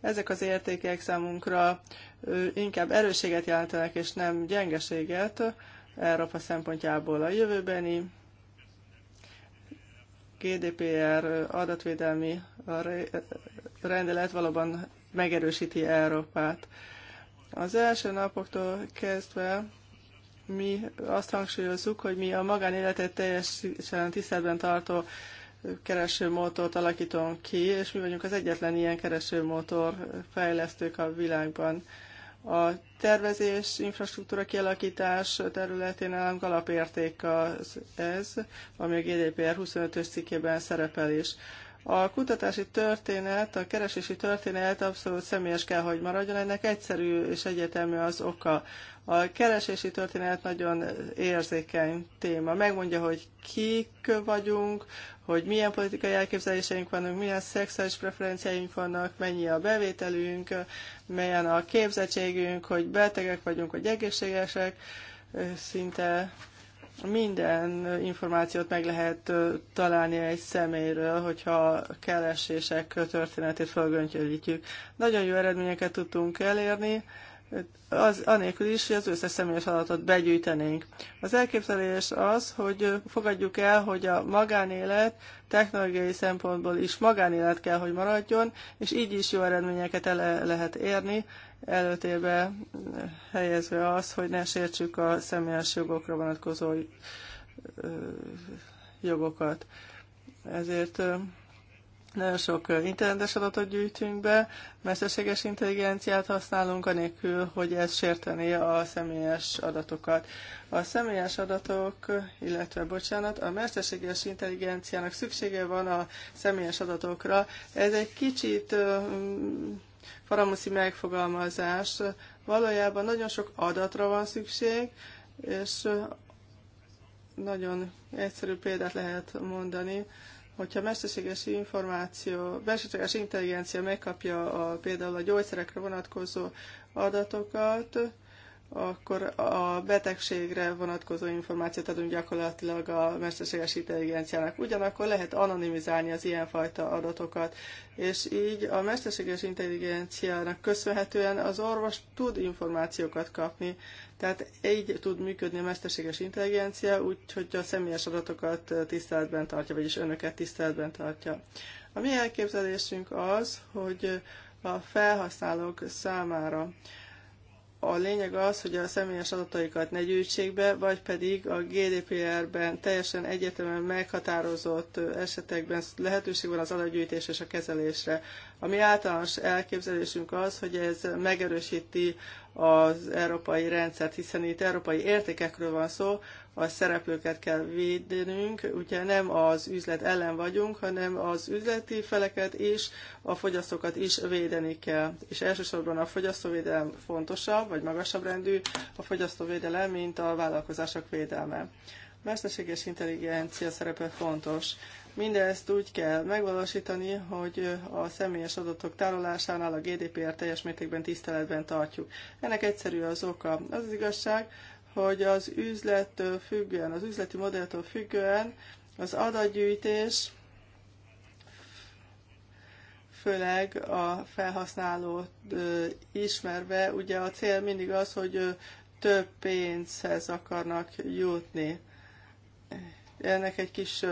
Ezek az értékek számunkra inkább erőséget jelentenek, és nem gyengeséget Európa szempontjából a jövőbeni GDPR adatvédelmi rendelet valóban megerősíti Európát. Az első napoktól kezdve mi azt hangsúlyozzuk, hogy mi a magánéletet teljesen tiszteletben tartó keresőmotort alakítunk ki, és mi vagyunk az egyetlen ilyen keresőmotor fejlesztők a világban. A tervezés, infrastruktúra kialakítás területén nálunk alapérték az, ez, ami a GDPR 25-ös cikkében szerepel is. A kutatási történet, a keresési történet abszolút személyes kell, hogy maradjon. Ennek egyszerű és egyetemű az oka. A keresési történet nagyon érzékeny téma. Megmondja, hogy kik vagyunk, hogy milyen politikai elképzeléseink vannak, milyen szexuális preferenciáink vannak, mennyi a bevételünk, milyen a képzettségünk, hogy betegek vagyunk, hogy egészségesek, szinte minden információt meg lehet találni egy személyről, hogyha keresések történetét fölgöngyölítjük. Nagyon jó eredményeket tudtunk elérni, az, anélkül is, hogy az összes személyes adatot begyűjtenénk. Az elképzelés az, hogy fogadjuk el, hogy a magánélet technológiai szempontból is magánélet kell, hogy maradjon, és így is jó eredményeket el lehet érni, előtérbe helyezve az, hogy ne sértsük a személyes jogokra vonatkozó jogokat. Ezért nagyon sok internetes adatot gyűjtünk be, mesterséges intelligenciát használunk, anélkül, hogy ez sértené a személyes adatokat. A személyes adatok, illetve bocsánat, a mesterséges intelligenciának szüksége van a személyes adatokra. Ez egy kicsit faramuszi megfogalmazás. Valójában nagyon sok adatra van szükség, és nagyon egyszerű példát lehet mondani, hogyha mesterséges információ, mesterséges intelligencia megkapja a, például a gyógyszerekre vonatkozó adatokat, akkor a betegségre vonatkozó információt adunk gyakorlatilag a mesterséges intelligenciának. Ugyanakkor lehet anonimizálni az ilyenfajta adatokat, és így a mesterséges intelligenciának köszönhetően az orvos tud információkat kapni, tehát így tud működni a mesterséges intelligencia, úgyhogy a személyes adatokat tiszteletben tartja, vagyis önöket tiszteletben tartja. A mi elképzelésünk az, hogy a felhasználók számára a lényeg az, hogy a személyes adataikat ne gyűjtsék be, vagy pedig a GDPR-ben teljesen egyetemen meghatározott esetekben lehetőség van az adatgyűjtés és a kezelésre. A mi általános elképzelésünk az, hogy ez megerősíti az európai rendszert, hiszen itt európai értékekről van szó, a szereplőket kell védenünk. Ugye nem az üzlet ellen vagyunk, hanem az üzleti feleket és a fogyasztókat is védeni kell. És elsősorban a fogyasztóvédelem fontosabb, vagy magasabb rendű a fogyasztóvédelem, mint a vállalkozások védelme. Mesterséges intelligencia szerepe fontos. Mindezt úgy kell megvalósítani, hogy a személyes adatok tárolásánál a GDPR teljes mértékben tiszteletben tartjuk. Ennek egyszerű az oka. Az, az igazság, hogy az üzlettől függően, az üzleti modelltől függően az adatgyűjtés főleg a felhasználót ismerve, ugye a cél mindig az, hogy több pénzhez akarnak jutni. Ennek egy kis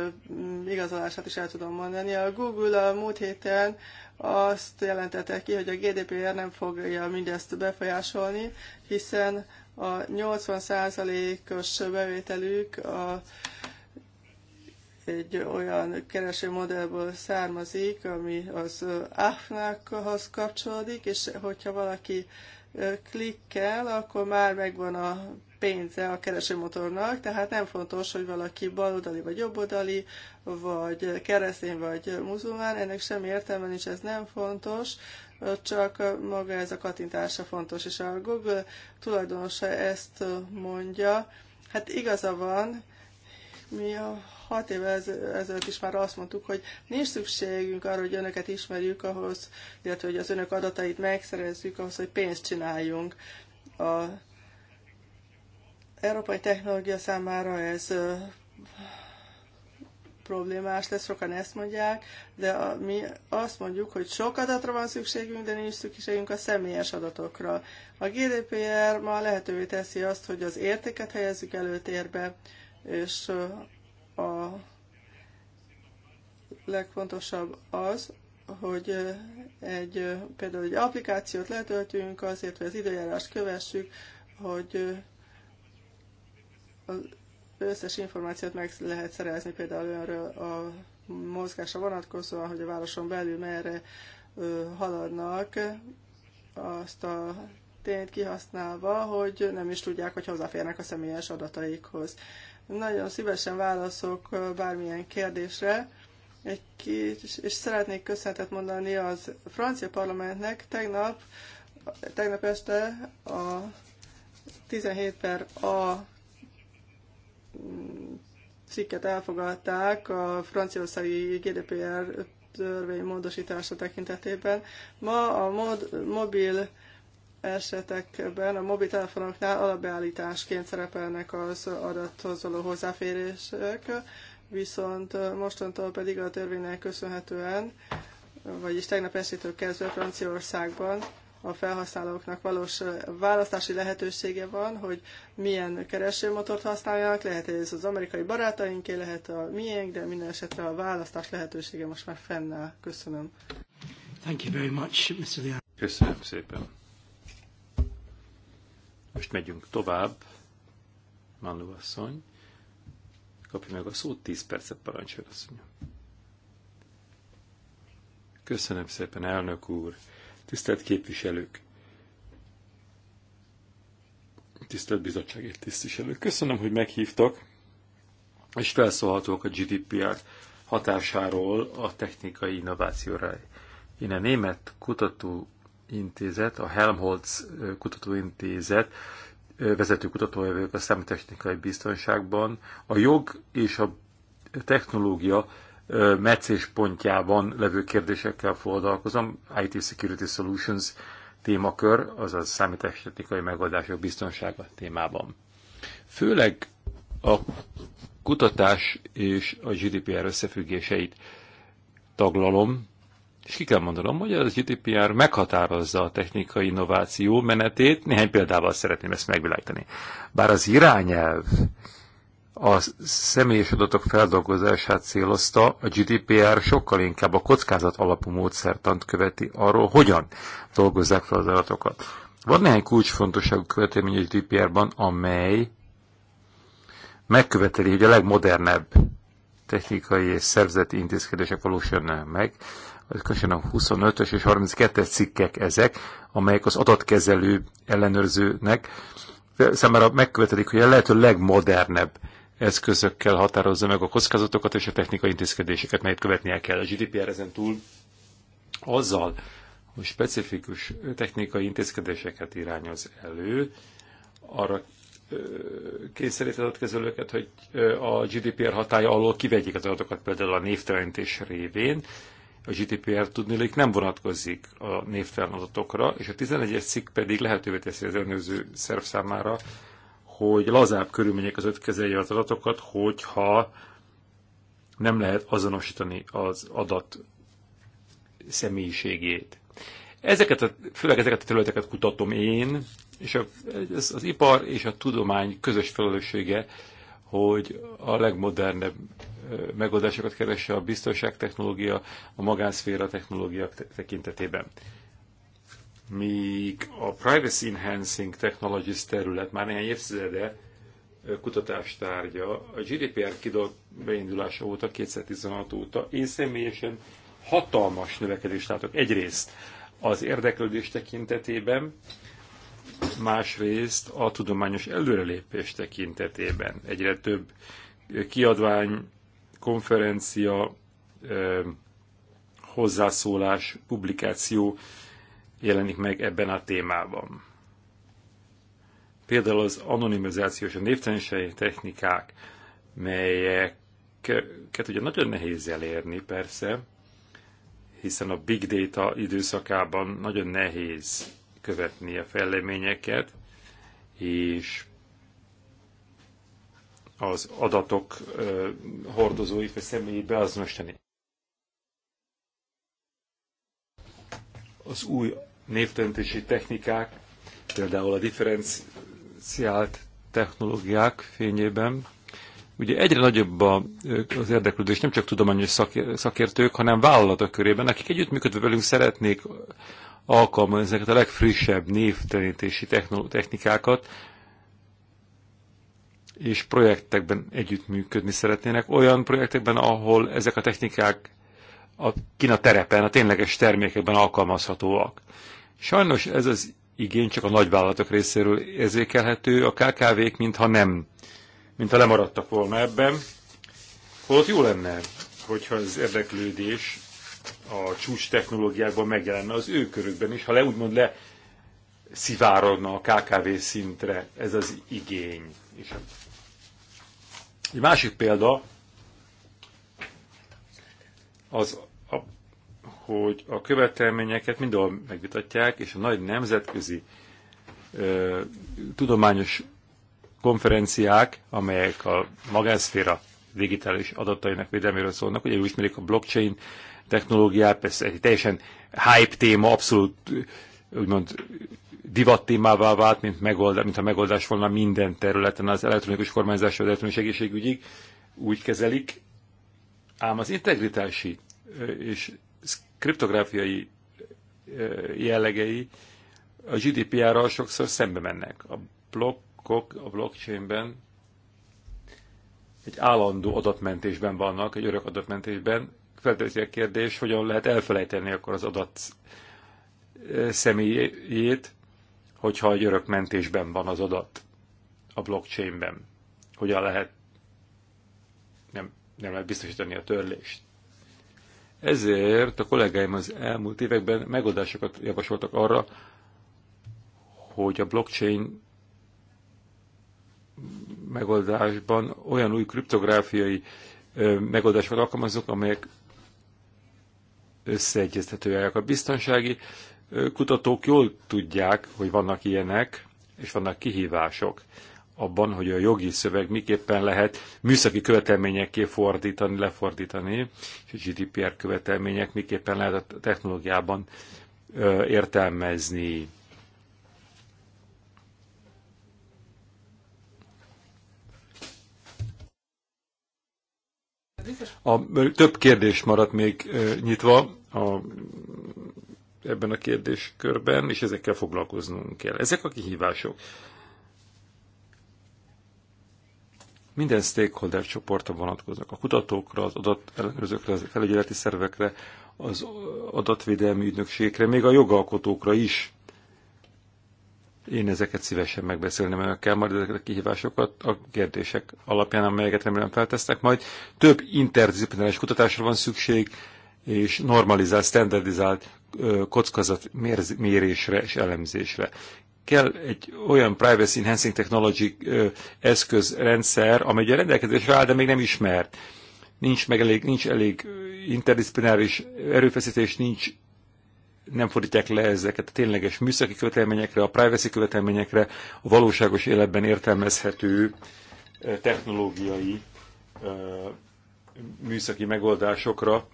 igazolását is el tudom mondani. A Google a múlt héten azt jelentette ki, hogy a GDPR nem fogja mindezt befolyásolni, hiszen a 80%-os bevételük a, egy olyan kereső modellből származik, ami az AFNAK-hoz kapcsolódik, és hogyha valaki klikkel, akkor már megvan a pénze a keresőmotornak, tehát nem fontos, hogy valaki baloldali vagy jobboldali, vagy keresztény vagy muzulmán, ennek semmi értelme nincs, ez nem fontos csak maga ez a kattintása fontos, és a Google tulajdonosa ezt mondja, hát igaza van, mi a hat évvel ezelőtt is már azt mondtuk, hogy nincs szükségünk arra, hogy önöket ismerjük ahhoz, illetve hogy az önök adatait megszerezzük ahhoz, hogy pénzt csináljunk. A európai technológia számára ez problémás lesz, sokan ezt mondják, de a, mi azt mondjuk, hogy sok adatra van szükségünk, de nincs szükségünk a személyes adatokra. A GDPR ma lehetővé teszi azt, hogy az értéket helyezzük előtérbe, és a legfontosabb az, hogy egy, például egy applikációt letöltünk azért, hogy az időjárást kövessük, hogy az összes információt meg lehet szerezni például önről a mozgásra vonatkozóan, hogy a városon belül merre haladnak, azt a tényt kihasználva, hogy nem is tudják, hogy hozzáférnek a személyes adataikhoz. Nagyon szívesen válaszok bármilyen kérdésre, egy kis, és szeretnék köszönetet mondani az francia parlamentnek. Tegnap, tegnap este a 17 per A cikket elfogadták a franciaországi GDPR törvény módosítása tekintetében. Ma a mod, mobil esetekben a mobiltelefonoknál alapbeállításként szerepelnek az adathoz való hozzáférések, viszont mostantól pedig a törvénynek köszönhetően, vagyis tegnap estétől kezdve Franciaországban a felhasználóknak valós választási lehetősége van, hogy milyen keresőmotort használjanak, lehet ez az amerikai barátainké, lehet a miénk, de minden esetre a választás lehetősége most már fennáll. Köszönöm. Thank you very much, Mr. Leon. Köszönöm szépen. Most megyünk tovább. Manu asszony. Kapja meg a szót, 10 percet parancsolja Köszönöm szépen, elnök úr. Tisztelt képviselők! Tisztelt bizottsági tisztviselők! Köszönöm, hogy meghívtak, és felszólhatók a GDPR hatásáról a technikai innovációra. Én a Német Kutatóintézet, a Helmholtz Kutatóintézet vezető kutatója vagyok a számítástechnikai biztonságban. A jog és a technológia meccéspontjában levő kérdésekkel foglalkozom, IT Security Solutions témakör, azaz számítástechnikai megoldások biztonsága témában. Főleg a kutatás és a GDPR összefüggéseit taglalom, és ki kell mondanom, hogy az GDPR meghatározza a technikai innováció menetét, néhány példával szeretném ezt megvilágítani. Bár az irányelv a személyes adatok feldolgozását célozta, a GDPR sokkal inkább a kockázat alapú módszertant követi arról, hogyan dolgozzák fel az adatokat. Van néhány kulcsfontosságú követelmény a GDPR-ban, amely megköveteli, hogy a legmodernebb technikai és szervezeti intézkedések valósulnak meg. Köszönöm, a 25-ös és 32-es cikkek ezek, amelyek az adatkezelő ellenőrzőnek számára megkövetelik, hogy a lehető legmodernebb eszközökkel határozza meg a kockázatokat és a technikai intézkedéseket, melyet követnie kell. A GDPR ezen túl azzal, hogy specifikus technikai intézkedéseket irányoz elő, arra kényszerített adatkezelőket, hogy a GDPR hatája alól kivegyék az adatokat például a névtelenítés révén. A GDPR tudnélik nem vonatkozik a névtelen adatokra, és a 11-es cikk pedig lehetővé teszi az ellenőrző szerv számára, hogy lazább körülmények között kezelje az adatokat, hogyha nem lehet azonosítani az adat személyiségét. Ezeket a, főleg ezeket a területeket kutatom én, és a, ez az ipar és a tudomány közös felelőssége, hogy a legmodernebb megoldásokat keresse a biztonság technológia, a magánszféra technológia tekintetében míg a Privacy Enhancing Technologies terület már néhány évtizede kutatástárgya a GDPR kidol beindulása óta, 2016 óta én személyesen hatalmas növekedést látok. Egyrészt az érdeklődés tekintetében, másrészt a tudományos előrelépés tekintetében. Egyre több kiadvány, konferencia, hozzászólás, publikáció jelenik meg ebben a témában. Például az anonimizációs, a névtelenség technikák, melyeket ugye nagyon nehéz elérni persze, hiszen a big data időszakában nagyon nehéz követni a fejleményeket, és az adatok hordozói vagy személyét beazonosítani. Az új névtöntési technikák, például a differenciált technológiák fényében, ugye egyre nagyobb az érdeklődés nem csak tudományos szakértők, hanem vállalatok körében, akik együttműködve velünk szeretnék alkalmazni ezeket a legfrissebb névtelenítési technikákat, és projektekben együttműködni szeretnének, olyan projektekben, ahol ezek a technikák a kina terepen, a tényleges termékekben alkalmazhatóak. Sajnos ez az igény csak a nagyvállalatok részéről érzékelhető, a KKV-k mintha nem, mintha lemaradtak volna ebben. Holott jó lenne, hogyha az érdeklődés a csúcs technológiákban megjelenne az ő körükben is, ha le úgymond le szivárodna a KKV szintre ez az igény. És egy másik példa az hogy a követelményeket mindenhol megvitatják, és a nagy nemzetközi ö, tudományos konferenciák, amelyek a magánszféra digitális adatainak védelméről szólnak, ugye ismerik a blockchain technológiát, persze egy teljesen hype téma, abszolút úgymond divat témává vált, mint, megoldás, mint a megoldás volna minden területen, az elektronikus kormányzás, az elektronikus egészségügyig úgy kezelik, ám az integritási és kriptográfiai jellegei a GDPR-ral sokszor szembe mennek. A blokkok a blockchainben egy állandó adatmentésben vannak, egy örök adatmentésben. Felteszi a kérdés, hogyan lehet elfelejteni akkor az adat személyét, hogyha egy örök mentésben van az adat a blockchainben. Hogyan lehet nem, nem lehet biztosítani a törlést. Ezért a kollégáim az elmúlt években megoldásokat javasoltak arra, hogy a blockchain megoldásban olyan új kriptográfiai megoldásokat alkalmazunk, amelyek összeegyeztetőek. A biztonsági kutatók jól tudják, hogy vannak ilyenek, és vannak kihívások abban, hogy a jogi szöveg miképpen lehet műszaki követelményekké fordítani, lefordítani, és a GDPR követelmények miképpen lehet a technológiában értelmezni. A, több kérdés maradt még nyitva a, ebben a kérdéskörben, és ezekkel foglalkoznunk kell. Ezek a kihívások minden stakeholder csoportra vonatkoznak. A kutatókra, az adatellenőrzőkre, az felügyeleti szervekre, az adatvédelmi ügynökségre, még a jogalkotókra is. Én ezeket szívesen megbeszélném önökkel, majd ezeket a kihívásokat a kérdések alapján, amelyeket remélem feltesznek, majd több interdisziplináris kutatásra van szükség, és normalizált, standardizált kockázatmérésre és elemzésre kell egy olyan privacy enhancing technology eszközrendszer, amely a rendelkezésre áll, de még nem ismert. Nincs meg elég, nincs elég interdisciplináris erőfeszítés, nincs nem fordítják le ezeket a tényleges műszaki követelményekre, a privacy követelményekre, a valóságos életben értelmezhető technológiai műszaki megoldásokra,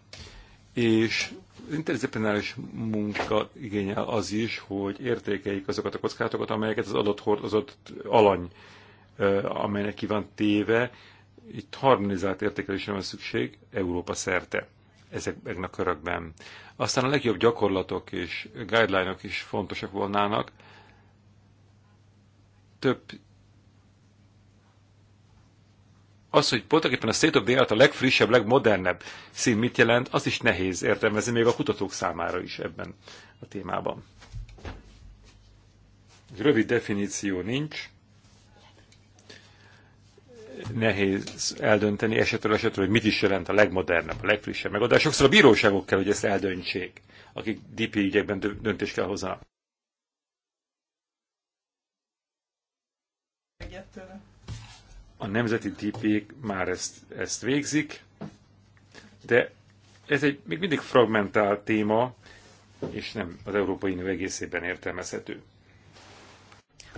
és interdisziplináris munka igényel az is, hogy értékeljük azokat a kockátokat, amelyeket az adott hordozott alany, amelynek ki van téve. Itt harmonizált értékelésre van szükség Európa szerte ezekben a körökben. Aztán a legjobb gyakorlatok és guideline-ok -ok is fontosak volnának. Több az, hogy pontoképpen a State of the Art a legfrissebb, legmodernebb szín mit jelent, az is nehéz értelmezni még a kutatók számára is ebben a témában. Rövid definíció nincs. Nehéz eldönteni esetről esetről, hogy mit is jelent a legmodernebb, a legfrissebb megoldás. Sokszor a bíróságok kell, hogy ezt eldöntsék, akik DP ügyekben döntést kell hozzanak. Egyet a nemzeti dp már ezt, ezt végzik, de ez egy még mindig fragmentált téma, és nem az Európai Unió egészében értelmezhető.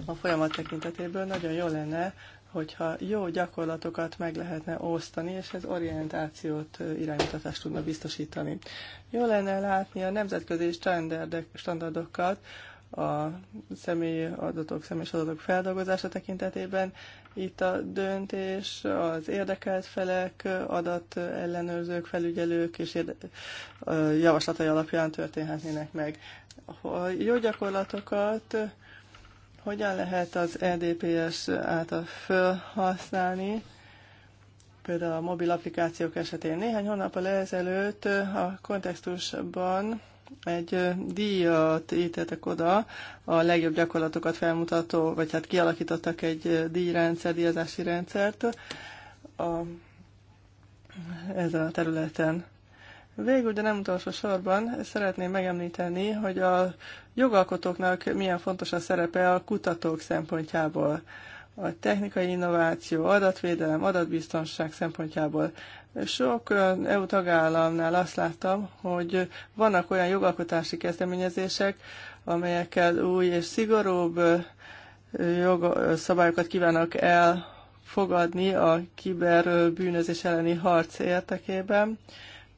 A folyamat tekintetéből nagyon jó lenne, hogyha jó gyakorlatokat meg lehetne osztani, és ez orientációt, iránymutatást tudna biztosítani. Jó lenne látni a nemzetközi standardokat, a személyi adatok, személyes adatok feldolgozása tekintetében, itt a döntés az érdekelt felek, adat ellenőrzők, felügyelők és javaslatai alapján történhetnének meg. A jó gyakorlatokat hogyan lehet az EDPS által felhasználni, például a mobil applikációk esetén. Néhány hónappal ezelőtt a kontextusban egy díjat ítéltek oda, a legjobb gyakorlatokat felmutató, vagy hát kialakítottak egy díjrendszer, díjazási rendszert a, ezen a területen. Végül, de nem utolsó sorban szeretném megemlíteni, hogy a jogalkotóknak milyen fontos a szerepe a kutatók szempontjából a technikai innováció, adatvédelem, adatbiztonság szempontjából. Sok EU tagállamnál azt láttam, hogy vannak olyan jogalkotási kezdeményezések, amelyekkel új és szigorúbb jogszabályokat kívánnak elfogadni a kiberbűnözés elleni harc értekében.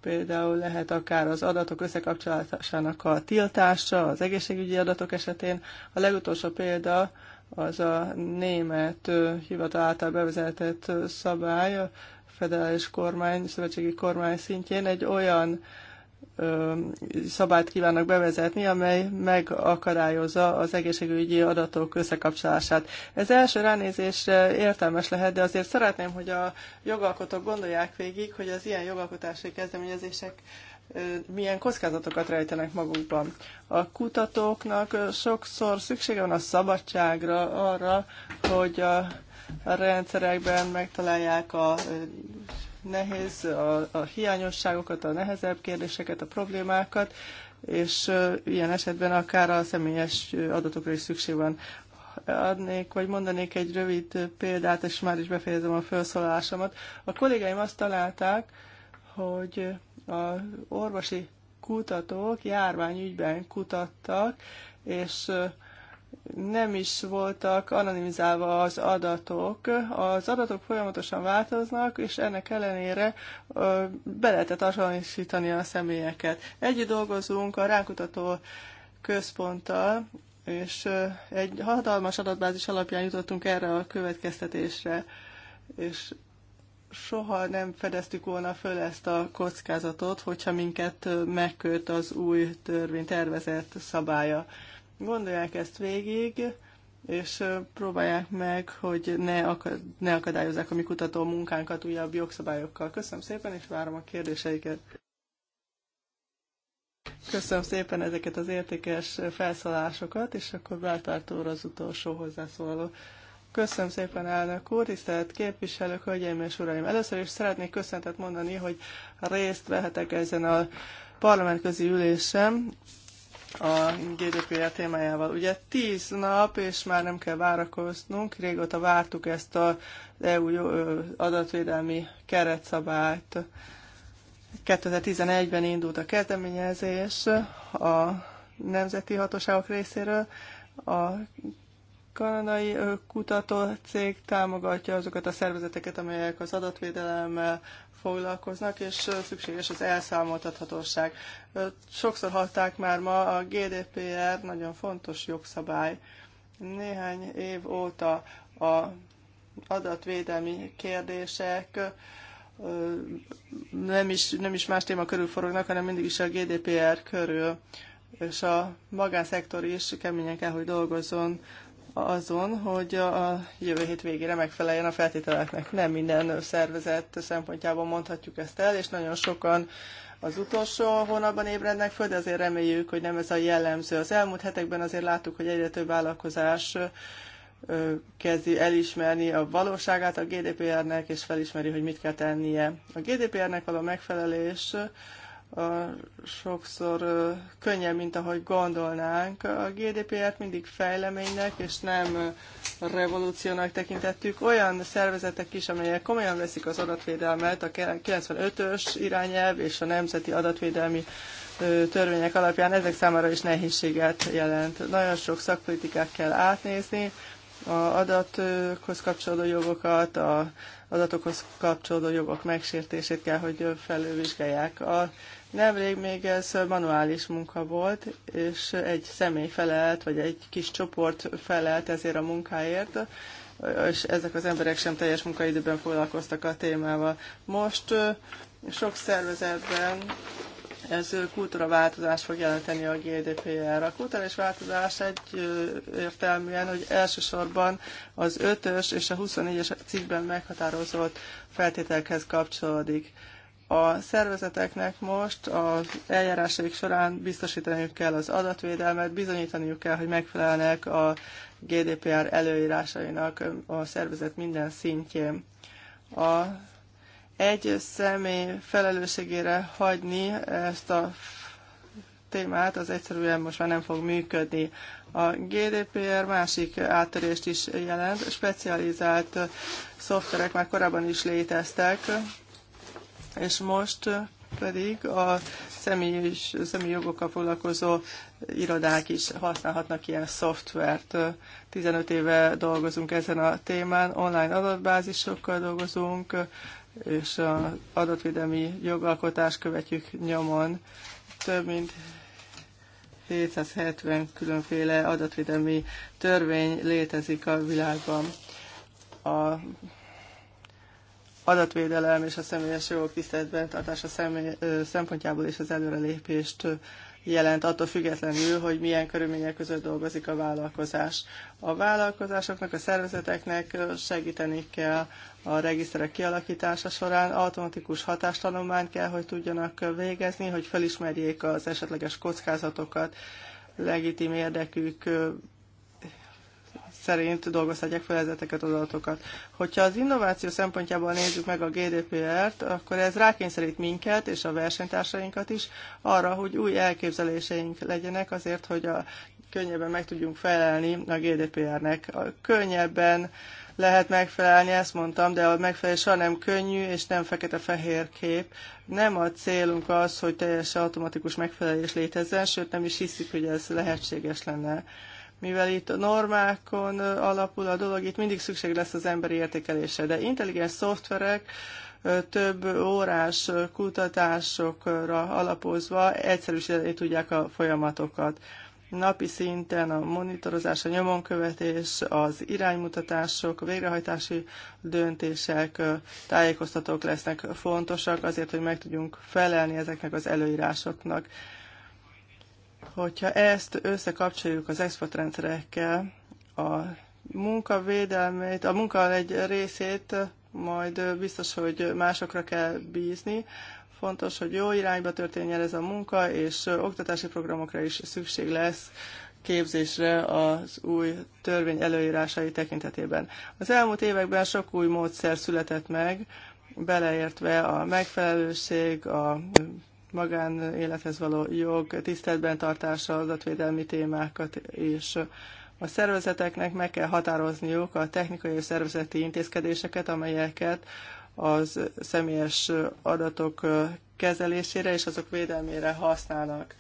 Például lehet akár az adatok összekapcsolásának a tiltása, az egészségügyi adatok esetén. A legutolsó példa az a német hivatal által bevezetett szabály a federális kormány, szövetségi kormány szintjén egy olyan szabályt kívánnak bevezetni, amely megakadályozza az egészségügyi adatok összekapcsolását. Ez első ránézésre értelmes lehet, de azért szeretném, hogy a jogalkotók gondolják végig, hogy az ilyen jogalkotási kezdeményezések milyen kockázatokat rejtenek magukban. A kutatóknak sokszor szüksége van a szabadságra, arra, hogy a rendszerekben megtalálják a nehéz, a, a hiányosságokat, a nehezebb kérdéseket, a problémákat, és ilyen esetben akár a személyes adatokra is szükség van. Adnék, vagy mondanék egy rövid példát, és már is befejezem a felszólalásomat. A kollégáim azt találták, hogy a orvosi kutatók járványügyben kutattak, és nem is voltak anonimizálva az adatok. Az adatok folyamatosan változnak, és ennek ellenére be lehetett azonosítani a személyeket. Együtt dolgozunk a ránkutató központtal, és egy hatalmas adatbázis alapján jutottunk erre a következtetésre, és soha nem fedeztük volna föl ezt a kockázatot, hogyha minket megkölt az új tervezett szabálya. Gondolják ezt végig, és próbálják meg, hogy ne, akad, ne akadályozzák a mi kutató munkánkat újabb jogszabályokkal. Köszönöm szépen, és várom a kérdéseiket. Köszönöm szépen ezeket az értékes felszólásokat, és akkor Bártárt az utolsó hozzászóló. Köszönöm szépen, elnök úr, tisztelt képviselők, hölgyeim és uraim! Először is szeretnék köszöntet mondani, hogy részt vehetek ezen a parlamentközi ülésem a GDP-je témájával. Ugye tíz nap, és már nem kell várakoznunk, régóta vártuk ezt az EU adatvédelmi keretszabályt. 2011-ben indult a kezdeményezés a nemzeti hatóságok részéről, a kanadai kutatócég támogatja azokat a szervezeteket, amelyek az adatvédelemmel foglalkoznak, és szükséges az elszámoltathatóság. Sokszor hallták már ma, a GDPR nagyon fontos jogszabály. Néhány év óta a adatvédelmi kérdések nem is, nem is más téma körül forognak, hanem mindig is a GDPR körül, és a magánszektor is keményen kell, hogy dolgozzon azon, hogy a jövő hét végére megfeleljen a feltételeknek. Nem minden szervezet szempontjából mondhatjuk ezt el, és nagyon sokan az utolsó hónapban ébrednek föl, de azért reméljük, hogy nem ez a jellemző. Az elmúlt hetekben azért láttuk, hogy egyre több vállalkozás kezdi elismerni a valóságát a GDPR-nek, és felismeri, hogy mit kell tennie. A GDPR-nek való megfelelés sokszor könnyebb, mint ahogy gondolnánk. A gdpr et mindig fejleménynek és nem revolúciónak tekintettük. Olyan szervezetek is, amelyek komolyan veszik az adatvédelmet, a 95-ös irányelv és a nemzeti adatvédelmi törvények alapján ezek számára is nehézséget jelent. Nagyon sok szakpolitikát kell átnézni, a adatokhoz kapcsolódó jogokat, a adatokhoz kapcsolódó jogok megsértését kell, hogy felülvizsgálják. A Nemrég még ez manuális munka volt, és egy személy felelt, vagy egy kis csoport felelt ezért a munkáért, és ezek az emberek sem teljes munkaidőben foglalkoztak a témával. Most sok szervezetben ez kultúraváltozás fog jelenteni a GDPR. A kulturális változás egyértelműen, hogy elsősorban az 5-ös és a 24-es cikkben meghatározott feltételekhez kapcsolódik. A szervezeteknek most az eljárásaik során biztosítaniuk kell az adatvédelmet, bizonyítaniuk kell, hogy megfelelnek a GDPR előírásainak a szervezet minden szintjén. A egy személy felelősségére hagyni ezt a témát, az egyszerűen most már nem fog működni. A GDPR másik áttörést is jelent, specializált szoftverek már korábban is léteztek, és most pedig a személyi, személyi jogokkal foglalkozó irodák is használhatnak ilyen szoftvert. 15 éve dolgozunk ezen a témán, online adatbázisokkal dolgozunk, és az adatvédelmi jogalkotást követjük nyomon. Több mint 770 különféle adatvédelmi törvény létezik a világban. A adatvédelem és a személyes jogok tiszteletben tartása személy, szempontjából is az előrelépést jelent, attól függetlenül, hogy milyen körülmények között dolgozik a vállalkozás. A vállalkozásoknak, a szervezeteknek segíteni kell a regiszterek kialakítása során, automatikus hatástanulmányt kell, hogy tudjanak végezni, hogy felismerjék az esetleges kockázatokat, legitim érdekük szerint dolgozhatják fel ezeket az adatokat. Hogyha az innováció szempontjából nézzük meg a GDPR-t, akkor ez rákényszerít minket és a versenytársainkat is arra, hogy új elképzeléseink legyenek azért, hogy a könnyebben meg tudjunk felelni a GDPR-nek. A könnyebben lehet megfelelni, ezt mondtam, de a megfelelés soha nem könnyű, és nem fekete-fehér kép. Nem a célunk az, hogy teljesen automatikus megfelelés létezzen, sőt nem is hiszik, hogy ez lehetséges lenne mivel itt a normákon alapul a dolog, itt mindig szükség lesz az emberi értékelésre, de intelligens szoftverek több órás kutatásokra alapozva egyszerűsíteni tudják a folyamatokat. Napi szinten a monitorozás, a nyomonkövetés, az iránymutatások, a végrehajtási döntések, tájékoztatók lesznek fontosak azért, hogy meg tudjunk felelni ezeknek az előírásoknak Hogyha ezt összekapcsoljuk az exportrendszerekkel, a munkavédelmét, a munka egy részét majd biztos, hogy másokra kell bízni. Fontos, hogy jó irányba történjen ez a munka, és oktatási programokra is szükség lesz képzésre az új törvény előírásai tekintetében. Az elmúlt években sok új módszer született meg, beleértve a megfelelőség, a magánélethez való jog tiszteletben tartása, adatvédelmi témákat és a szervezeteknek meg kell határozniuk a technikai és szervezeti intézkedéseket, amelyeket az személyes adatok kezelésére és azok védelmére használnak.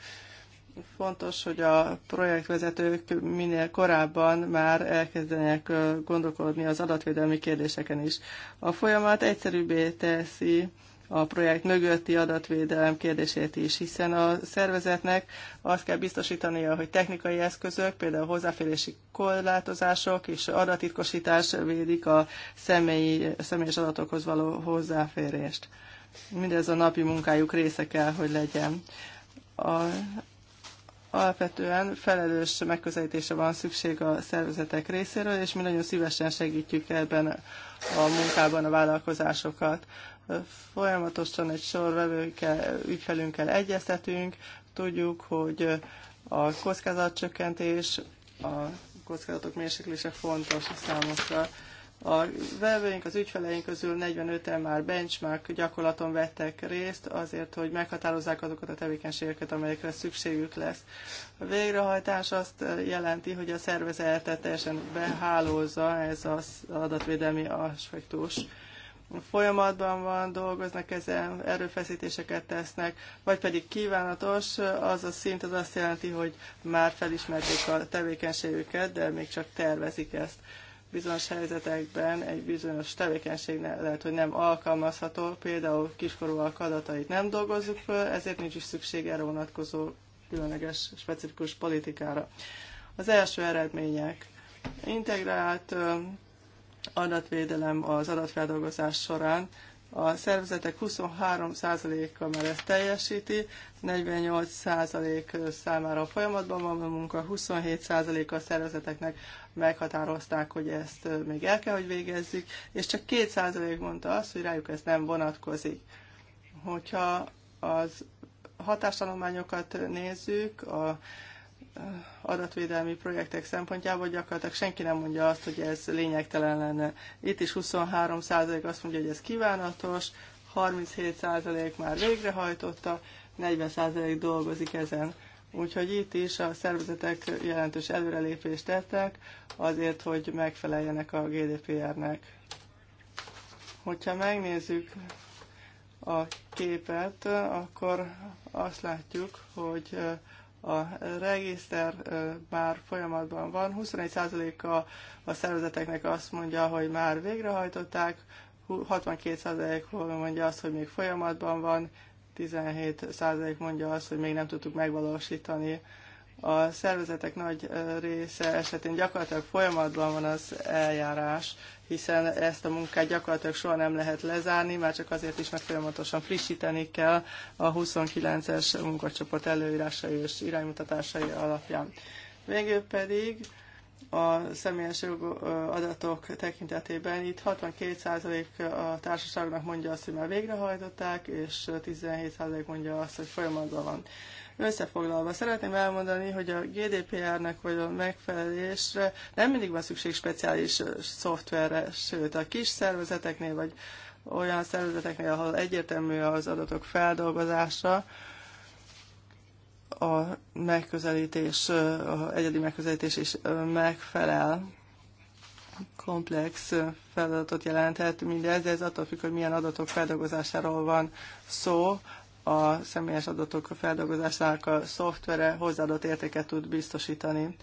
Fontos, hogy a projektvezetők minél korábban már elkezdenek gondolkodni az adatvédelmi kérdéseken is. A folyamat egyszerűbbé teszi a projekt mögötti adatvédelem kérdését is, hiszen a szervezetnek azt kell biztosítania, hogy technikai eszközök, például hozzáférési korlátozások és adatitkosítás védik a személyi, személyes adatokhoz való hozzáférést. Mindez a napi munkájuk része kell, hogy legyen. A, alapvetően felelős megközelítése van szükség a szervezetek részéről, és mi nagyon szívesen segítjük ebben a munkában a vállalkozásokat. Folyamatosan egy sor vevőkkel ügyfelünkkel egyeztetünk, tudjuk, hogy a kockázatcsökkentés, a kockázatok mérséklése fontos a számosra. A vevőink, az ügyfeleink közül 45-en már benchmark gyakorlaton vettek részt, azért, hogy meghatározzák azokat a tevékenységeket, amelyekre szükségük lesz. A végrehajtás azt jelenti, hogy a szervezetet teljesen behálózza ez az adatvédelmi aspektus folyamatban van, dolgoznak ezen, erőfeszítéseket tesznek, vagy pedig kívánatos, az a szint az azt jelenti, hogy már felismerték a tevékenységüket, de még csak tervezik ezt. Bizonyos helyzetekben egy bizonyos tevékenység lehet, hogy nem alkalmazható, például kiskorúak adatait nem dolgozzuk föl, ezért nincs is szükség erre vonatkozó különleges, specifikus politikára. Az első eredmények. Integrált adatvédelem az adatfeldolgozás során. A szervezetek 23%-a már ezt teljesíti, 48% számára a folyamatban van a munka, 27% a szervezeteknek meghatározták, hogy ezt még el kell, hogy végezzük, és csak 2% mondta azt, hogy rájuk ez nem vonatkozik. Hogyha az hatástanulmányokat nézzük, a adatvédelmi projektek szempontjából gyakorlatilag senki nem mondja azt, hogy ez lényegtelen lenne. Itt is 23% azt mondja, hogy ez kívánatos, 37% már végrehajtotta, 40% dolgozik ezen. Úgyhogy itt is a szervezetek jelentős előrelépést tettek azért, hogy megfeleljenek a GDPR-nek. Hogyha megnézzük a képet, akkor azt látjuk, hogy a regiszter már folyamatban van. 21%-a a szervezeteknek azt mondja, hogy már végrehajtották, 62% mondja azt, hogy még folyamatban van, 17% mondja azt, hogy még nem tudtuk megvalósítani. A szervezetek nagy része esetén gyakorlatilag folyamatban van az eljárás, hiszen ezt a munkát gyakorlatilag soha nem lehet lezárni, már csak azért is, mert folyamatosan frissíteni kell a 29-es munkacsoport előírásai és iránymutatásai alapján. Végül pedig a személyes adatok tekintetében itt 62% a társaságnak mondja azt, hogy már végrehajtották, és 17% mondja azt, hogy folyamatban van. Összefoglalva szeretném elmondani, hogy a GDPR-nek vagy a megfelelésre nem mindig van szükség speciális szoftverre, sőt a kis szervezeteknél vagy olyan szervezeteknél, ahol egyértelmű az adatok feldolgozása, a megközelítés, a egyedi megközelítés is megfelel komplex feladatot jelenthet mindez, de ez attól függ, hogy milyen adatok feldolgozásáról van szó, a személyes adatok feldolgozásának a szoftvere hozzáadott értéket tud biztosítani.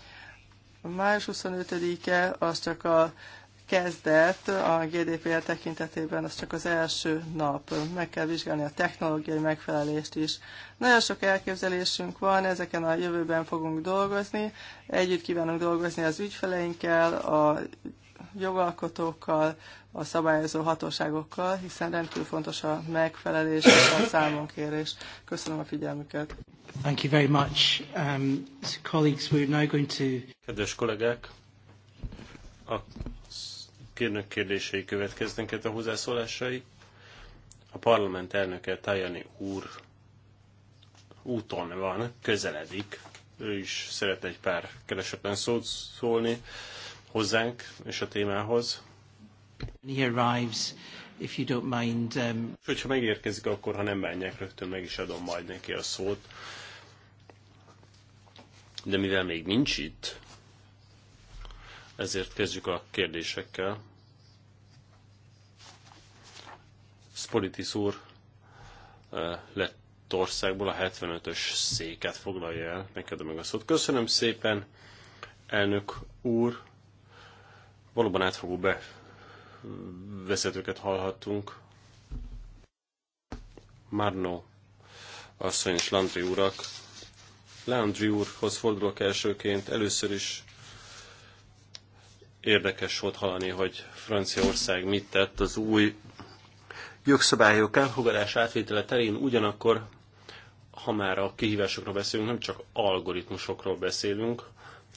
A május 25-e az csak a kezdet, a GDPR tekintetében az csak az első nap. Meg kell vizsgálni a technológiai megfelelést is. Nagyon sok elképzelésünk van, ezeken a jövőben fogunk dolgozni. Együtt kívánunk dolgozni az ügyfeleinkkel, a jogalkotókkal, a szabályozó hatóságokkal, hiszen rendkívül fontos a megfelelés és a számonkérés. Köszönöm a figyelmüket. Thank you very much. Um, so colleagues, we're now going to... Kedves kollégák, a kérnök kérdései következnek a hozzászólásai. A parlament elnöke Tajani úr úton van, közeledik. Ő is szeretne egy pár keresetlen szót szólni hozzánk és a témához. Um, hogyha megérkezik, akkor ha nem bánják, rögtön meg is adom majd neki a szót. De mivel még nincs itt, ezért kezdjük a kérdésekkel. Spolitis úr eh, országból a 75-ös széket foglalja el. Neked meg a szót. Köszönöm szépen, elnök úr. Valóban átfogó be vezetőket hallhattunk. Marno asszony és Landry urak. Landry úrhoz fordulok elsőként. Először is érdekes volt hallani, hogy Franciaország mit tett az új jogszabályok elfogadás átvétele terén, ugyanakkor, ha már a kihívásokról beszélünk, nem csak algoritmusokról beszélünk,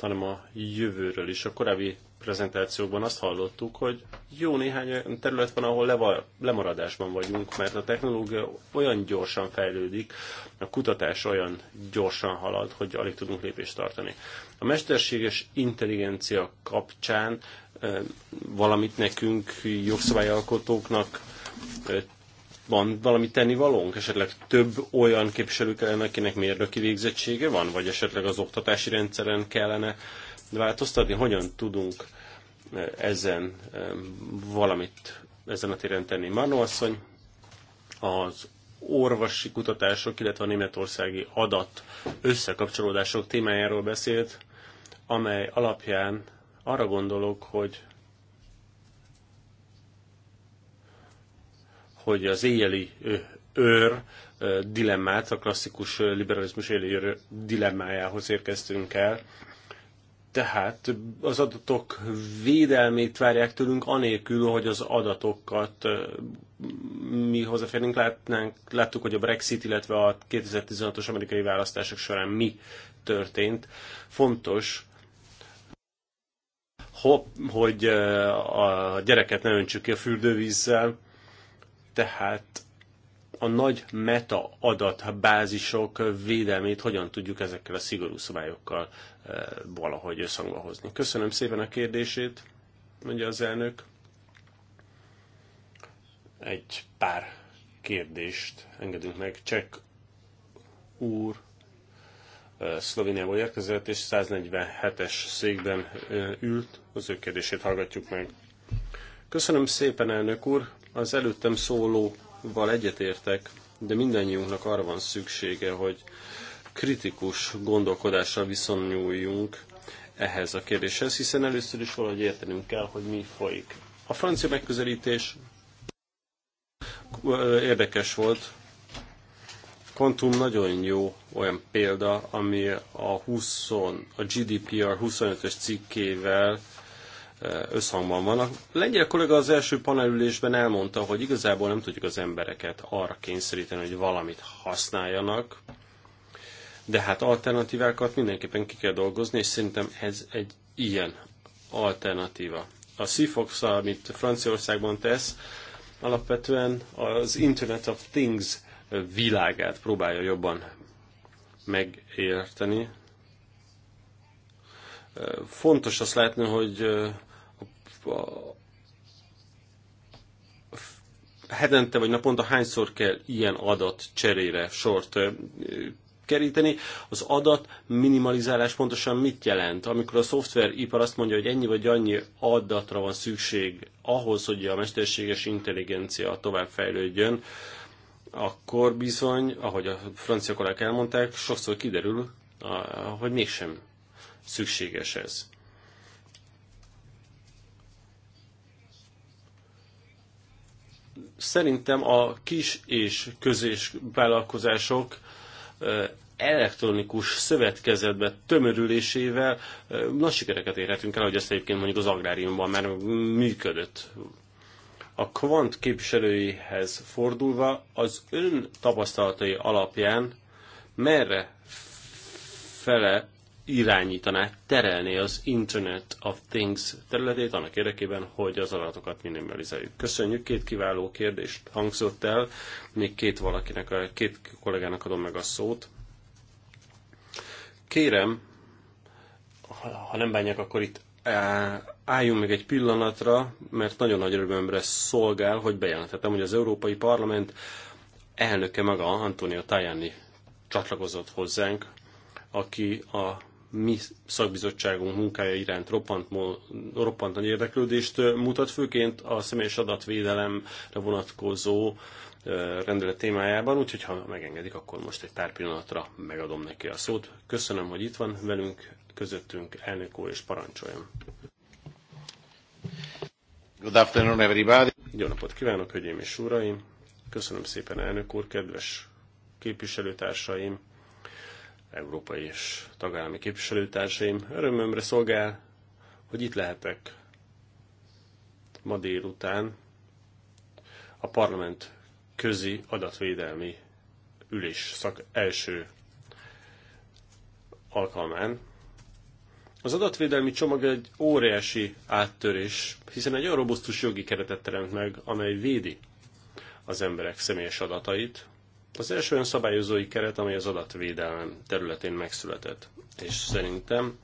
hanem a jövőről is. A korábbi prezentációkban azt hallottuk, hogy jó néhány terület van, ahol lemaradásban vagyunk, mert a technológia olyan gyorsan fejlődik, a kutatás olyan gyorsan halad, hogy alig tudunk lépést tartani. A mesterséges intelligencia kapcsán valamit nekünk, jogszabályalkotóknak van valami tennivalónk? Esetleg több olyan képviselő kellene, akinek mérnöki végzettsége van? Vagy esetleg az oktatási rendszeren kellene uh, változtatni, hogyan tudunk eh, ezen eh, valamit ezen a téren tenni. Manó asszony, az orvosi kutatások, illetve a németországi adat összekapcsolódások témájáról beszélt, amely alapján arra gondolok, hogy hogy az éjjeli őr dilemmát, a klasszikus liberalizmus éli őr dilemmájához érkeztünk el, tehát az adatok védelmét várják tőlünk, anélkül, hogy az adatokat mi hozzáférnénk. Látnánk, láttuk, hogy a Brexit, illetve a 2016-os amerikai választások során mi történt. Fontos, hogy a gyereket ne öntsük ki a fürdővízzel, tehát a nagy meta adatbázisok védelmét hogyan tudjuk ezekkel a szigorú szabályokkal valahogy összhangba hozni. Köszönöm szépen a kérdését, mondja az elnök. Egy pár kérdést engedünk meg. Csek úr Szlovéniából érkezett, és 147-es székben ült. Az ő kérdését hallgatjuk meg. Köszönöm szépen, elnök úr. Az előttem szólóval egyetértek, de mindannyiunknak arra van szüksége, hogy kritikus gondolkodással viszonyuljunk ehhez a kérdéshez, hiszen először is valahogy értenünk kell, hogy mi folyik. A francia megközelítés érdekes volt. Quantum nagyon jó olyan példa, ami a, 20, a GDPR 25-ös cikkével összhangban van. A lengyel kollega az első panelülésben elmondta, hogy igazából nem tudjuk az embereket arra kényszeríteni, hogy valamit használjanak, de hát alternatívákat mindenképpen ki kell dolgozni, és szerintem ez egy ilyen alternatíva. A Sifox, amit Franciaországban tesz, alapvetően az Internet of Things világát próbálja jobban megérteni. Fontos azt látni, hogy hetente vagy naponta hányszor kell ilyen adat cserére sort keríteni. Az adat minimalizálás pontosan mit jelent? Amikor a szoftveripar azt mondja, hogy ennyi vagy annyi adatra van szükség ahhoz, hogy a mesterséges intelligencia továbbfejlődjön, akkor bizony, ahogy a francia kollégák elmondták, sokszor kiderül, hogy mégsem szükséges ez. Szerintem a kis és közés vállalkozások elektronikus szövetkezetbe tömörülésével nagy sikereket érhetünk el, hogy ezt egyébként mondjuk az agráriumban már működött. A kvant képviselőihez fordulva az ön tapasztalatai alapján merre fele irányítaná, terelné az Internet of Things területét annak érdekében, hogy az adatokat minimalizáljuk. Köszönjük, két kiváló kérdést hangzott el, még két valakinek, a két kollégának adom meg a szót. Kérem, ha nem bánják, akkor itt álljunk meg egy pillanatra, mert nagyon nagy örömömre szolgál, hogy bejelentettem, hogy az Európai Parlament elnöke maga, Antonio Tajani csatlakozott hozzánk, aki a mi szakbizottságunk munkája iránt roppant, roppant nagy érdeklődést mutat, főként a személyes adatvédelemre vonatkozó rendelet témájában, úgyhogy ha megengedik, akkor most egy pár pillanatra megadom neki a szót. Köszönöm, hogy itt van velünk, közöttünk elnök úr, és parancsoljon. Good afternoon, everybody. Jó napot kívánok, hölgyeim és uraim! Köszönöm szépen, elnök úr, kedves képviselőtársaim! európai és tagállami képviselőtársaim. Örömömre szolgál, hogy itt lehetek ma délután a parlament közi adatvédelmi ülés szak első alkalmán. Az adatvédelmi csomag egy óriási áttörés, hiszen egy olyan robusztus jogi keretet teremt meg, amely védi az emberek személyes adatait, az első olyan szabályozói keret, amely az adatvédelem területén megszületett, és szerintem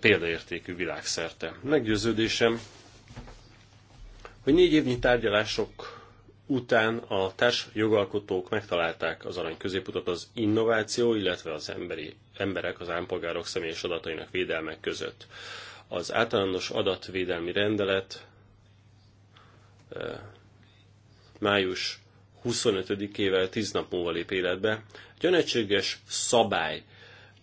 példaértékű világszerte. Meggyőződésem, hogy négy évnyi tárgyalások után a társ jogalkotók megtalálták az arany középutat az innováció, illetve az emberi, emberek, az állampolgárok személyes adatainak védelme között. Az általános adatvédelmi rendelet május 25-ével 10 nap múlva lép életbe. Egy szabály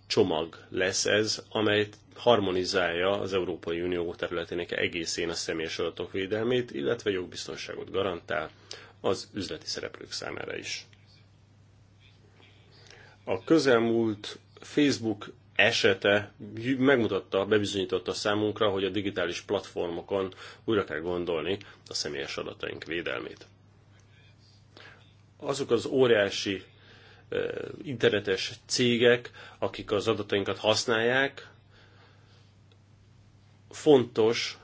csomag lesz ez, amely harmonizálja az Európai Unió területének egészén a személyes adatok védelmét, illetve jogbiztonságot garantál az üzleti szereplők számára is. A közelmúlt Facebook esete megmutatta, bebizonyította számunkra, hogy a digitális platformokon újra kell gondolni a személyes adataink védelmét azok az óriási internetes cégek, akik az adatainkat használják, fontos,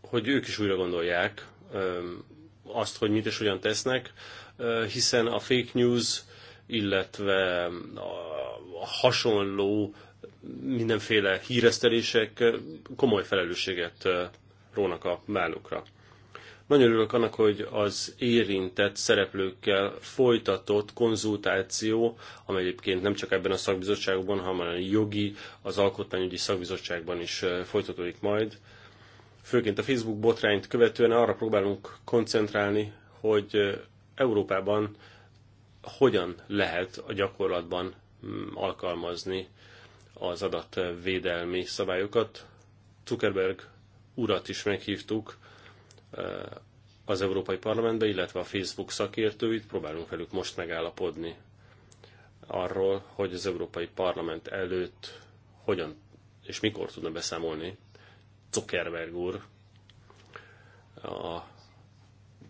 hogy ők is újra gondolják azt, hogy mit és hogyan tesznek, hiszen a fake news, illetve a hasonló mindenféle híresztelések komoly felelősséget rónak a vállukra. Nagyon örülök annak, hogy az érintett szereplőkkel folytatott konzultáció, amely egyébként nem csak ebben a szakbizottságban, hanem a jogi, az alkotmányügyi szakbizottságban is eh, folytatódik majd. Főként a Facebook botrányt követően arra próbálunk koncentrálni, hogy eh, Európában hogyan lehet a gyakorlatban mm, alkalmazni az adatvédelmi szabályokat. Zuckerberg urat is meghívtuk, az Európai Parlamentbe, illetve a Facebook szakértőit, próbálunk velük most megállapodni arról, hogy az Európai Parlament előtt hogyan és mikor tudna beszámolni Zuckerberg úr a,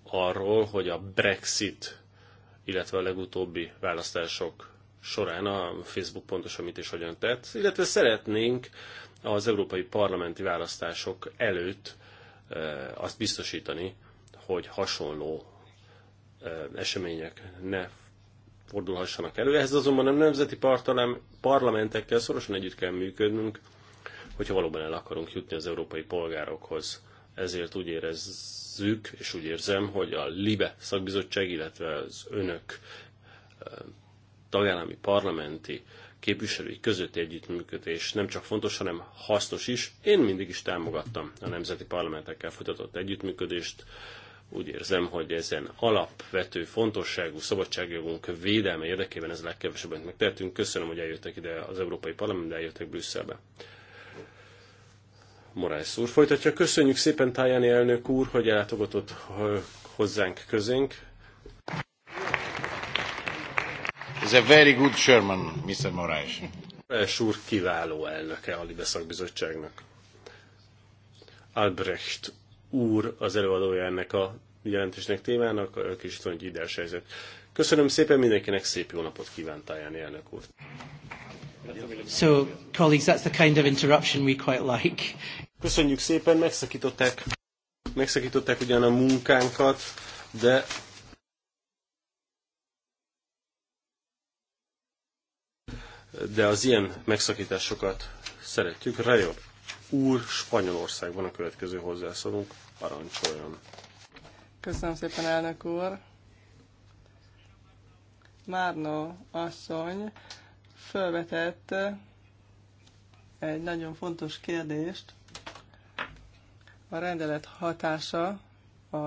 arról, hogy a Brexit, illetve a legutóbbi választások során a Facebook pontosan mit és hogyan tett, illetve szeretnénk az európai parlamenti választások előtt azt biztosítani, hogy hasonló események ne fordulhassanak elő. Ehhez azonban nem nemzeti parlamentekkel szorosan együtt kell működnünk, hogyha valóban el akarunk jutni az európai polgárokhoz. Ezért úgy érezzük, és úgy érzem, hogy a LIBE szakbizottság, illetve az önök tagállami parlamenti képviselői közötti együttműködés nem csak fontos, hanem hasznos is. Én mindig is támogattam a nemzeti parlamentekkel folytatott együttműködést. Úgy érzem, hogy ezen alapvető fontosságú szabadságjogunk védelme érdekében ez amit megtehetünk. Köszönöm, hogy eljöttek ide az Európai Parlamentbe, eljöttek Brüsszelbe. Morales úr folytatja. Köszönjük szépen Tájáni elnök úr, hogy ellátogatott uh, hozzánk közénk. is a very good Sherman, Mr. Moraes. Moraes úr kiváló elnöke a Libe szakbizottságnak. Albrecht úr az előadója ennek a jelentésnek témának, ők is tudom, hogy ideás helyzet. Köszönöm szépen mindenkinek, szép jó napot kíván Tajani elnök úr. So, colleagues, that's the kind of interruption we quite like. Köszönjük szépen, megszakították, megszakították ugyan a munkánkat, de de az ilyen megszakításokat szeretjük. Rajó úr Spanyolországban a következő hozzászólunk, parancsoljon. Köszönöm szépen, elnök úr. Márno asszony felvetett egy nagyon fontos kérdést. A rendelet hatása a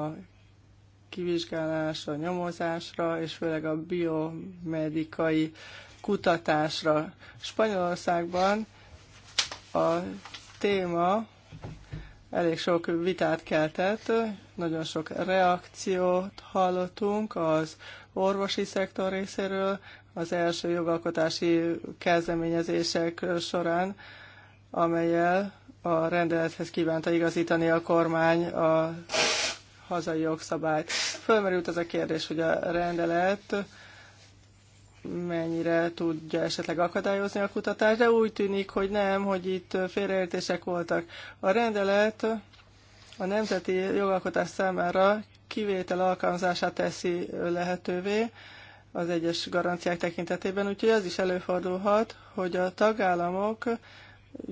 kivizsgálásra, nyomozásra, és főleg a biomedikai kutatásra. Spanyolországban a téma elég sok vitát keltett, nagyon sok reakciót hallottunk az orvosi szektor részéről, az első jogalkotási kezdeményezések során, amelyel a rendelethez kívánta igazítani a kormány a hazai jogszabályt. Fölmerült az a kérdés, hogy a rendelet mennyire tudja esetleg akadályozni a kutatást, de úgy tűnik, hogy nem, hogy itt félreértések voltak. A rendelet a nemzeti jogalkotás számára kivétel alkalmazását teszi lehetővé az egyes garanciák tekintetében, úgyhogy az is előfordulhat, hogy a tagállamok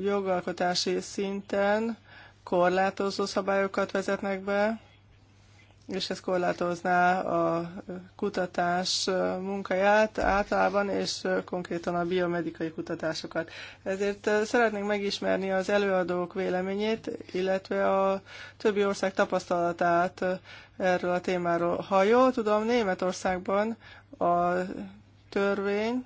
jogalkotási szinten korlátozó szabályokat vezetnek be, és ez korlátozná a kutatás munkáját általában, és konkrétan a biomedikai kutatásokat. Ezért szeretnénk megismerni az előadók véleményét, illetve a többi ország tapasztalatát erről a témáról. Ha jól tudom, Németországban a törvény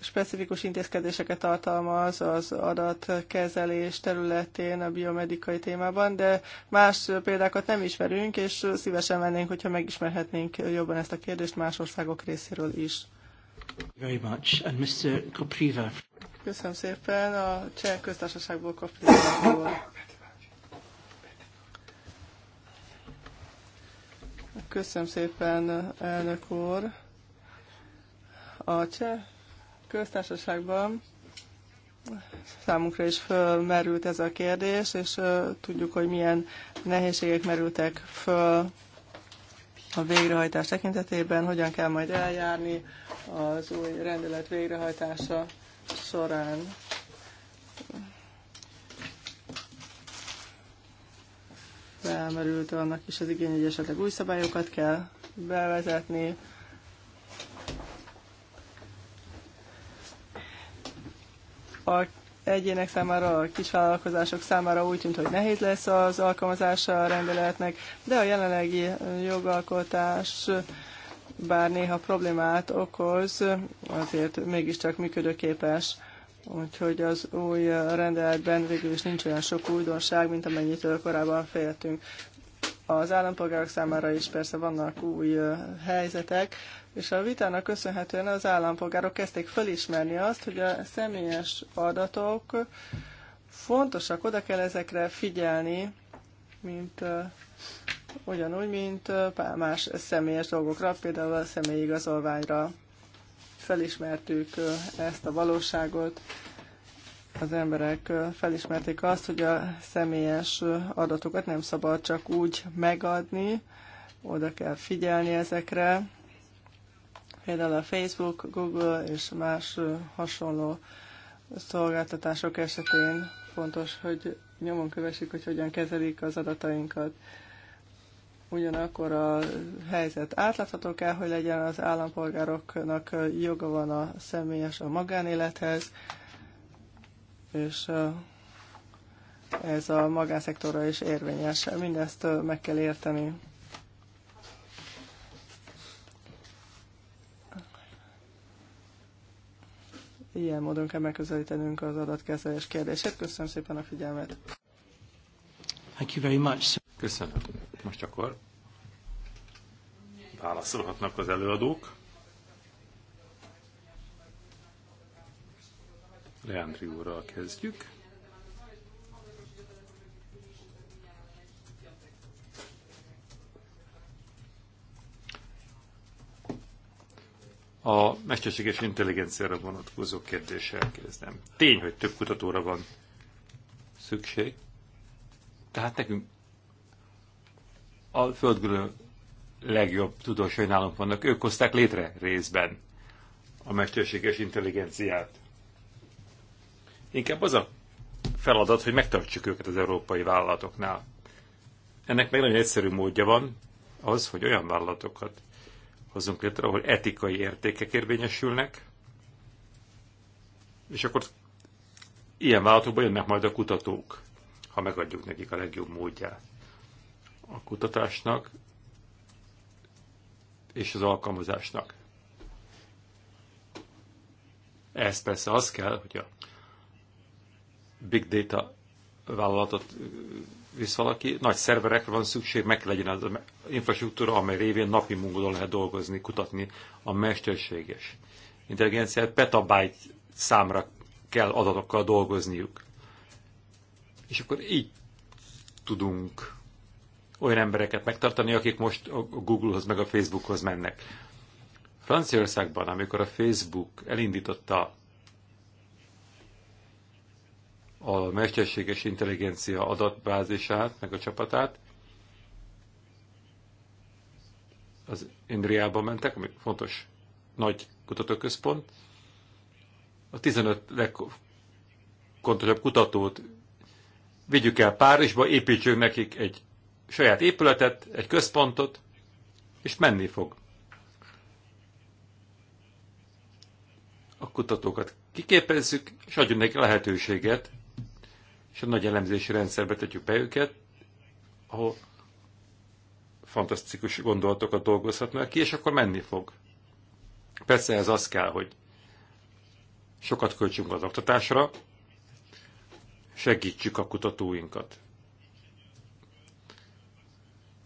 specifikus intézkedéseket tartalmaz az adatkezelés területén a biomedikai témában, de más példákat nem ismerünk, és szívesen vennénk, hogyha megismerhetnénk jobban ezt a kérdést más országok részéről is. Very much. And Mr. Kopriva. Köszönöm szépen. A Cseh köztársaságból Kopriva Köszönöm szépen, elnök úr. A Cseh köztársaságban számunkra is fölmerült ez a kérdés, és tudjuk, hogy milyen nehézségek merültek föl a végrehajtás tekintetében, hogyan kell majd eljárni az új rendelet végrehajtása során. Felmerült annak is az igény, hogy esetleg új szabályokat kell bevezetni, a egyének számára, a kisvállalkozások számára úgy tűnt, hogy nehéz lesz az alkalmazása a rendeletnek, de a jelenlegi jogalkotás bár néha problémát okoz, azért mégiscsak működőképes. Úgyhogy az új rendeletben végül is nincs olyan sok újdonság, mint amennyitől korábban féltünk az állampolgárok számára is persze vannak új helyzetek, és a vitának köszönhetően az állampolgárok kezdték felismerni azt, hogy a személyes adatok fontosak, oda kell ezekre figyelni, mint ugyanúgy, mint más személyes dolgokra, például a személyi igazolványra felismertük ezt a valóságot, az emberek felismerték azt, hogy a személyes adatokat nem szabad csak úgy megadni, oda kell figyelni ezekre. Például a Facebook, Google és más hasonló szolgáltatások esetén fontos, hogy nyomon kövessük, hogy hogyan kezelik az adatainkat. Ugyanakkor a helyzet átlátható kell, hogy legyen az állampolgároknak joga van a személyes, a magánélethez, és ez a magánszektorra is érvényes. Mindezt meg kell érteni. Ilyen módon kell megközelítenünk az adatkezelés kérdését. Köszönöm szépen a figyelmet. Thank you very much. Köszönöm. Most akkor válaszolhatnak az előadók. Leandri úrral kezdjük. A mesterséges intelligenciára vonatkozó kérdéssel kezdem. Tény, hogy több kutatóra van szükség. Tehát nekünk a földgörő legjobb tudósai nálunk vannak. Ők hozták létre részben a mesterséges intelligenciát. Inkább az a feladat, hogy megtartsuk őket az európai vállalatoknál. Ennek meg nagyon egyszerű módja van, az, hogy olyan vállalatokat hozzunk létre, ahol etikai értékek érvényesülnek, és akkor ilyen vállalatokban jönnek majd a kutatók, ha megadjuk nekik a legjobb módját a kutatásnak és az alkalmazásnak. Ez persze az kell, hogy a big data vállalatot visz valaki, nagy szerverekre van szükség, meg kell legyen az infrastruktúra, amely révén napi munkodon lehet dolgozni, kutatni a mesterséges intelligenciát, petabyte számra kell adatokkal dolgozniuk. És akkor így tudunk olyan embereket megtartani, akik most a Googlehoz meg a Facebookhoz mennek. Franciaországban, amikor a Facebook elindította a mesterséges intelligencia adatbázisát, meg a csapatát. Az Indriába mentek, ami fontos nagy kutatóközpont. A 15 legfontosabb kutatót vigyük el Párizsba, építsünk nekik egy saját épületet, egy központot, és menni fog. A kutatókat kiképezzük, és adjunk nekik lehetőséget, és a nagy elemzési rendszerbe tetjük be őket, ahol fantasztikus gondolatokat dolgozhatnak ki, és akkor menni fog. Persze ez az kell, hogy sokat költsünk az oktatásra, segítsük a kutatóinkat,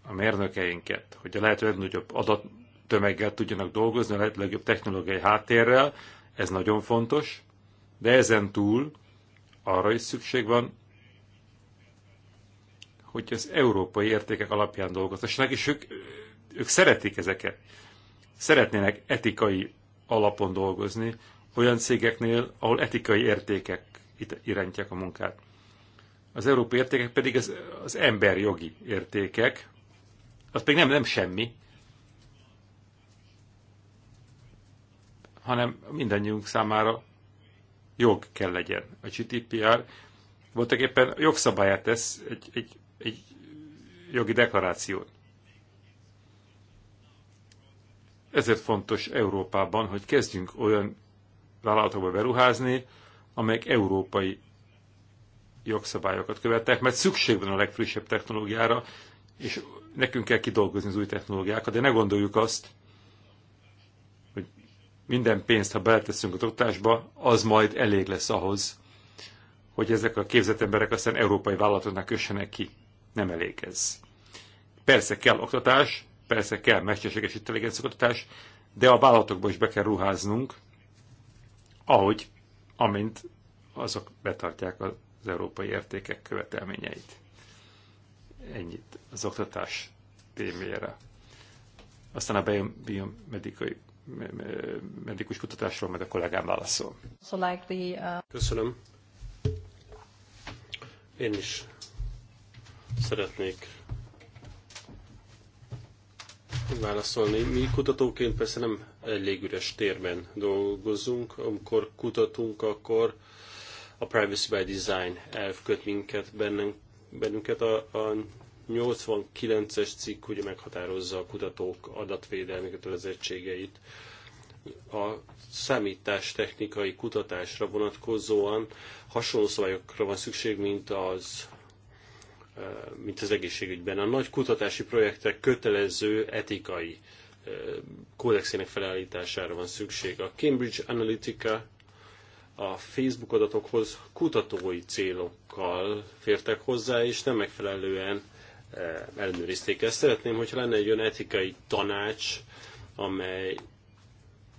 a mérnökeinket, hogy a lehető legnagyobb adattömeggel tudjanak dolgozni, a lehető legjobb technológiai háttérrel, ez nagyon fontos, de ezen túl arra is szükség van, hogy az európai értékek alapján dolgoztassanak, és ők, ők szeretik ezeket. Szeretnének etikai alapon dolgozni olyan cégeknél, ahol etikai értékek irányítják a munkát. Az európai értékek pedig az, az emberjogi értékek, az pedig nem, nem semmi, hanem mindannyiunk számára jog kell legyen. A GDPR voltak éppen jogszabályát tesz egy, egy egy jogi deklarációt. Ezért fontos Európában, hogy kezdjünk olyan vállalatokba beruházni, amelyek európai jogszabályokat követnek, mert szükség van a legfrissebb technológiára, és nekünk kell kidolgozni az új technológiákat, de ne gondoljuk azt, hogy minden pénzt, ha beleteszünk a oktatásba, az majd elég lesz ahhoz, hogy ezek a képzett emberek aztán európai vállalatoknak kössenek ki nem elég ez. Persze kell oktatás, persze kell mesterséges intelligencia oktatás, de a vállalatokba is be kell ruháznunk, ahogy, amint azok betartják az európai értékek követelményeit. Ennyit az oktatás témére. Aztán a biomedikai medikus kutatásról majd a kollégám válaszol. Uh, Köszönöm. Én is Szeretnék válaszolni. Mi kutatóként persze nem egy légüres térben dolgozunk. Amikor kutatunk, akkor a Privacy by Design elv köt minket bennünk, bennünket a, a 89-es cikk ugye meghatározza a kutatók adatvédelmi kötelezettségeit. A számítástechnikai kutatásra vonatkozóan hasonló szabályokra van szükség, mint az mint az egészségügyben. A nagy kutatási projektek kötelező etikai kódexének felállítására van szükség. A Cambridge Analytica a Facebook adatokhoz kutatói célokkal fértek hozzá, és nem megfelelően ellenőrizték ezt. Szeretném, hogyha lenne egy olyan etikai tanács, amely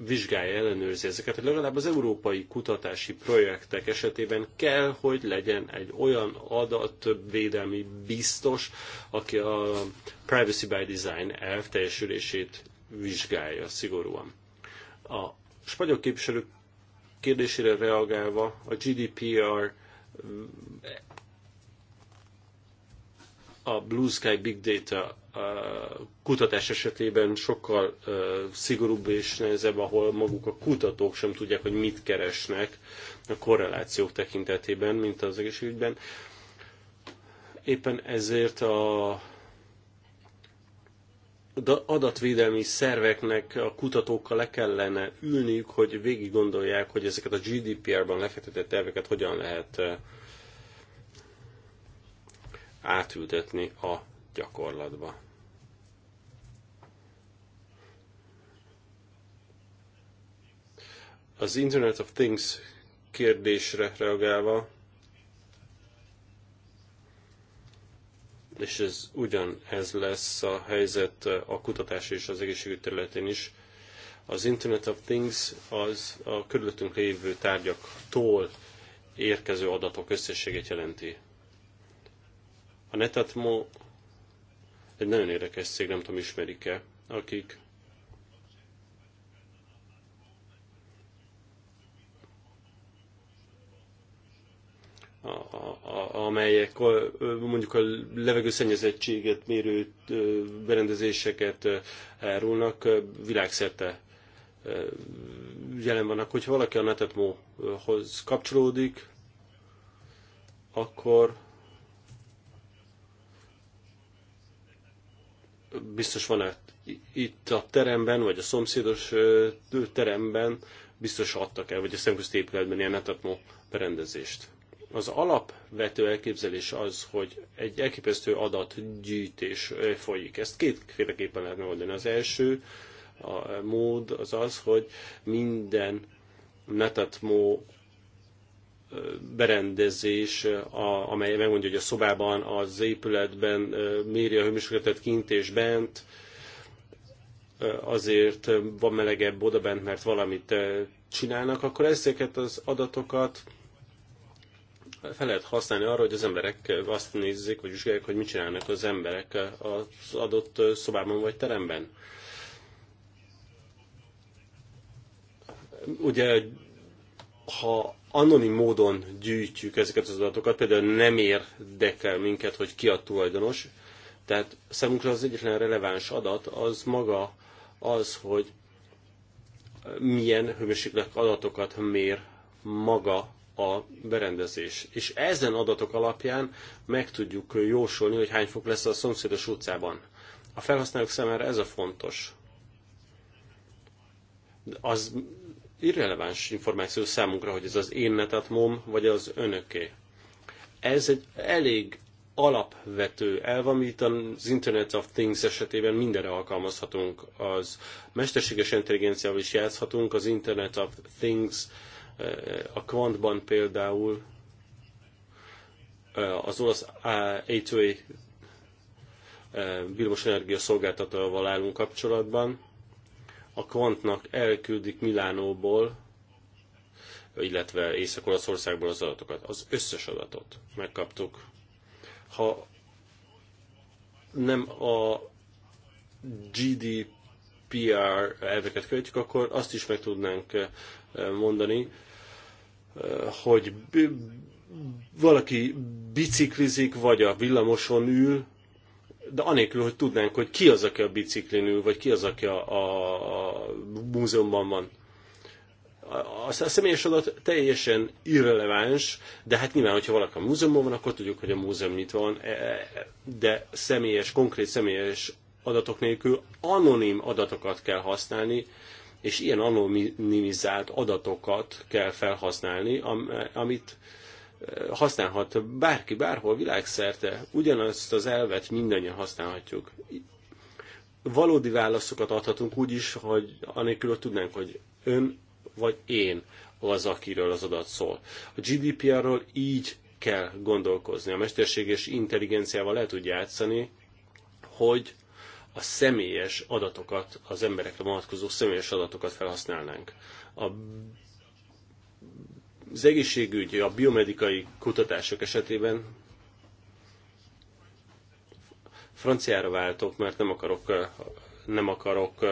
vizsgálja, ellenőrzi ezeket, hogy legalább az európai kutatási projektek esetében kell, hogy legyen egy olyan adatvédelmi biztos, aki a Privacy by Design elv teljesülését vizsgálja szigorúan. A spanyol képviselők kérdésére reagálva a GDPR a Blue Sky Big Data kutatás esetében sokkal szigorúbb és nehezebb, ahol maguk a kutatók sem tudják, hogy mit keresnek a korrelációk tekintetében, mint az egészségügyben. Éppen ezért a adatvédelmi szerveknek a kutatókkal le kellene ülniük, hogy végig gondolják, hogy ezeket a GDPR-ban lefektetett terveket hogyan lehet átültetni a gyakorlatba. Az Internet of Things kérdésre reagálva, és ez ugyanez lesz a helyzet a kutatás és az egészségügy területén is. Az Internet of Things az a körülöttünk lévő tárgyaktól érkező adatok összességét jelenti. A Netatmo egy nagyon érdekes cég, nem tudom ismerik-e, akik A, a, a, amelyek mondjuk a levegőszennyezettséget mérő berendezéseket árulnak, világszerte jelen vannak. Hogyha valaki a netetmo kapcsolódik, akkor biztos van -e itt a teremben, vagy a szomszédos teremben, biztos adtak el, vagy a szemközti épületben ilyen etatmó berendezést. Az alapvető elképzelés az, hogy egy elképesztő adatgyűjtés folyik. Ezt kétféleképpen lehet megoldani. Az első a mód az az, hogy minden netatmó berendezés, a, amely megmondja, hogy a szobában, az épületben méri a hőmérsékletet kint és bent, azért van melegebb odabent, mert valamit csinálnak, akkor ezeket az adatokat fel lehet használni arra, hogy az emberek azt nézzék, vagy vizsgálják, hogy mit csinálnak az emberek az adott szobában vagy teremben. Ugye ha anonim módon gyűjtjük ezeket az adatokat, például nem érdekel minket, hogy ki a tulajdonos, tehát számunkra az egyetlen releváns adat az maga az, hogy milyen hőmérséklet adatokat mér maga a berendezés. És ezen adatok alapján meg tudjuk jósolni, hogy hány fok lesz a szomszédos utcában. A felhasználók számára ez a fontos. Az irreleváns információ számunkra, hogy ez az én netatmom, vagy az önöké. Ez egy elég alapvető elv, amit az Internet of Things esetében mindenre alkalmazhatunk. Az mesterséges intelligenciával is játszhatunk, az Internet of Things eh, a kvantban például eh, az olasz A2A eh, szolgáltatóval állunk kapcsolatban, a Kvantnak elküldik Milánóból, illetve Észak-Olaszországból az adatokat. Az összes adatot megkaptuk. Ha nem a GDPR elveket követjük, akkor azt is meg tudnánk eh, mondani, eh, hogy valaki biciklizik, vagy a villamoson ül, de anélkül, hogy tudnánk, hogy ki az, aki a biciklin ül, vagy ki az, aki a, a, a múzeumban van. A, a személyes adat teljesen irreleváns, de hát nyilván, hogyha valaki a múzeumban van, akkor tudjuk, hogy a múzeum nyitva van, e, e, de személyes, konkrét személyes adatok nélkül anonim adatokat kell használni, és ilyen anonimizált adatokat kell felhasználni, amit használhat bárki, bárhol világszerte, ugyanazt az elvet mindannyian használhatjuk. Valódi válaszokat adhatunk úgy is, hogy anélkül, hogy tudnánk, hogy ön vagy én az, akiről az adat szól. A GDPR-ról így kell gondolkozni. A mesterséges intelligenciával lehet úgy játszani, hogy a személyes adatokat, az emberekre vonatkozó személyes adatokat felhasználnánk. A az egészségügy, a biomedikai kutatások esetében franciára váltok, mert nem akarok, nem akarok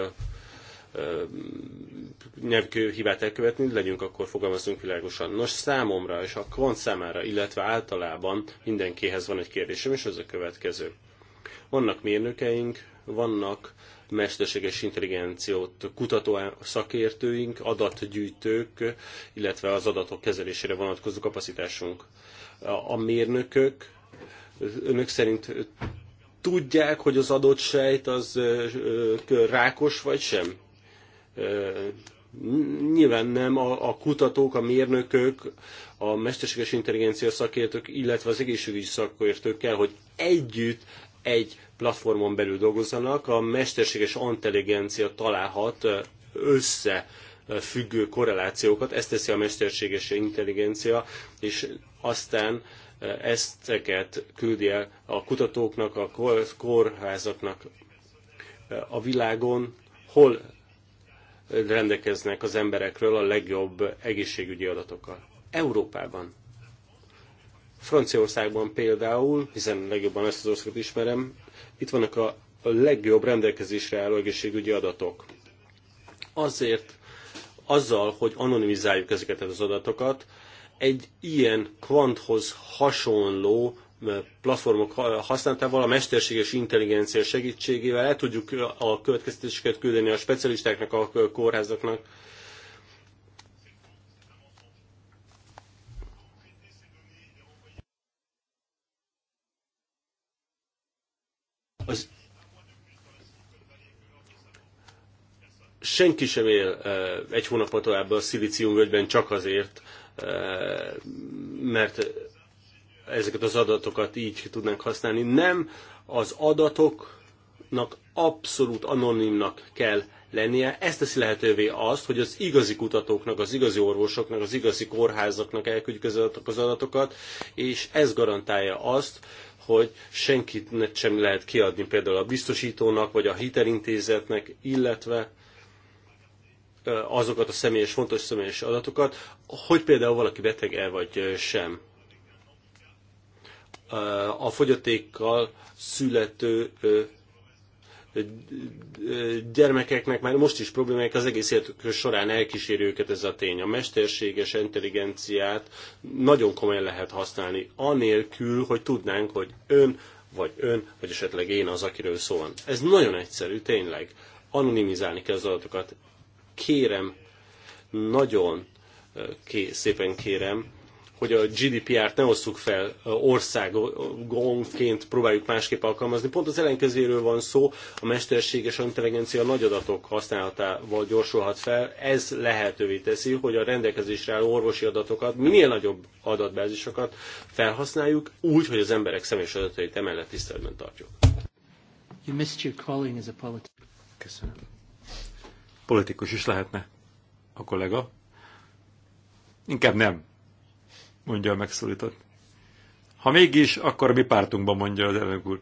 nyelvkő hibát elkövetni, legyünk akkor fogalmazunk világosan. Nos, számomra és a kvant számára, illetve általában mindenkihez van egy kérdésem, és az a következő. Vannak mérnökeink, vannak mesterséges intelligenciót kutató szakértőink, adatgyűjtők, illetve az adatok kezelésére vonatkozó kapacitásunk. A mérnökök, önök szerint tudják, hogy az adott sejt az rákos vagy sem? Nyilván nem a, a kutatók, a mérnökök, a mesterséges intelligencia szakértők, illetve az egészségügyi kell, hogy együtt egy platformon belül dolgozzanak, a mesterséges intelligencia találhat össze függő korrelációkat, ezt teszi a mesterséges intelligencia, és aztán ezteket küldi el a kutatóknak, a kórházaknak a világon, hol rendelkeznek az emberekről a legjobb egészségügyi adatokkal. Európában. Franciaországban például, hiszen legjobban ezt az országot ismerem, itt vannak a legjobb rendelkezésre álló egészségügyi adatok. Azért azzal, hogy anonimizáljuk ezeket az adatokat, egy ilyen kvanthoz hasonló platformok használatával, a mesterséges intelligencia segítségével el tudjuk a következtetéseket küldeni a specialistáknak, a kórházaknak, az senki sem él egy hónapot tovább a szilíciumvölgyben csak azért, mert ezeket az adatokat így tudnánk használni. Nem, az adatoknak abszolút anonimnak kell lennie. Ez teszi lehetővé azt, hogy az igazi kutatóknak, az igazi orvosoknak, az igazi kórházaknak elküldjük az adatokat, és ez garantálja azt, hogy senkit sem lehet kiadni például a biztosítónak, vagy a hitelintézetnek, illetve azokat a személyes, fontos személyes adatokat, hogy például valaki beteg-e vagy sem. A fogyatékkal születő gyermekeknek már most is problémák az egész életük során elkíséri őket ez a tény. A mesterséges intelligenciát nagyon komolyan lehet használni, anélkül, hogy tudnánk, hogy ön, vagy ön, vagy esetleg én az, akiről szó van. Ez nagyon egyszerű, tényleg. Anonimizálni kell az adatokat. Kérem, nagyon eh, ké, szépen kérem, hogy a GDPR-t ne osszuk fel országonként, próbáljuk másképp alkalmazni. Pont az ellenkezőről van szó, a mesterséges intelligencia nagy adatok használatával gyorsulhat fel. Ez lehetővé teszi, hogy a rendelkezésre álló orvosi adatokat, minél nagyobb adatbázisokat felhasználjuk, úgy, hogy az emberek személyes adatait emellett tiszteletben tartjuk. You missed your calling as a politician. Köszönöm. Politikus is lehetne a kollega. Inkább nem mondja a megszólított. Ha mégis, akkor mi pártunkban mondja az elnök úr.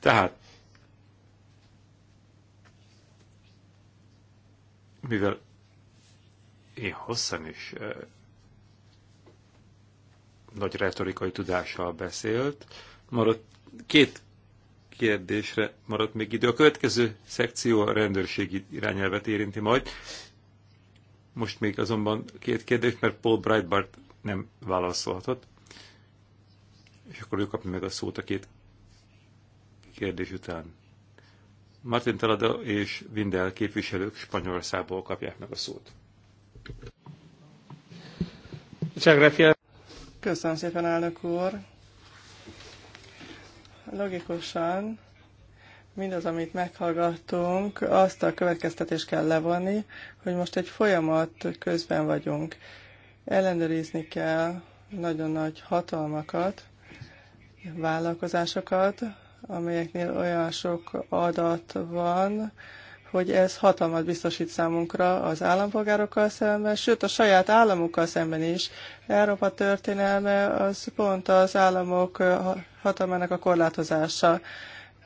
Tehát, mivel én hosszan is eh, nagy retorikai tudással beszélt, maradt két kérdésre maradt még idő. A következő szekció a rendőrségi irányelvet érinti majd. Most még azonban két kérdés, mert Paul Breitbart nem válaszolhatott. És akkor ő kapja meg a szót a két kérdés után. Martin Talada és Vindel képviselők Spanyolországból kapják meg a szót. Köszönöm szépen, elnök úr! Logikusan mindaz, amit meghallgattunk, azt a következtetést kell levonni, hogy most egy folyamat közben vagyunk ellenőrizni kell nagyon nagy hatalmakat, vállalkozásokat, amelyeknél olyan sok adat van, hogy ez hatalmat biztosít számunkra az állampolgárokkal szemben, sőt a saját államukkal szemben is. Európa történelme az pont az államok hatalmának a korlátozása.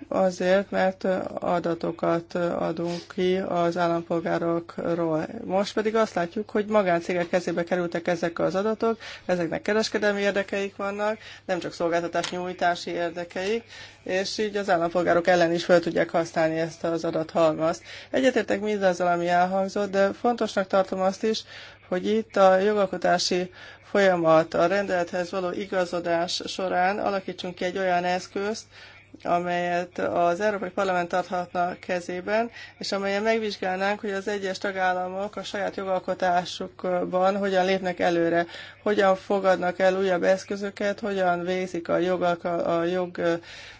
Azért, mert adatokat adunk ki az állampolgárokról. Most pedig azt látjuk, hogy magáncégek kezébe kerültek ezek az adatok, ezeknek kereskedelmi érdekeik vannak, nem csak szolgáltatás nyújtási érdekeik, és így az állampolgárok ellen is fel tudják használni ezt az adathalmazt. Egyetértek mindazzal, ami elhangzott, de fontosnak tartom azt is, hogy itt a jogalkotási folyamat a rendelethez való igazodás során alakítsunk ki egy olyan eszközt, amelyet az Európai Parlament tarthatna kezében, és amelyen megvizsgálnánk, hogy az egyes tagállamok a saját jogalkotásukban hogyan lépnek előre, hogyan fogadnak el újabb eszközöket, hogyan végzik a, jogalk a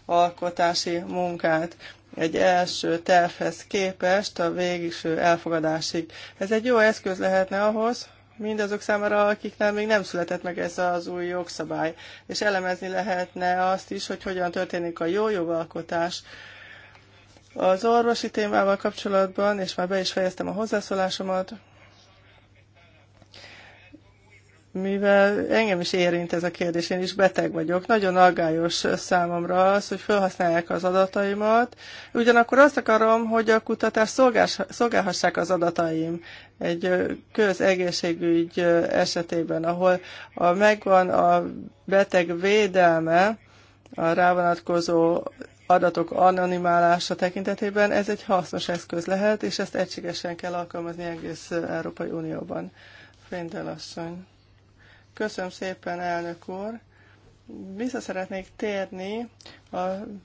jogalkotási munkát egy első tervhez képest a végső elfogadásig. Ez egy jó eszköz lehetne ahhoz, mindazok számára, akiknál még nem született meg ez az új jogszabály. És elemezni lehetne azt is, hogy hogyan történik a jó jogalkotás. Az orvosi témával kapcsolatban, és már be is fejeztem a hozzászólásomat, mivel engem is érint ez a kérdés, én is beteg vagyok, nagyon aggályos számomra az, hogy felhasználják az adataimat. Ugyanakkor azt akarom, hogy a kutatás szolgás, szolgálhassák az adataim egy közegészségügy esetében, ahol a, megvan a beteg védelme, a rávonatkozó adatok anonimálása tekintetében ez egy hasznos eszköz lehet, és ezt egységesen kell alkalmazni egész Európai Unióban. Fendel asszony. Köszönöm szépen, elnök úr. Vissza szeretnék térni a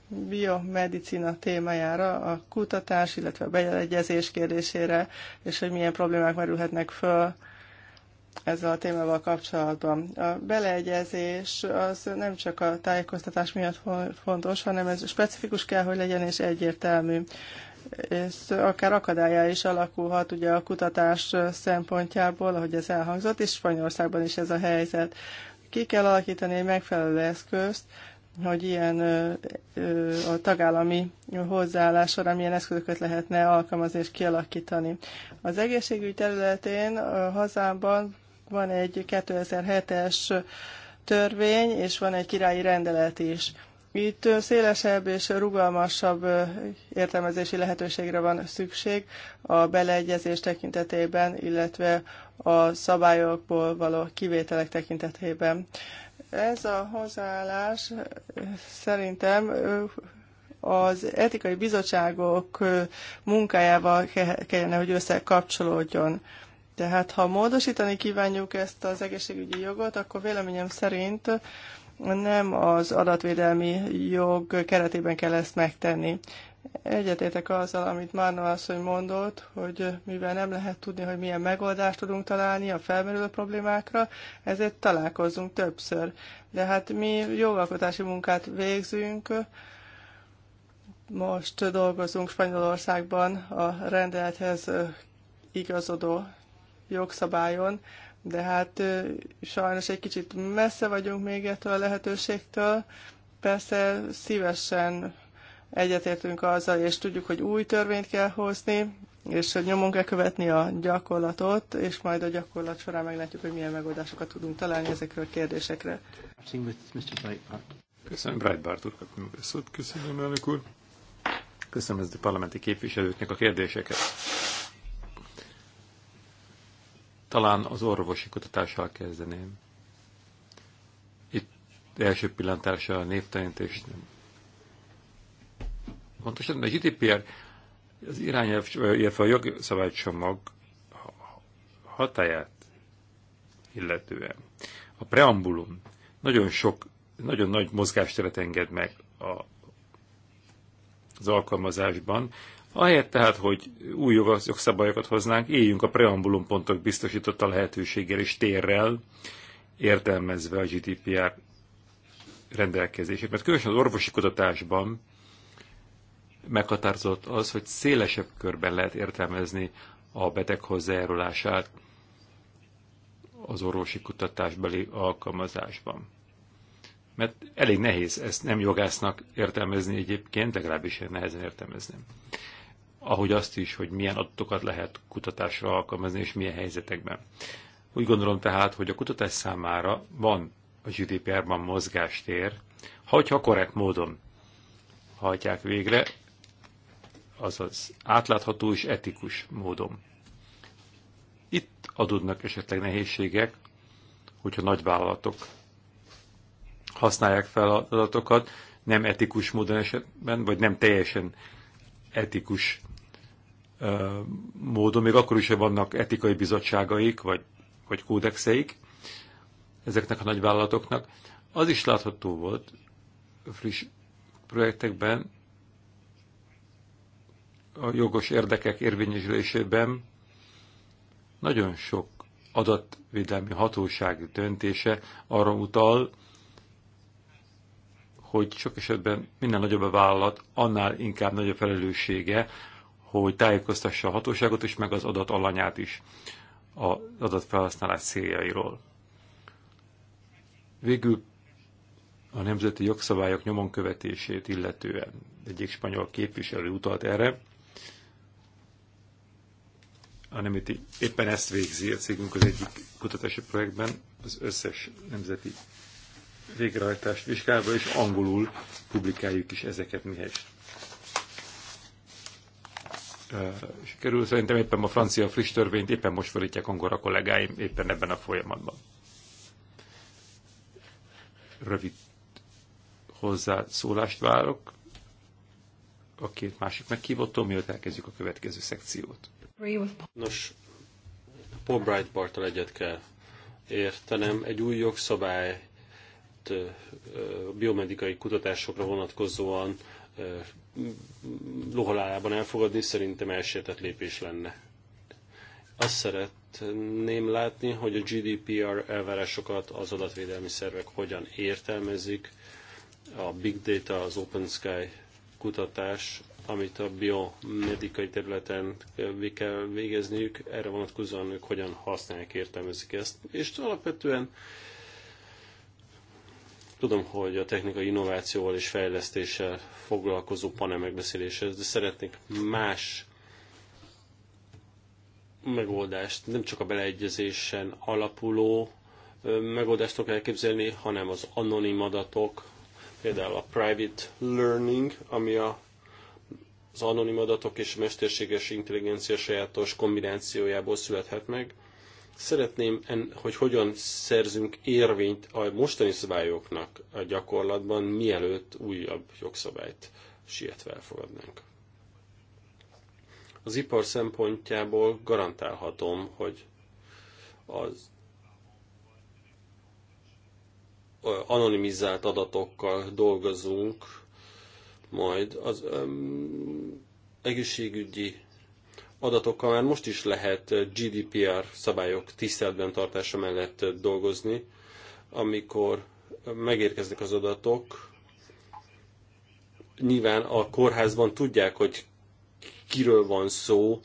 biomedicina témájára, a kutatás, illetve a beleegyezés kérdésére, és hogy milyen problémák merülhetnek föl ezzel a témával kapcsolatban. A beleegyezés az nem csak a tájékoztatás miatt fontos, hanem ez specifikus kell, hogy legyen és egyértelmű és akár akadályá is alakulhat ugye a kutatás szempontjából, ahogy ez elhangzott, és Spanyolországban is ez a helyzet. Ki kell alakítani egy megfelelő eszközt, hogy ilyen a tagállami hozzáállás során milyen eszközöket lehetne alkalmazni és kialakítani. Az egészségügy területén a hazámban van egy 2007-es törvény, és van egy királyi rendelet is. Itt szélesebb és rugalmasabb értelmezési lehetőségre van szükség a beleegyezés tekintetében, illetve a szabályokból való kivételek tekintetében. Ez a hozzáállás szerintem az etikai bizottságok munkájával kellene, hogy összekapcsolódjon. Tehát ha módosítani kívánjuk ezt az egészségügyi jogot, akkor véleményem szerint nem az adatvédelmi jog keretében kell ezt megtenni. Egyetétek azzal, amit Márna asszony mondott, hogy mivel nem lehet tudni, hogy milyen megoldást tudunk találni a felmerülő problémákra, ezért találkozunk többször. De hát mi jogalkotási munkát végzünk, most dolgozunk Spanyolországban a rendelethez igazodó jogszabályon, de hát sajnos egy kicsit messze vagyunk még ettől a lehetőségtől. Persze szívesen egyetértünk azzal, és tudjuk, hogy új törvényt kell hozni, és hogy nyomon kell követni a gyakorlatot, és majd a gyakorlat során meglátjuk, hogy milyen megoldásokat tudunk találni ezekre a kérdésekre. Köszönöm, Breitbart úr, kapom szót. Köszönöm, elnök úr. Köszönöm ez a parlamenti képviselőknek a kérdéseket. Talán az orvosi kutatással kezdeném. Itt első pillantással a névtelenítés nem. Pontosan, de a GDPR az irányelv, illetve a jogszabálycsomag hatáját illetően. A preambulum nagyon sok, nagyon nagy mozgásteret enged meg a, az alkalmazásban Ahelyett tehát, hogy új jogszabályokat hoznánk, éljünk a preambulum pontok biztosította lehetőséggel és térrel, értelmezve a GDPR rendelkezését. Mert különösen az orvosi kutatásban meghatározott az, hogy szélesebb körben lehet értelmezni a beteg hozzájárulását az orvosi kutatásbeli alkalmazásban. Mert elég nehéz ezt nem jogásznak értelmezni egyébként, legalábbis én nehezen értelmezném ahogy azt is, hogy milyen adatokat lehet kutatásra alkalmazni, és milyen helyzetekben. Úgy gondolom tehát, hogy a kutatás számára van a GDPR-ban mozgástér, ha hogyha korrekt módon hajtják végre, azaz átlátható és etikus módon. Itt adódnak esetleg nehézségek, hogyha nagyvállalatok használják fel az adatokat, nem etikus módon esetben, vagy nem teljesen etikus módon, még akkor is, hogy vannak etikai bizottságaik, vagy, vagy kódexeik ezeknek a nagyvállalatoknak. Az is látható volt friss projektekben, a jogos érdekek érvényesülésében nagyon sok adatvédelmi hatóság döntése arra utal, hogy sok esetben minden nagyobb a vállalat, annál inkább nagyobb felelőssége hogy tájékoztassa a hatóságot és meg az adat alanyát is az adatfelhasználás céljairól. Végül a nemzeti jogszabályok nyomon követését illetően egyik spanyol képviselő utalt erre, hanem itt éppen ezt végzi a cégünk az egyik kutatási projektben, az összes nemzeti végrehajtást vizsgálva, és angolul publikáljuk is ezeket mihez Eh, kerül. Szerintem éppen a francia friss törvényt éppen most felítják angolra kollégáim éppen ebben a folyamatban. Rövid hozzászólást várok a két másik meghívottól, mielőtt elkezdjük a következő szekciót. Nos, Paul Breitbarttal egyet kell értenem. Egy új jogszabályt eh, biomedikai kutatásokra vonatkozóan eh, lohalálában elfogadni, szerintem elsértett lépés lenne. Azt szeretném látni, hogy a GDPR elvárásokat az adatvédelmi szervek hogyan értelmezik, a Big Data, az Open Sky kutatás, amit a biomedikai területen kell végezniük, erre vonatkozóan ők hogyan használják, értelmezik ezt. És alapvetően Tudom, hogy a technikai innovációval és fejlesztéssel foglalkozó panel megbeszélése, de szeretnék más megoldást, nem csak a beleegyezésen alapuló megoldást tudok elképzelni, hanem az anonim adatok, például a private learning, ami a, az anonim adatok és mesterséges intelligencia sajátos kombinációjából születhet meg, Szeretném, hogy hogyan szerzünk érvényt a mostani szabályoknak a gyakorlatban, mielőtt újabb jogszabályt sietve elfogadnánk. Az ipar szempontjából garantálhatom, hogy az anonimizált adatokkal dolgozunk, majd az um, egészségügyi adatokkal már most is lehet eh, GDPR szabályok tiszteletben tartása mellett eh, dolgozni, amikor eh, megérkeznek az adatok, nyilván a kórházban tudják, hogy kiről van szó,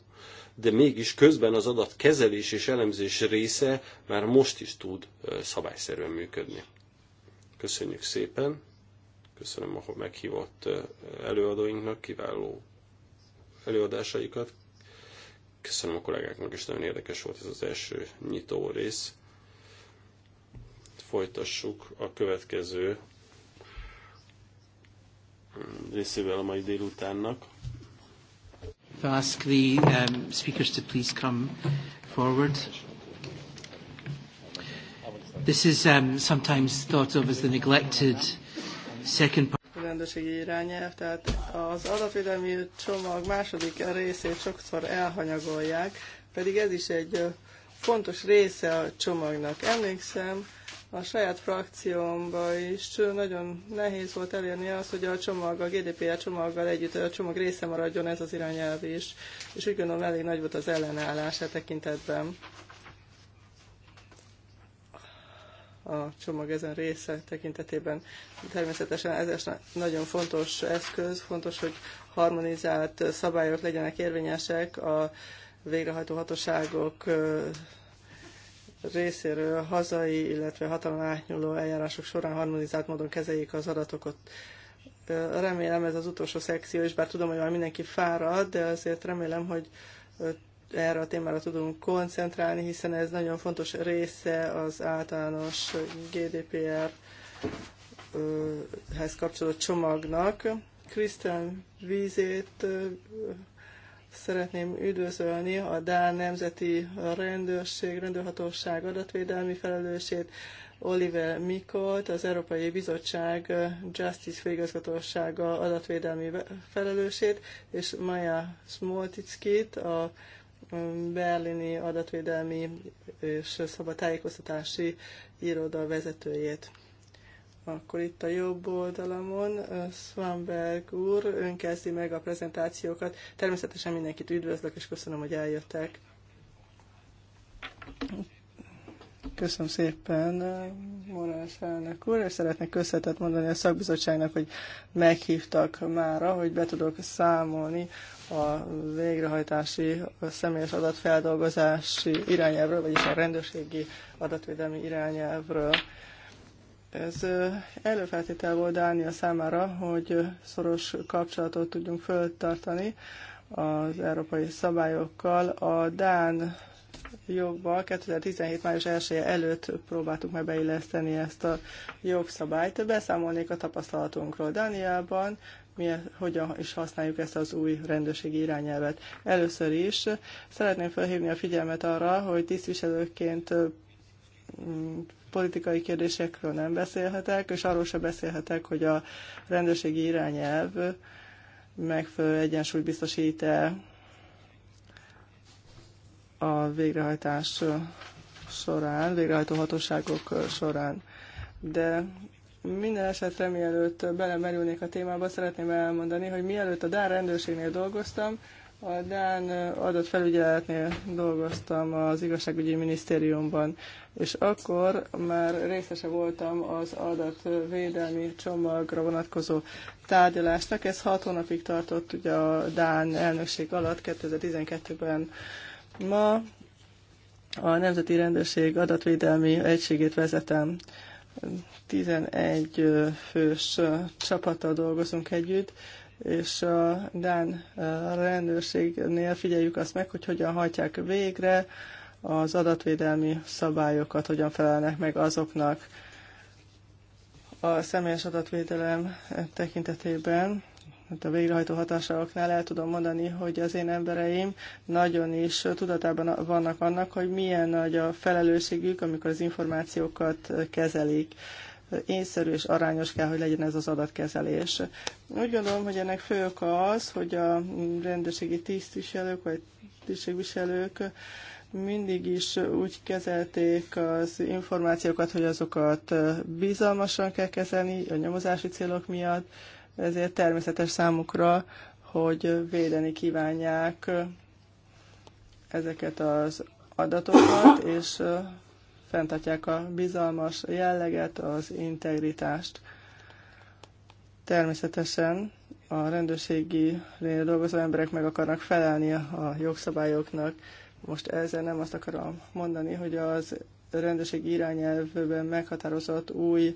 de mégis közben az adatkezelés és elemzés része már most is tud szabályszerűen működni. Köszönjük szépen, köszönöm a meghívott előadóinknak kiváló előadásaikat, Köszönöm a kollégáknak, és nagyon érdekes volt ez az első nyitó rész. Folytassuk a következő részével a mai délutánnak. If ask the um, speakers to please come forward. This is um, sometimes thought of as the neglected second part rendőrségi irányelv, tehát az adatvédelmi csomag második részét sokszor elhanyagolják, pedig ez is egy fontos része a csomagnak. Emlékszem, a saját frakciómban is nagyon nehéz volt elérni azt, hogy a csomag, a GDPR csomaggal együtt a csomag része maradjon ez az irányelv is, és úgy gondolom elég nagy volt az ellenállás e tekintetben. a csomag ezen része tekintetében. Természetesen ez nagyon fontos eszköz, fontos, hogy harmonizált szabályok legyenek érvényesek a végrehajtó hatóságok részéről hazai, illetve hatalom átnyúló eljárások során harmonizált módon kezeljék az adatokat. Remélem ez az utolsó szekció, és bár tudom, hogy már mindenki fárad, de azért remélem, hogy erre a témára tudunk koncentrálni, hiszen ez nagyon fontos része az általános GDPR-hez kapcsolódó csomagnak. Krisztán vízét szeretném üdvözölni a Dán Nemzeti Rendőrség, Rendőrhatóság adatvédelmi felelősét, Oliver Mikolt, az Európai Bizottság Justice Főigazgatósága adatvédelmi felelősét, és Maja Smolticskit, a berlini adatvédelmi és szabadtájékoztatási iroda vezetőjét. Akkor itt a jobb oldalamon Swanberg úr önkezdi meg a prezentációkat. Természetesen mindenkit üdvözlök, és köszönöm, hogy eljöttek. Köszönöm szépen, Morás elnök úr, és szeretnék köszönetet mondani a szakbizottságnak, hogy meghívtak mára, hogy be tudok számolni a végrehajtási a személyes adatfeldolgozási irányelvről, vagyis a rendőrségi adatvédelmi irányelvről. Ez előfeltétel volt Dánia számára, hogy szoros kapcsolatot tudjunk föltartani az európai szabályokkal. A Dán jogba 2017. május 1 előtt próbáltuk meg beilleszteni ezt a jogszabályt. Beszámolnék a tapasztalatunkról Dániában, mi e- hogyan is használjuk ezt az új rendőrségi irányelvet. Először is szeretném felhívni a figyelmet arra, hogy tisztviselőként politikai kérdésekről nem beszélhetek, és arról sem beszélhetek, hogy a rendőrségi irányelv megfelelő egyensúly biztosít-e a végrehajtás során, végrehajtó hatóságok során. De minden esetre, mielőtt belemerülnék a témába, szeretném elmondani, hogy mielőtt a Dán rendőrségnél dolgoztam, a Dán felügyeletnél dolgoztam az igazságügyi minisztériumban, és akkor már részese voltam az adatvédelmi csomagra vonatkozó tárgyalásnak. Ez hat hónapig tartott ugye a Dán elnökség alatt 2012-ben Ma a Nemzeti Rendőrség adatvédelmi egységét vezetem. 11 fős csapattal dolgozunk együtt, és a Dán rendőrségnél figyeljük azt meg, hogy hogyan hajtják végre az adatvédelmi szabályokat, hogyan felelnek meg azoknak a személyes adatvédelem tekintetében hát a végrehajtó hatóságoknál el tudom mondani, hogy az én embereim nagyon is tudatában vannak annak, hogy milyen nagy a felelősségük, amikor az információkat kezelik. Észszerű és arányos kell, hogy legyen ez az adatkezelés. Úgy gondolom, hogy ennek fő oka az, hogy a rendőrségi tisztviselők vagy tisztségviselők mindig is úgy kezelték az információkat, hogy azokat bizalmasan kell kezelni a nyomozási célok miatt, ezért természetes számukra, hogy védeni kívánják ezeket az adatokat, és fenntartják a bizalmas jelleget, az integritást. Természetesen a rendőrségi dolgozó emberek meg akarnak felelni a jogszabályoknak. Most ezzel nem azt akarom mondani, hogy az rendőrségi irányelvben meghatározott új uh,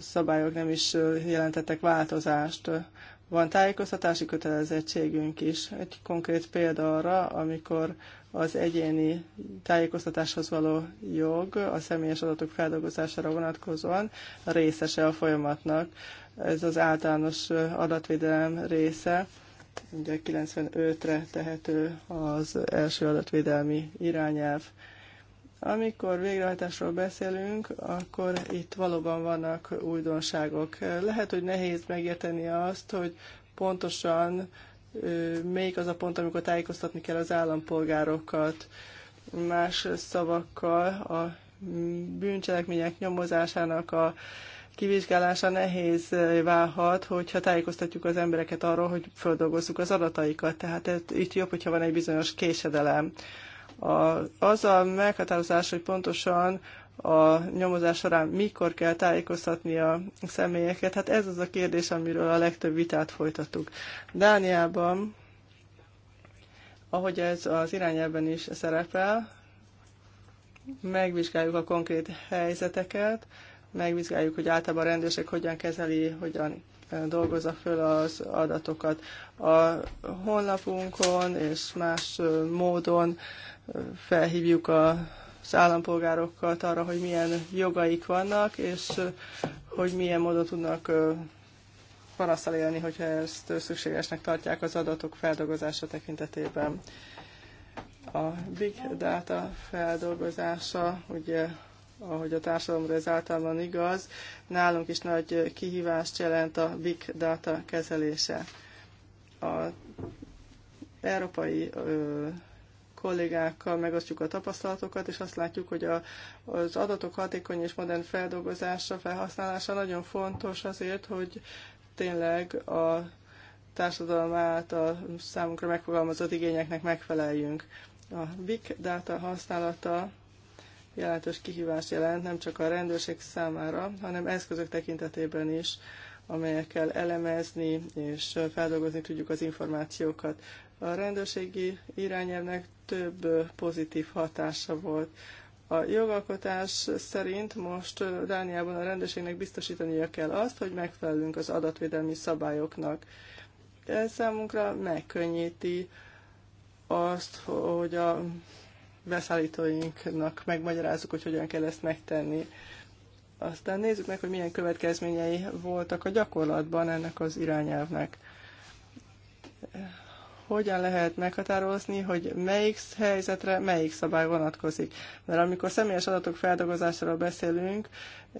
szabályok nem is jelentettek változást. Van tájékoztatási kötelezettségünk is. Egy konkrét példa arra, amikor az egyéni tájékoztatáshoz való jog a személyes adatok feldolgozására vonatkozóan részese a folyamatnak. Ez az általános adatvédelem része. Ugye 95-re tehető az első adatvédelmi irányelv. Amikor végrehajtásról beszélünk, akkor itt valóban vannak újdonságok. Lehet, hogy nehéz megérteni azt, hogy pontosan melyik az a pont, amikor tájékoztatni kell az állampolgárokat. Más szavakkal a bűncselekmények nyomozásának a kivizsgálása nehéz válhat, hogyha tájékoztatjuk az embereket arról, hogy földolgozzuk az adataikat. Tehát itt jobb, hogyha van egy bizonyos késedelem. A, az a meghatározás, hogy pontosan a nyomozás során mikor kell tájékoztatni a személyeket, hát ez az a kérdés, amiről a legtöbb vitát folytattuk. Dániában, ahogy ez az irányelben is szerepel, megvizsgáljuk a konkrét helyzeteket, megvizsgáljuk, hogy általában a rendőrség hogyan kezeli, hogyan dolgozza föl az adatokat. A honlapunkon és más módon felhívjuk az állampolgárokat arra, hogy milyen jogaik vannak, és hogy milyen módon tudnak panaszsal élni, hogyha ezt szükségesnek tartják az adatok feldolgozása tekintetében. A big data feldolgozása, ugye, ahogy a társadalomra ez általában igaz, nálunk is nagy kihívást jelent a big data kezelése. A európai ö, kollégákkal megosztjuk a tapasztalatokat, és azt látjuk, hogy a, az adatok hatékony és modern feldolgozása, felhasználása nagyon fontos azért, hogy tényleg a társadalom által számunkra megfogalmazott igényeknek megfeleljünk. A big data használata jelentős kihívást jelent nem csak a rendőrség számára, hanem eszközök tekintetében is amelyekkel elemezni és feldolgozni tudjuk az információkat. A rendőrségi irányelvnek több pozitív hatása volt. A jogalkotás szerint most Dániában a rendőrségnek biztosítania kell azt, hogy megfelelünk az adatvédelmi szabályoknak. Ez számunkra megkönnyíti azt, hogy a beszállítóinknak megmagyarázzuk, hogy hogyan kell ezt megtenni. Aztán nézzük meg, hogy milyen következményei voltak a gyakorlatban ennek az irányelvnek. Hogyan lehet meghatározni, hogy melyik helyzetre melyik szabály vonatkozik? Mert amikor személyes adatok feldolgozásáról beszélünk,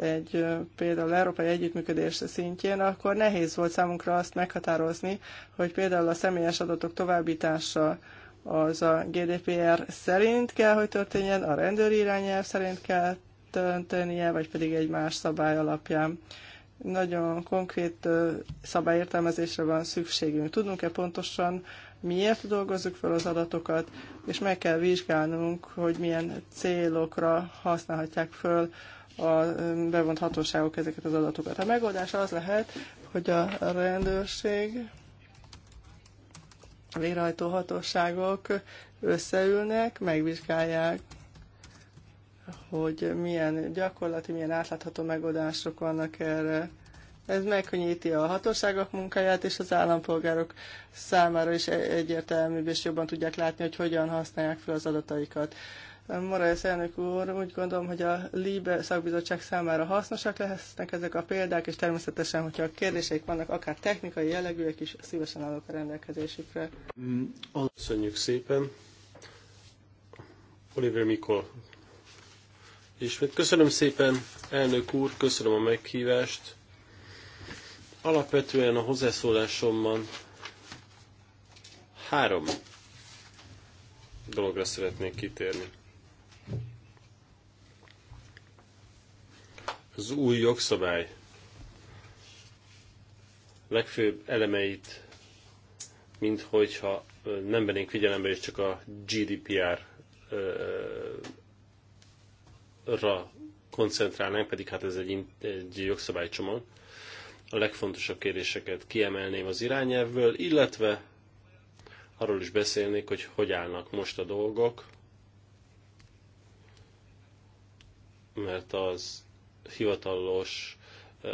egy például európai együttműködés szintjén, akkor nehéz volt számunkra azt meghatározni, hogy például a személyes adatok továbbítása az a GDPR szerint kell, hogy történjen, a rendőri irányelv szerint kell döntenie, vagy pedig egy más szabály alapján. Nagyon konkrét szabályértelmezésre van szükségünk. Tudnunk-e pontosan, miért dolgozzuk fel az adatokat, és meg kell vizsgálnunk, hogy milyen célokra használhatják föl a bevont hatóságok ezeket az adatokat. A megoldás az lehet, hogy a rendőrség, a végrehajtó hatóságok összeülnek, megvizsgálják hogy milyen gyakorlati, milyen átlátható megoldások vannak erre. Ez megkönnyíti a hatóságok munkáját, és az állampolgárok számára is e- egyértelműbb és jobban tudják látni, hogy hogyan használják fel az adataikat. Morales elnök úr, úgy gondolom, hogy a LIBE szakbizottság számára hasznosak lesznek ezek a példák, és természetesen, hogyha a kérdéseik vannak, akár technikai jellegűek is, szívesen állok a rendelkezésükre. Mm, Köszönjük szépen. Oliver Mikol Ismét köszönöm szépen, elnök úr, köszönöm a meghívást. Alapvetően a hozzászólásomban három dologra szeretnék kitérni. Az új jogszabály legfőbb elemeit, mint hogyha nem vennénk figyelembe, és csak a GDPR ra koncentrálnánk, pedig hát ez egy, egy jogszabálycsomag. A legfontosabb kérdéseket kiemelném az irányelvből, illetve arról is beszélnék, hogy hogy állnak most a dolgok, mert az hivatalos uh,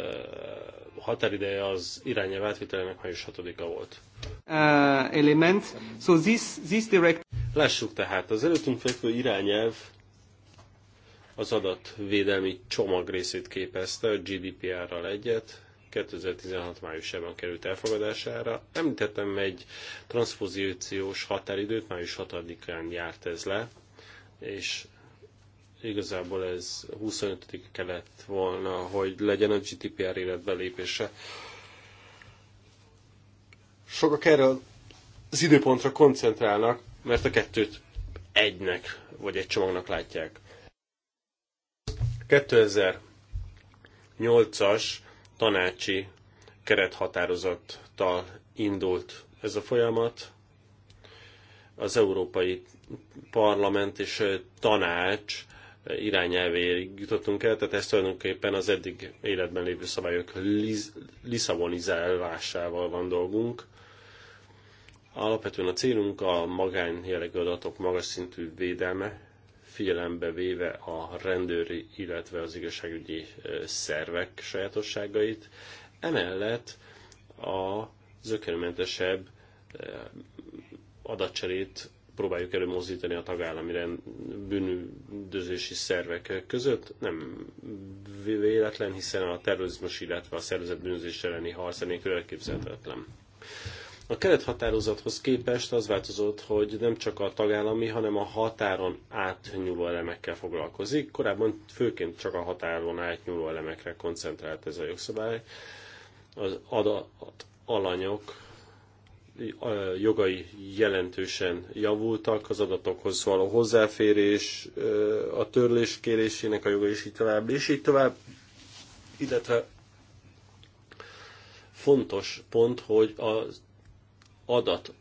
határideje az irányelv átvitelének május 6-a volt. Uh, element. So this, this direct... Lássuk tehát, az előttünk fekvő irányelv az adatvédelmi csomag részét képezte a GDPR-ral egyet, 2016 májusában került elfogadására. Említettem egy transzpozíciós határidőt, május 6-án járt ez le, és igazából ez 25 kellett volna, hogy legyen a GDPR életbe lépése. Sokak erről az időpontra koncentrálnak, mert a kettőt egynek, vagy egy csomagnak látják. 2008-as tanácsi kerethatározattal indult ez a folyamat. Az Európai Parlament és Tanács irányelvéig jutottunk el, tehát ez tulajdonképpen az eddig életben lévő szabályok liz- liszabonizálásával van dolgunk. Alapvetően a célunk a magánjellegű adatok magas szintű védelme, figyelembe véve a rendőri, illetve az igazságügyi szervek sajátosságait. Emellett a zökkenőmentesebb adatcserét próbáljuk előmozdítani a tagállami bűnüldözési szervek között. Nem véletlen, hiszen a terrorizmus, illetve a szervezett bűnözés elleni harc elképzelhetetlen. A kerethatározathoz képest az változott, hogy nem csak a tagállami, hanem a határon átnyúló elemekkel foglalkozik. Korábban főként csak a határon átnyúló elemekre koncentrált ez a jogszabály. Az adat alanyok jogai jelentősen javultak, az adatokhoz való hozzáférés, a törlés kérésének a joga, is így tovább, és így tovább, illetve fontos pont, hogy az adat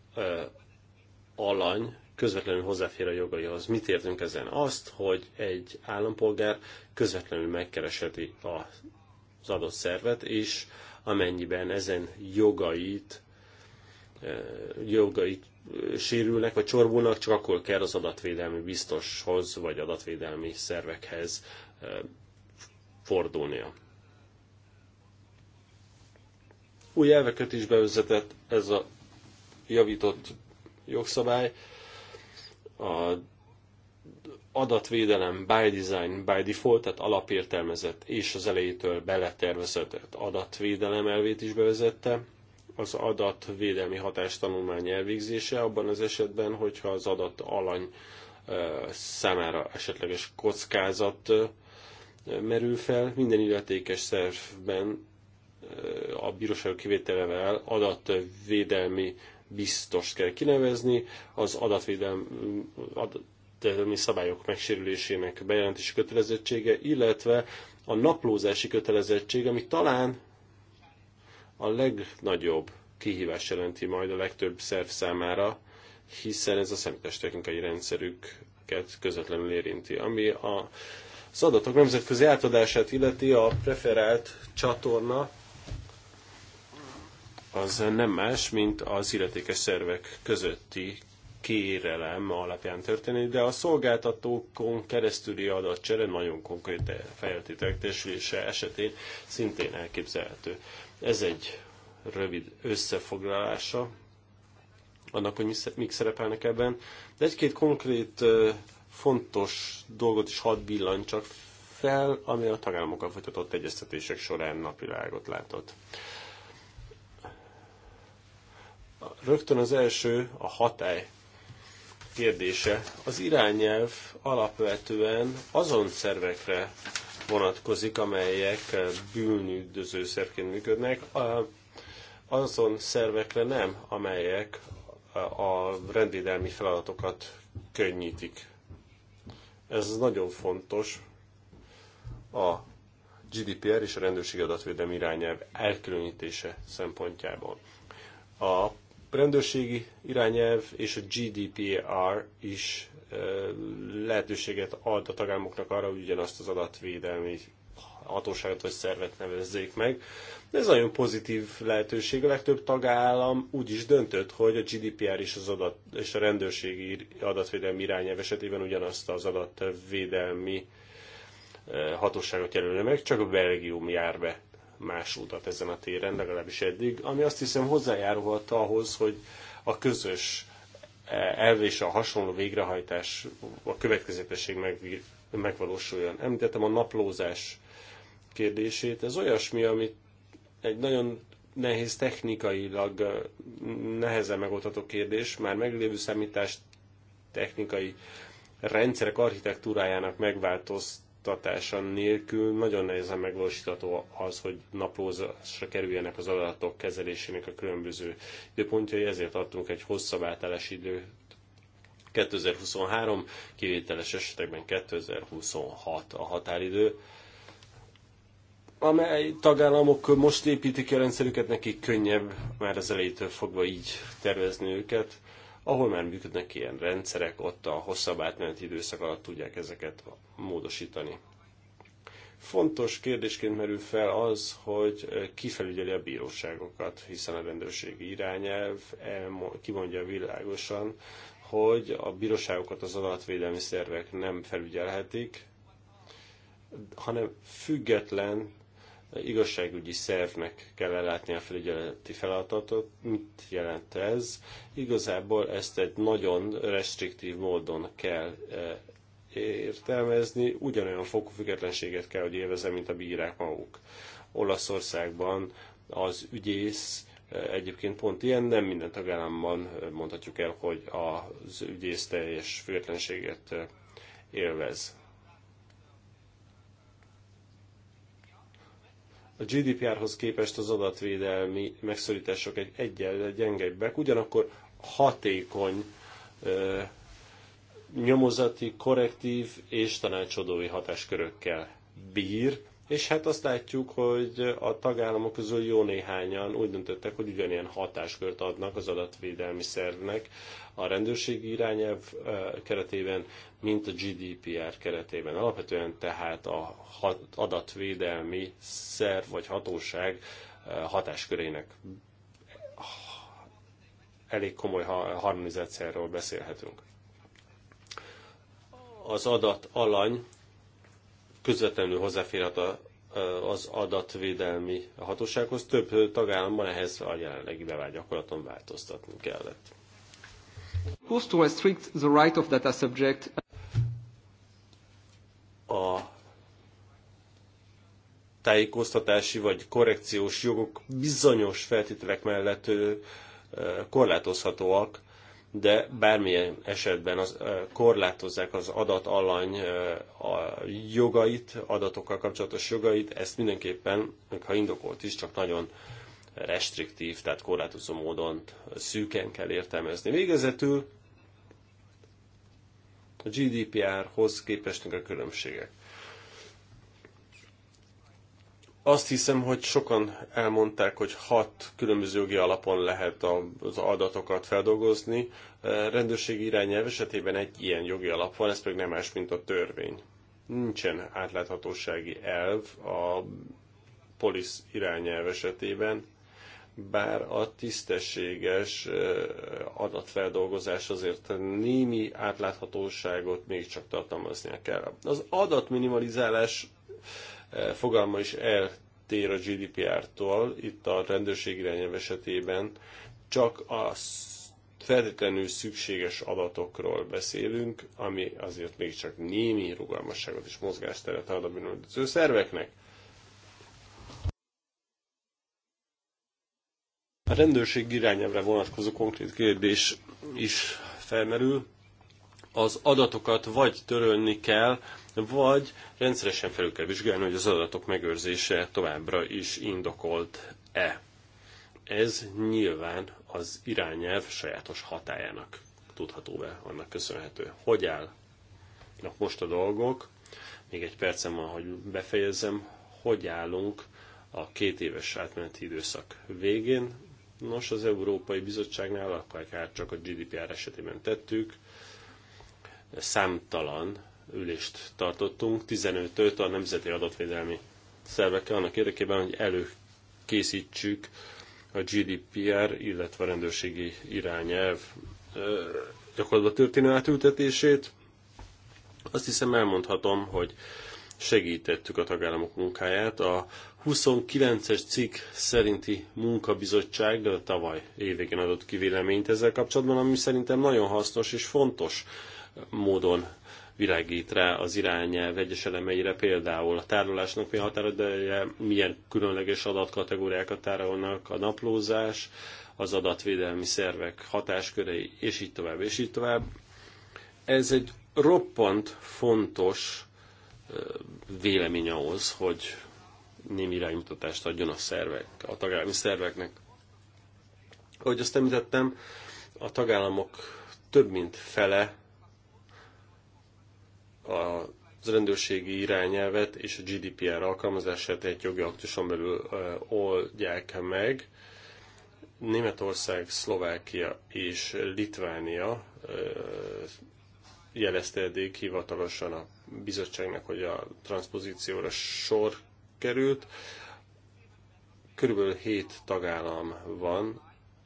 alany közvetlenül hozzáfér a jogaihoz. Mit értünk ezen? Azt, hogy egy állampolgár közvetlenül megkereseti az adott szervet, és amennyiben ezen jogait, jogait sérülnek, vagy csorbulnak, csak akkor kell az adatvédelmi biztoshoz, vagy adatvédelmi szervekhez fordulnia. Új elveket is bevezetett ez a javított jogszabály, a adatvédelem by design, by default, tehát alapértelmezett és az elejétől beletervezett adatvédelem elvét is bevezette, az adatvédelmi hatástanulmány elvégzése abban az esetben, hogyha az adat alany számára esetleges kockázat merül fel. Minden illetékes szervben a bíróság kivételevel adatvédelmi biztos kell kinevezni, az adatvédelmi szabályok megsérülésének bejelentési kötelezettsége, illetve a naplózási kötelezettség, ami talán a legnagyobb kihívás jelenti majd a legtöbb szerv számára, hiszen ez a szemítes technikai rendszerüket közvetlenül érinti, ami a az adatok nemzetközi átadását illeti a preferált csatorna az nem más, mint az illetékes szervek közötti kérelem alapján történik, de a szolgáltatókon keresztüli adatcsere nagyon konkrét feltételek testülése esetén szintén elképzelhető. Ez egy rövid összefoglalása annak, hogy mik szerepelnek ebben, de egy-két konkrét fontos dolgot is hadd billan csak fel, ami a tagállamokkal folytatott egyeztetések során napvilágot látott. Rögtön az első, a hatály kérdése. Az irányelv alapvetően azon szervekre vonatkozik, amelyek bűnüldöző szervként működnek, azon szervekre nem, amelyek a rendvédelmi feladatokat könnyítik. Ez nagyon fontos a GDPR és a rendőrségi adatvédelmi irányelv elkülönítése szempontjából. A rendőrségi irányelv és a GDPR is lehetőséget ad a tagállamoknak arra, hogy ugyanazt az adatvédelmi hatóságot vagy szervet nevezzék meg. De ez nagyon pozitív lehetőség. A legtöbb tagállam úgy is döntött, hogy a GDPR és, az adat, és a rendőrségi adatvédelmi irányelv esetében ugyanazt az adatvédelmi hatóságot jelölne meg, csak a Belgium jár be más utat ezen a téren, legalábbis eddig, ami azt hiszem hozzájárulhat ahhoz, hogy a közös e, elv és a hasonló végrehajtás, a következetesség meg, megvalósuljon. Említettem a naplózás kérdését. Ez olyasmi, amit egy nagyon nehéz technikailag e, nehezen megoldható kérdés, már meglévő számítás technikai rendszerek architektúrájának megváltoztatása tájékoztatása nélkül nagyon nehezen megvalósítható az, hogy naplózásra kerüljenek az adatok kezelésének a különböző időpontjai, ezért adtunk egy hosszabb átállási időt 2023, kivételes esetekben 2026 a határidő, amely tagállamok most építik a rendszerüket, nekik könnyebb már az elejétől fogva így tervezni őket. Ahol már működnek ilyen rendszerek, ott a hosszabb átmeneti időszak alatt tudják ezeket módosítani. Fontos kérdésként merül fel az, hogy kifelügyeli a bíróságokat, hiszen a rendőrségi irányelv kimondja világosan, hogy a bíróságokat az adatvédelmi szervek nem felügyelhetik, hanem független igazságügyi szervnek kell ellátni a felügyeleti feladatot. Mit jelent ez? Igazából ezt egy nagyon restriktív módon kell eh, értelmezni, ugyanolyan fokú függetlenséget kell, hogy élvezze, mint a bírák maguk. Olaszországban az ügyész eh, egyébként pont ilyen, nem minden tagállamban eh, mondhatjuk el, hogy az ügyész teljes függetlenséget élvez. A GDPR-hoz képest az adatvédelmi megszorítások egy egyel gyengebbek, ugyanakkor hatékony nyomozati, korrektív és tanácsadói hatáskörökkel bír, és hát azt látjuk, hogy a tagállamok közül jó néhányan úgy döntöttek, hogy ugyanilyen hatáskört adnak az adatvédelmi szervnek a rendőrségi irányelv keretében, mint a GDPR keretében. Alapvetően tehát a adatvédelmi szerv vagy hatóság hatáskörének elég komoly harmonizációról beszélhetünk. Az adat alany közvetlenül hozzáférhet a, az adatvédelmi hatósághoz. Több tagállamban ehhez a jelenlegi bevált gyakorlaton változtatni kellett. Who's to restrict the right of data subject? A tájékoztatási vagy korrekciós jogok bizonyos feltételek mellett korlátozhatóak de bármilyen esetben az, korlátozzák az adatalany a jogait, adatokkal kapcsolatos jogait, ezt mindenképpen, ha indokolt is, csak nagyon restriktív, tehát korlátozó módon szűken kell értelmezni. Végezetül a GDPR-hoz képestünk a különbségek. Azt hiszem, hogy sokan elmondták, hogy hat különböző jogi alapon lehet az adatokat feldolgozni. E, rendőrségi irányelv esetében egy ilyen jogi alap van, ez pedig nem más, mint a törvény. Nincsen átláthatósági elv a polisz irányelv esetében, bár a tisztességes e, adatfeldolgozás azért némi átláthatóságot csak tartalmaznia kell. Az adatminimalizálás fogalma is eltér a GDPR-tól, itt a rendőrség irányelv esetében csak a feltétlenül szükséges adatokról beszélünk, ami azért mégiscsak némi rugalmasságot és mozgásteret ad a bűnöldöző szerveknek. A rendőrség irányelvre vonatkozó konkrét kérdés is felmerül. Az adatokat vagy törölni kell, vagy rendszeresen felül kell vizsgálni, hogy az adatok megőrzése továbbra is indokolt-e. Ez nyilván az irányelv sajátos hatájának tudható be, annak köszönhető. Hogy Na, most a dolgok? Még egy percem van, hogy befejezzem. Hogy állunk a két éves átmeneti időszak végén? Nos, az Európai Bizottságnál, akár csak a GDPR esetében tettük, számtalan ülést tartottunk, 15-öt a Nemzeti Adatvédelmi Szervekkel, annak érdekében, hogy előkészítsük a GDPR, illetve a rendőrségi irányelv gyakorlatilag történő átültetését. Azt hiszem elmondhatom, hogy segítettük a tagállamok munkáját. A 29-es cikk szerinti munkabizottság tavaly évvégén adott ki véleményt ezzel kapcsolatban, ami szerintem nagyon hasznos és fontos módon világít rá az irányelv egyes elemeire, például a tárolásnak mi a határideje, milyen különleges adatkategóriákat tárolnak, a naplózás, az adatvédelmi szervek hatáskörei, és így tovább, és így tovább. Ez egy roppant fontos vélemény ahhoz, hogy némi iránymutatást adjon a szervek, a tagállami szerveknek. Ahogy azt említettem, a tagállamok több mint fele az rendőrségi irányelvet és a GDPR alkalmazását egy jogi aktuson belül oldják meg. Németország, Szlovákia és Litvánia jelezte eddig hivatalosan a bizottságnak, hogy a transpozícióra sor került. Körülbelül hét tagállam van,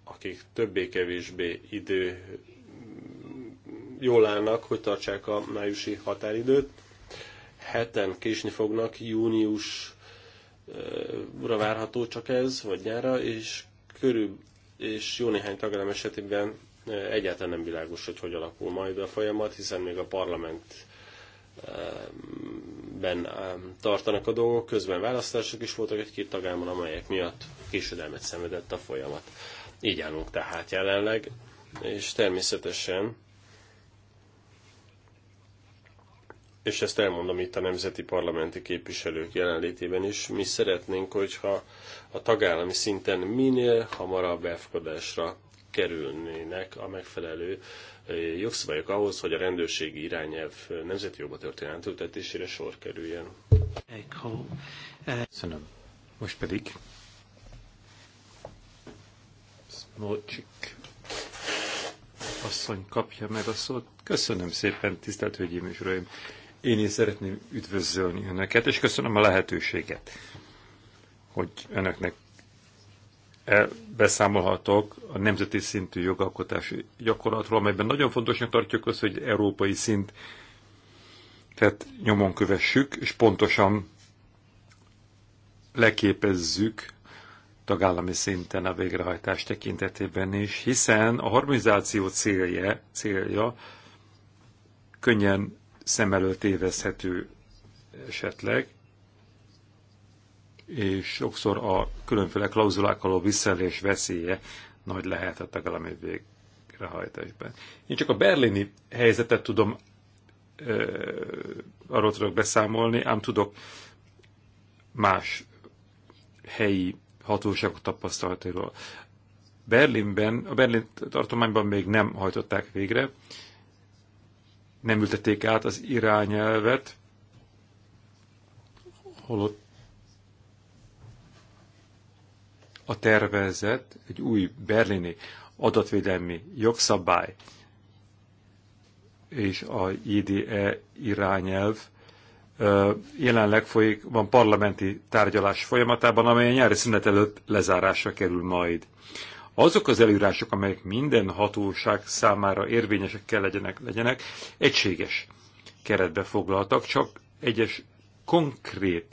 akik többé-kevésbé idő jól állnak, hogy tartsák a májusi határidőt. Heten késni fognak, júniusra várható csak ez, vagy nyára, és körül és jó néhány tagállam esetében egyáltalán nem világos, hogy hogy alakul majd a folyamat, hiszen még a parlament ehm, ben ehm, tartanak a dolgok, közben választások is voltak egy-két tagállamon, amelyek miatt késedelmet szenvedett a folyamat. Így állunk tehát jelenleg, és természetesen és ezt elmondom itt a nemzeti parlamenti képviselők jelenlétében is, mi szeretnénk, hogyha a tagállami szinten minél hamarabb elfogadásra kerülnének a megfelelő eh, jogszabályok ahhoz, hogy a rendőrségi irányelv nemzeti jogba történő ültetésére sor kerüljen. Köszönöm. Most pedig Smolcsik asszony kapja meg a szót. Köszönöm szépen, tisztelt Hölgyeim és Uraim! Én is szeretném üdvözölni Önöket, és köszönöm a lehetőséget, hogy Önöknek beszámolhatok a nemzeti szintű jogalkotási gyakorlatról, amelyben nagyon fontosnak tartjuk azt, hogy európai szint tehát nyomon kövessük, és pontosan leképezzük tagállami szinten a végrehajtás tekintetében is, hiszen a harmonizáció célja, célja könnyen szem előtt tévezhető esetleg, és sokszor a különféle klauzulákkal a visszaelés veszélye nagy lehet a tagállami végrehajtásban. Én csak a berlini helyzetet tudom, ö, arról tudok beszámolni, ám tudok más helyi hatóságok tapasztalatairól. Berlinben, a Berlin tartományban még nem hajtották végre, nem ültették át az irányelvet, holott a tervezet egy új berlini adatvédelmi jogszabály és a IDE irányelv jelenleg folyik, van parlamenti tárgyalás folyamatában, amely a nyári szünet előtt lezárásra kerül majd azok az előírások, amelyek minden hatóság számára érvényesek kell legyenek, legyenek egységes keretbe foglaltak, csak egyes konkrét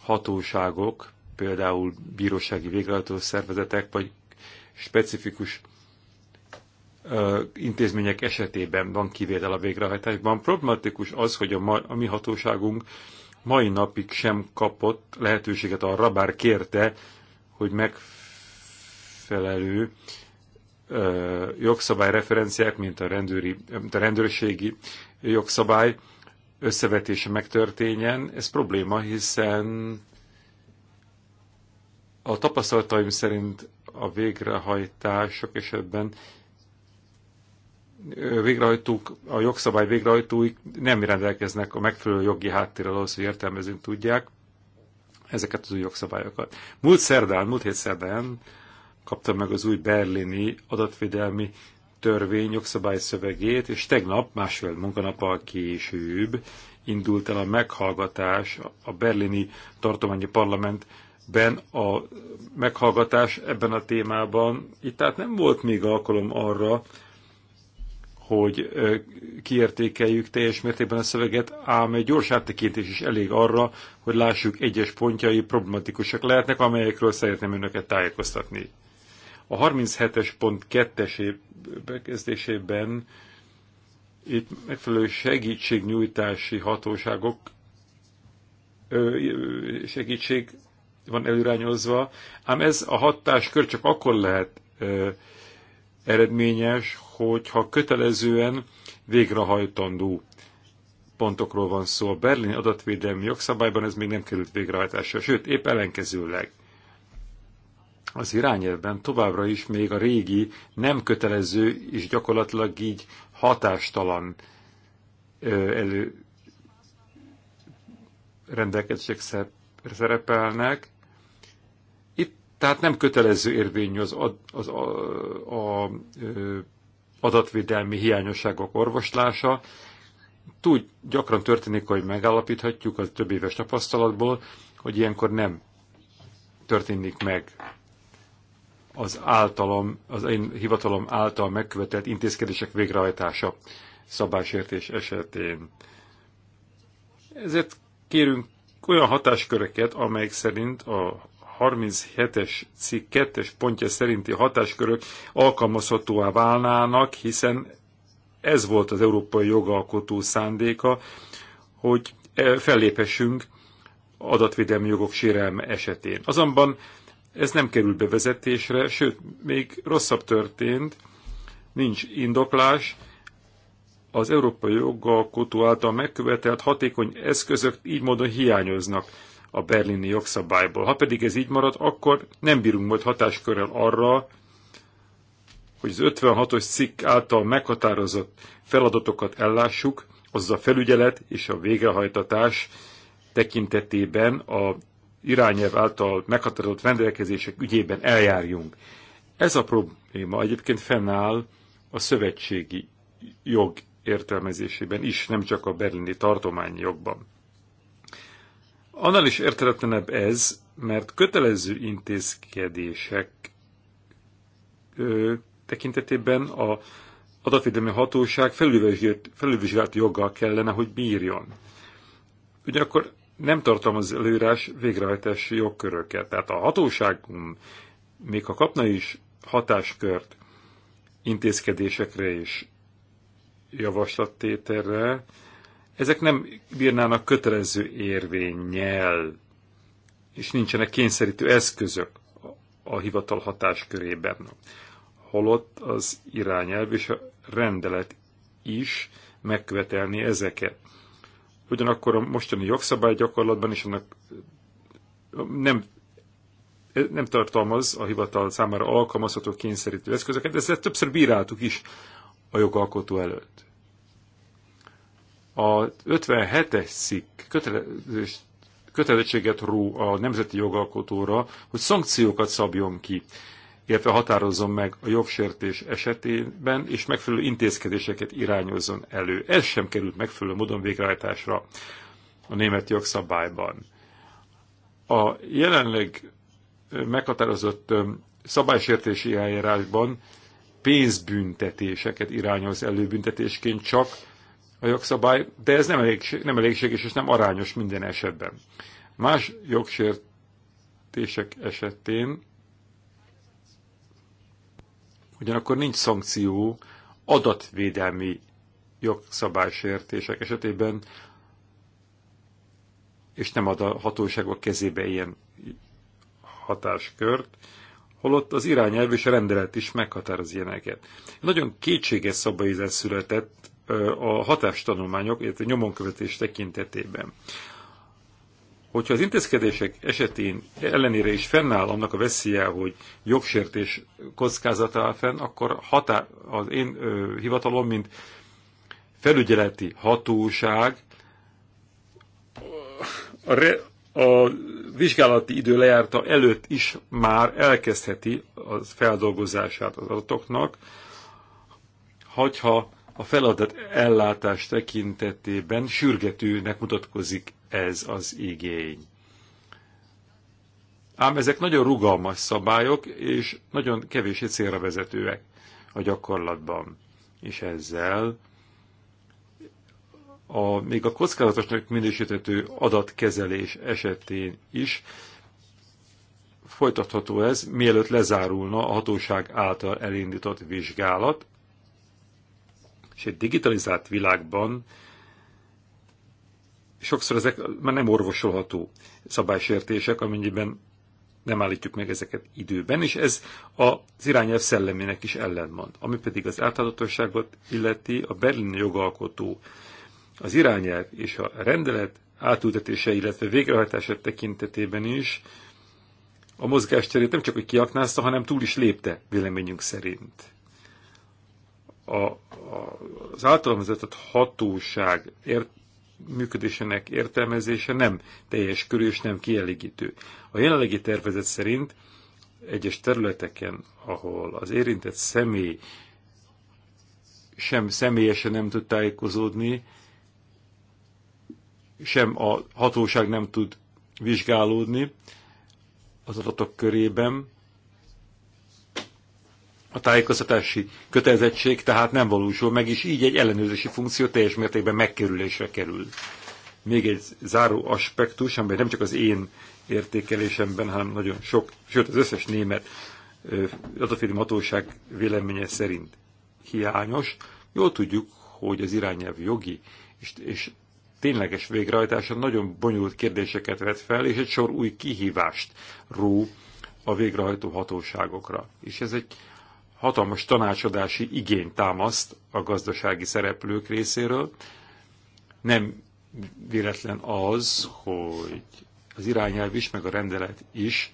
hatóságok, például bírósági végrehajtó szervezetek, vagy specifikus ö, intézmények esetében van kivétel a végrehajtásban. Problematikus az, hogy a, ma, a mi hatóságunk mai napig sem kapott lehetőséget arra, bár kérte, hogy meg megfelelő jogszabályreferenciák, mint a, rendőri, mint a rendőrségi jogszabály összevetése megtörténjen. Ez probléma, hiszen a tapasztalataim szerint a végrehajtás sok esetben végrehajtók, a jogszabály végrehajtóik nem rendelkeznek a megfelelő jogi háttérrel ahhoz, hogy értelmezni tudják ezeket az új jogszabályokat. Múlt szerdán, múlt hét szerdán kapta meg az új berlini adatvédelmi törvény jogszabály szövegét, és tegnap, másfél munkanappal később indult el a meghallgatás a berlini tartományi parlamentben a meghallgatás ebben a témában. Itt tehát nem volt még alkalom arra, hogy kiértékeljük teljes mértékben a szöveget, ám egy gyors áttekintés is elég arra, hogy lássuk egyes pontjai problematikusak lehetnek, amelyekről szeretném önöket tájékoztatni. A 37-es pont 2 bekezdésében itt megfelelő segítségnyújtási hatóságok segítség van előrányozva, ám ez a hatáskör csak akkor lehet ö, eredményes, hogyha kötelezően végrehajtandó pontokról van szó. A berlin adatvédelmi jogszabályban ez még nem került végrehajtásra, sőt, épp ellenkezőleg az irányelvben továbbra is még a régi, nem kötelező és gyakorlatilag így hatástalan elő rendelkezések szerepelnek. Itt tehát nem kötelező érvényű az, ad, az a, a, a, adatvédelmi hiányosságok orvoslása. Túl gyakran történik, hogy megállapíthatjuk a több éves tapasztalatból, hogy ilyenkor nem történik meg az általam, az én hivatalom által megkövetelt intézkedések végrehajtása szabásértés esetén. Ezért kérünk olyan hatásköröket, amelyek szerint a 37-es cikk 2-es pontja szerinti hatáskörök alkalmazhatóvá válnának, hiszen ez volt az európai jogalkotó szándéka, hogy felléphessünk adatvédelmi jogok sérelme esetén. Azonban ez nem került bevezetésre, sőt, még rosszabb történt, nincs indoklás, az európai jogalkotó által megkövetelt hatékony eszközök így módon hiányoznak a berlini jogszabályból. Ha pedig ez így marad, akkor nem bírunk majd hatáskörrel arra, hogy az 56-os cikk által meghatározott feladatokat ellássuk, az a felügyelet és a végrehajtatás tekintetében a irányelv által meghatározott rendelkezések ügyében eljárjunk. Ez a probléma egyébként fennáll a szövetségi jog értelmezésében is, nem csak a berlini tartományi jogban. Annál is érteletlenebb ez, mert kötelező intézkedések ö, tekintetében a adatvédelmi hatóság felülvizsgált, felülvizsgált joggal kellene, hogy bírjon. Ugyanakkor nem tartom az előírás végrehajtási jogköröket. Tehát a hatóságunk, még ha kapna is hatáskört intézkedésekre és javaslattételre, ezek nem bírnának kötelező érvényel, és nincsenek kényszerítő eszközök a hivatal hatáskörében. Holott az irányelv és a rendelet is megkövetelni ezeket ugyanakkor a mostani jogszabály gyakorlatban is annak nem, nem tartalmaz a hivatal számára alkalmazható kényszerítő eszközöket, ezzel többször bíráltuk is a jogalkotó előtt. A 57-es szik kötelezettséget ró a nemzeti jogalkotóra, hogy szankciókat szabjon ki illetve határozzon meg a jogsértés esetében, és megfelelő intézkedéseket irányozzon elő. Ez sem került megfelelő módon végrehajtásra a német jogszabályban. A jelenleg meghatározott szabálysértési eljárásban pénzbüntetéseket irányoz előbüntetésként csak a jogszabály, de ez nem, elég, nem elégséges és nem arányos minden esetben. Más jogsértések esetén Ugyanakkor nincs szankció adatvédelmi jogszabálysértések esetében, és nem ad a hatóságok kezébe ilyen hatáskört, holott az irányelv és a rendelet is meghatároz ilyeneket. Nagyon kétséges szabályozás született a hatástanulmányok, illetve nyomonkövetés tekintetében. Hogyha az intézkedések esetén ellenére is fennáll annak a veszélye, hogy jogsértés kockázata áll fenn, akkor határ, az én ö, hivatalom, mint felügyeleti hatóság a, re, a vizsgálati idő lejárta előtt is már elkezdheti az feldolgozását az adatoknak, hogyha a feladat ellátás tekintetében sürgetőnek mutatkozik ez az igény. Ám ezek nagyon rugalmas szabályok, és nagyon kevés célra vezetőek a gyakorlatban. És ezzel a, még a kockázatosnak minősítető adatkezelés esetén is folytatható ez, mielőtt lezárulna a hatóság által elindított vizsgálat, és egy digitalizált világban sokszor ezek már nem orvosolható szabálysértések, amennyiben nem állítjuk meg ezeket időben, és ez az irányelv szellemének is ellenmond. Ami pedig az átláthatóságot illeti, a berlini jogalkotó az irányelv és a rendelet átültetése, illetve végrehajtása tekintetében is a mozgásterét nem csak hogy kiaknázta, hanem túl is lépte, véleményünk szerint. A, a, az általam hatóság ért, működésének értelmezése nem teljes körű és nem kielégítő. A jelenlegi tervezet szerint egyes területeken, ahol az érintett személy sem személyesen nem tud tájékozódni, sem a hatóság nem tud vizsgálódni az adatok körében, a tájékoztatási kötelezettség tehát nem valósul meg, és így egy ellenőrzési funkció teljes mértékben megkerülésre kerül. Még egy záró aspektus, amely nem csak az én értékelésemben, hanem nagyon sok, sőt az összes német adatfilm hatóság véleménye szerint hiányos. Jól tudjuk, hogy az irányelv jogi és, és tényleges végrehajtása nagyon bonyolult kérdéseket vet fel, és egy sor új kihívást ró a végrehajtó hatóságokra. És ez egy hatalmas tanácsadási igény támaszt a gazdasági szereplők részéről. Nem véletlen az, hogy az irányelv is, meg a rendelet is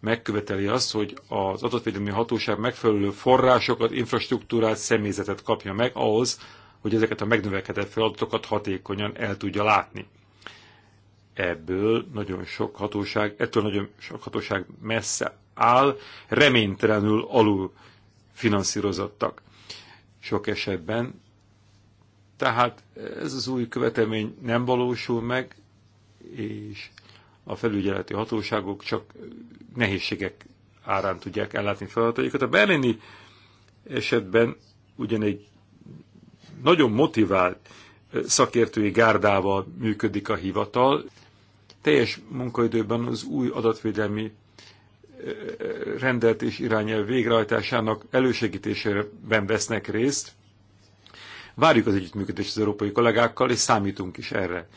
megköveteli azt, hogy az adatvédelmi hatóság megfelelő forrásokat, infrastruktúrát, személyzetet kapja meg ahhoz, hogy ezeket a megnövekedett feladatokat hatékonyan el tudja látni. Ebből nagyon sok hatóság, ettől nagyon sok hatóság messze áll, reménytelenül alul finanszírozottak sok esetben. Tehát ez az új követelmény nem valósul meg, és a felügyeleti hatóságok csak nehézségek árán tudják ellátni feladataikat. A berlini esetben ugyan egy nagyon motivált szakértői gárdával működik a hivatal. Teljes munkaidőben az új adatvédelmi rendelt és irányelv végrehajtásának elősegítésében vesznek részt. Várjuk az együttműködést az európai kollégákkal, és számítunk is erre,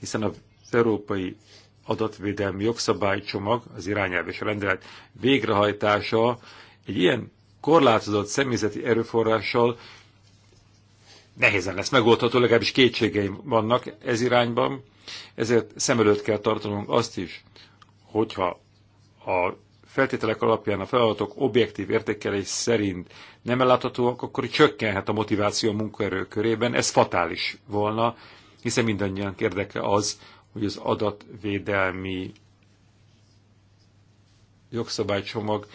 hiszen az európai adatvédelmi jogszabálycsomag, az irányelv és a rendelet végrehajtása egy ilyen korlátozott személyzeti erőforrással nehézen lesz megoldható, legalábbis kétségeim vannak ez irányban, ezért szem előtt kell tartanunk azt is, hogyha a feltételek alapján a feladatok objektív értékelés szerint nem elláthatóak, akkor csökkenhet a motiváció a munkaerő körében. Ez fatális volna, hiszen mindannyian érdeke az, hogy az adatvédelmi jogszabálycsomag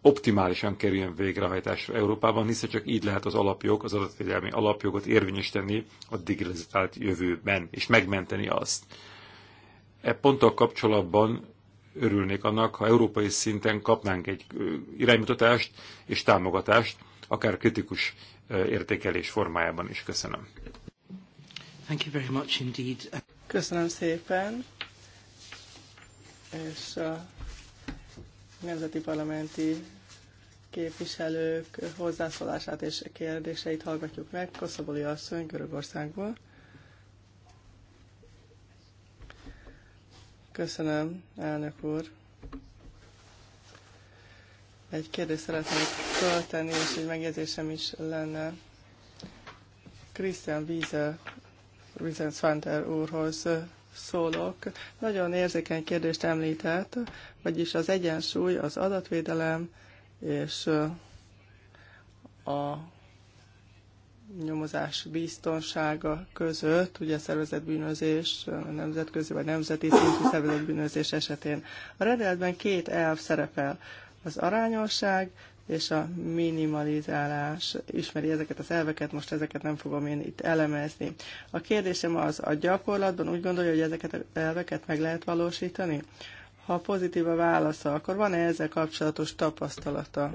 optimálisan kerüljön végrehajtásra Európában, hiszen csak így lehet az alapjog, az adatvédelmi alapjogot érvényesíteni a digitalizált jövőben, és megmenteni azt. E ponttal kapcsolatban örülnék annak, ha európai szinten kapnánk egy iránymutatást és támogatást, akár kritikus értékelés formájában is. Köszönöm. Thank you very much indeed. Köszönöm szépen. És a nemzeti parlamenti képviselők hozzászólását és kérdéseit hallgatjuk meg. Koszoboli asszony Görögországból. Köszönöm, elnök úr. Egy kérdést szeretnék tölteni, és egy megjegyzésem is lenne. Christian Wiese, Wiesenswander úrhoz szólok. Nagyon érzékeny kérdést említett, vagyis az egyensúly, az adatvédelem és a nyomozás biztonsága között, ugye szervezetbűnözés, nemzetközi vagy nemzeti szintű szervezetbűnözés esetén. A rendeletben két elv szerepel, az arányosság és a minimalizálás. Ismeri ezeket az elveket, most ezeket nem fogom én itt elemezni. A kérdésem az, a gyakorlatban úgy gondolja, hogy ezeket az elveket meg lehet valósítani? Ha pozitív a válasza, akkor van-e ezzel kapcsolatos tapasztalata?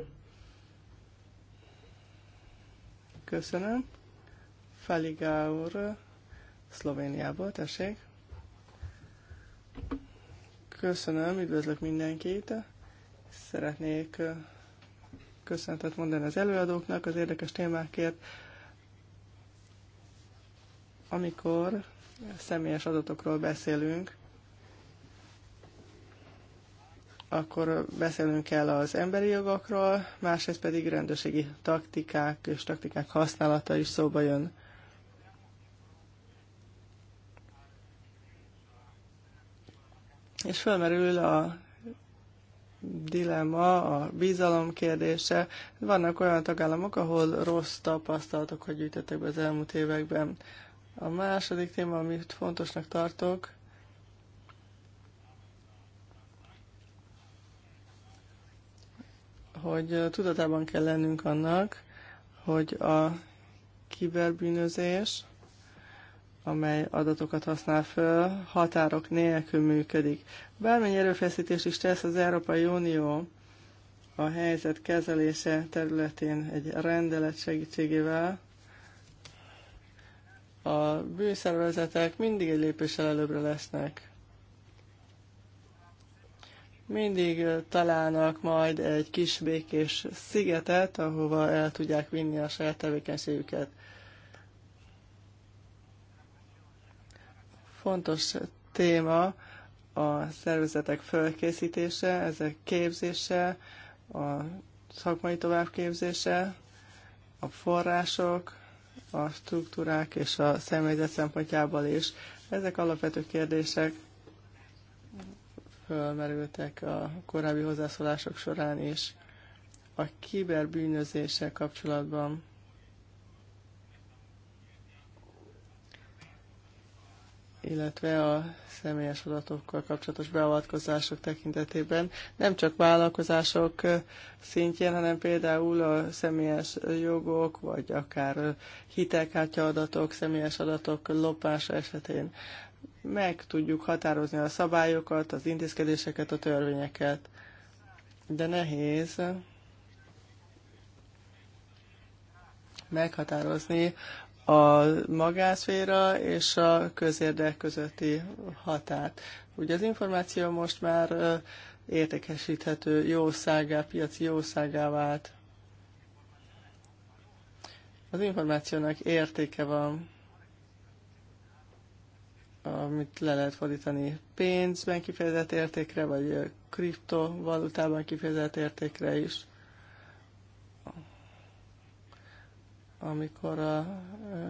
Köszönöm. Feliga úr, Szlovéniából, tessék. Köszönöm, üdvözlök mindenkit. Szeretnék köszöntet mondani az előadóknak az érdekes témákért. Amikor személyes adatokról beszélünk, akkor beszélnünk kell az emberi jogokról, másrészt pedig rendőrségi taktikák és taktikák használata is szóba jön. És felmerül a dilemma, a bizalom kérdése. Vannak olyan tagállamok, ahol rossz tapasztalatokat gyűjtettek be az elmúlt években. A második téma, amit fontosnak tartok, hogy tudatában kell lennünk annak, hogy a kiberbűnözés, amely adatokat használ föl, határok nélkül működik. Bármennyi erőfeszítést is tesz az Európai Unió a helyzet kezelése területén egy rendelet segítségével, a bűnszervezetek mindig egy lépéssel előbbre lesznek mindig találnak majd egy kis békés szigetet, ahova el tudják vinni a saját tevékenységüket. Fontos téma a szervezetek fölkészítése, ezek képzése, a szakmai továbbképzése, a források, a struktúrák és a személyzet szempontjából is. Ezek alapvető kérdések, fölmerültek a korábbi hozzászólások során is. A kiberbűnözéssel kapcsolatban illetve a személyes adatokkal kapcsolatos beavatkozások tekintetében nem csak vállalkozások szintjén, hanem például a személyes jogok, vagy akár hitelkártya adatok, személyes adatok lopása esetén meg tudjuk határozni a szabályokat, az intézkedéseket, a törvényeket. De nehéz meghatározni a magászféra és a közérdek közötti határt. Ugye az információ most már értékesíthető jószágá, piaci jószágá vált. Az információnak értéke van amit le lehet fordítani pénzben kifejezett értékre, vagy kriptovalutában kifejezett értékre is. Amikor a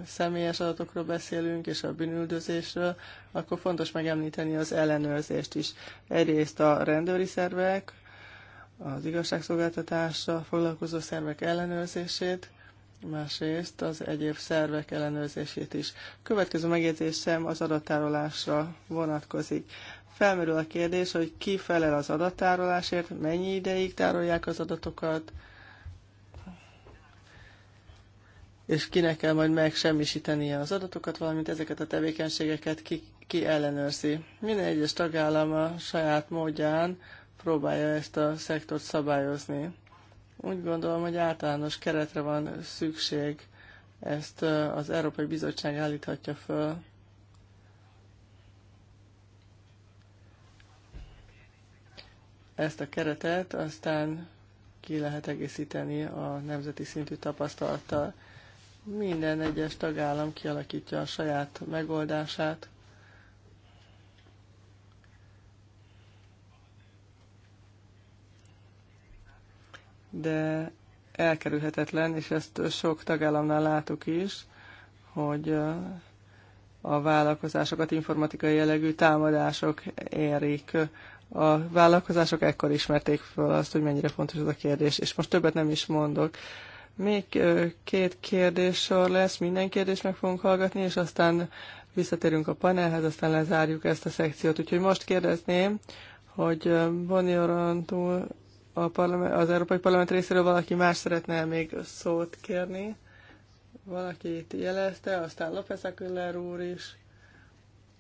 személyes adatokról beszélünk, és a bűnüldözésről, akkor fontos megemlíteni az ellenőrzést is. Egyrészt a rendőri szervek, az igazságszolgáltatásra foglalkozó szervek ellenőrzését, másrészt az egyéb szervek ellenőrzését is. Következő megjegyzésem az adattárolásra vonatkozik. Felmerül a kérdés, hogy ki felel az adattárolásért, mennyi ideig tárolják az adatokat, és kinek kell majd megsemmisítenie az adatokat, valamint ezeket a tevékenységeket ki, ki ellenőrzi. Minden egyes tagállam a saját módján próbálja ezt a szektort szabályozni. Úgy gondolom, hogy általános keretre van szükség, ezt az Európai Bizottság állíthatja föl. Ezt a keretet aztán ki lehet egészíteni a nemzeti szintű tapasztalattal. Minden egyes tagállam kialakítja a saját megoldását. de elkerülhetetlen, és ezt sok tagállamnál látok is, hogy a vállalkozásokat informatikai jellegű támadások érik. A vállalkozások ekkor ismerték fel azt, hogy mennyire fontos ez a kérdés, és most többet nem is mondok. Még két sor lesz, minden kérdést meg fogunk hallgatni, és aztán visszatérünk a panelhez, aztán lezárjuk ezt a szekciót. Úgyhogy most kérdezném, hogy Bonnie a parlament, az Európai Parlament részéről valaki más szeretne még szót kérni. Valaki itt jelezte, aztán López Aküller úr is.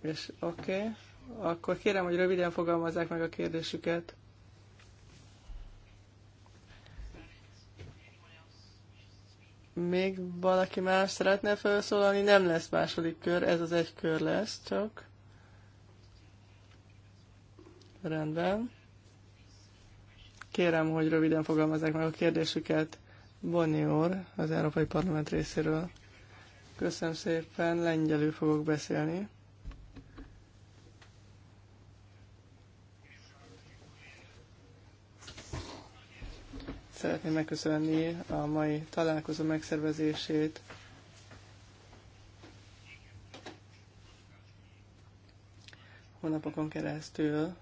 És oké, okay. akkor kérem, hogy röviden fogalmazzák meg a kérdésüket. Még valaki más szeretne felszólalni? Nem lesz második kör, ez az egy kör lesz csak. Rendben. Kérem, hogy röviden fogalmazzák meg a kérdésüket. Boni úr, az Európai Parlament részéről. Köszönöm szépen, lengyelül fogok beszélni. Szeretném megköszönni a mai találkozó megszervezését. Hónapokon keresztül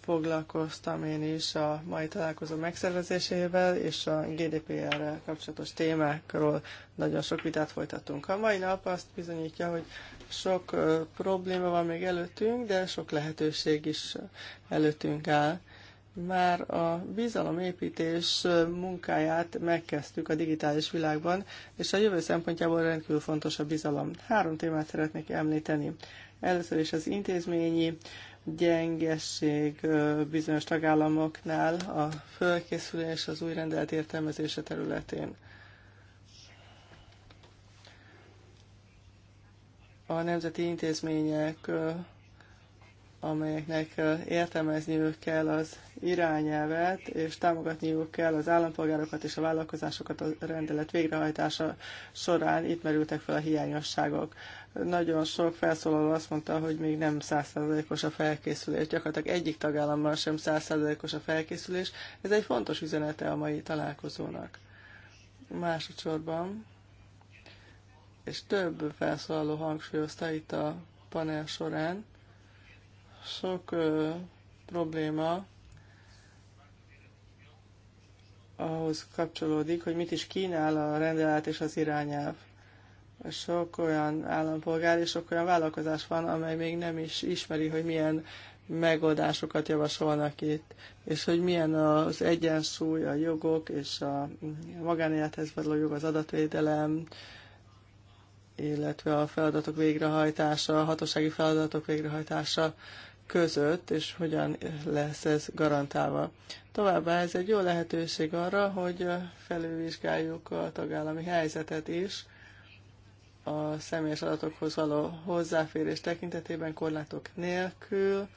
foglalkoztam én is a mai találkozó megszervezésével, és a GDPR-rel kapcsolatos témákról nagyon sok vitát folytattunk. A mai nap azt bizonyítja, hogy sok probléma van még előttünk, de sok lehetőség is előttünk áll. Már a bizalomépítés munkáját megkezdtük a digitális világban, és a jövő szempontjából rendkívül fontos a bizalom. Három témát szeretnék említeni. Először is az intézményi gyengesség bizonyos tagállamoknál a fölkészülés az új rendelet értelmezése területén. A nemzeti intézmények, amelyeknek értelmezniük kell az irányelvet, és támogatniuk kell az állampolgárokat és a vállalkozásokat a rendelet végrehajtása során, itt merültek fel a hiányosságok nagyon sok felszólaló azt mondta, hogy még nem százszázalékos a felkészülés. Gyakorlatilag egyik tagállammal sem százszázalékos a felkészülés. Ez egy fontos üzenete a mai találkozónak. Másodszorban, és több felszólaló hangsúlyozta itt a panel során, sok ö, probléma ahhoz kapcsolódik, hogy mit is kínál a rendelet és az irányelv sok olyan állampolgár és sok olyan vállalkozás van, amely még nem is ismeri, hogy milyen megoldásokat javasolnak itt, és hogy milyen az egyensúly, a jogok és a magánélethez való jog, az adatvédelem, illetve a feladatok végrehajtása, a hatósági feladatok végrehajtása között, és hogyan lesz ez garantálva. Továbbá ez egy jó lehetőség arra, hogy felülvizsgáljuk a tagállami helyzetet is, a személyes adatokhoz való hozzáférés tekintetében korlátok nélkül,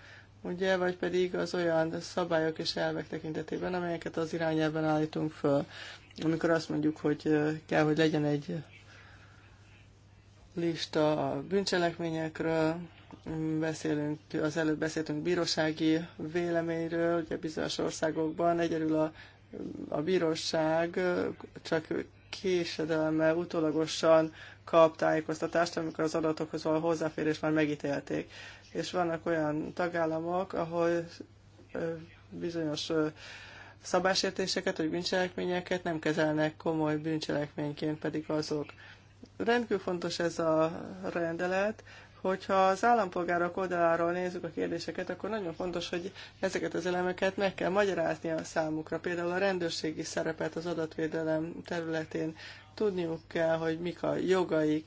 ugye, vagy pedig az olyan szabályok és elvek tekintetében, amelyeket az irányelven állítunk föl. Amikor azt mondjuk, hogy kell, hogy legyen egy lista a bűncselekményekről, beszélünk, az előbb beszéltünk bírósági véleményről, ugye bizonyos országokban egyedül a, a bíróság csak késedelme utólagosan kap tájékoztatást, amikor az adatokhoz való hozzáférés már megítélték. És vannak olyan tagállamok, ahol bizonyos szabásértéseket vagy bűncselekményeket nem kezelnek komoly bűncselekményként, pedig azok. Rendkívül fontos ez a rendelet, Hogyha az állampolgárok oldaláról nézzük a kérdéseket, akkor nagyon fontos, hogy ezeket az elemeket meg kell magyarázni a számukra. Például a rendőrségi szerepet az adatvédelem területén tudniuk kell, hogy mik a jogaik,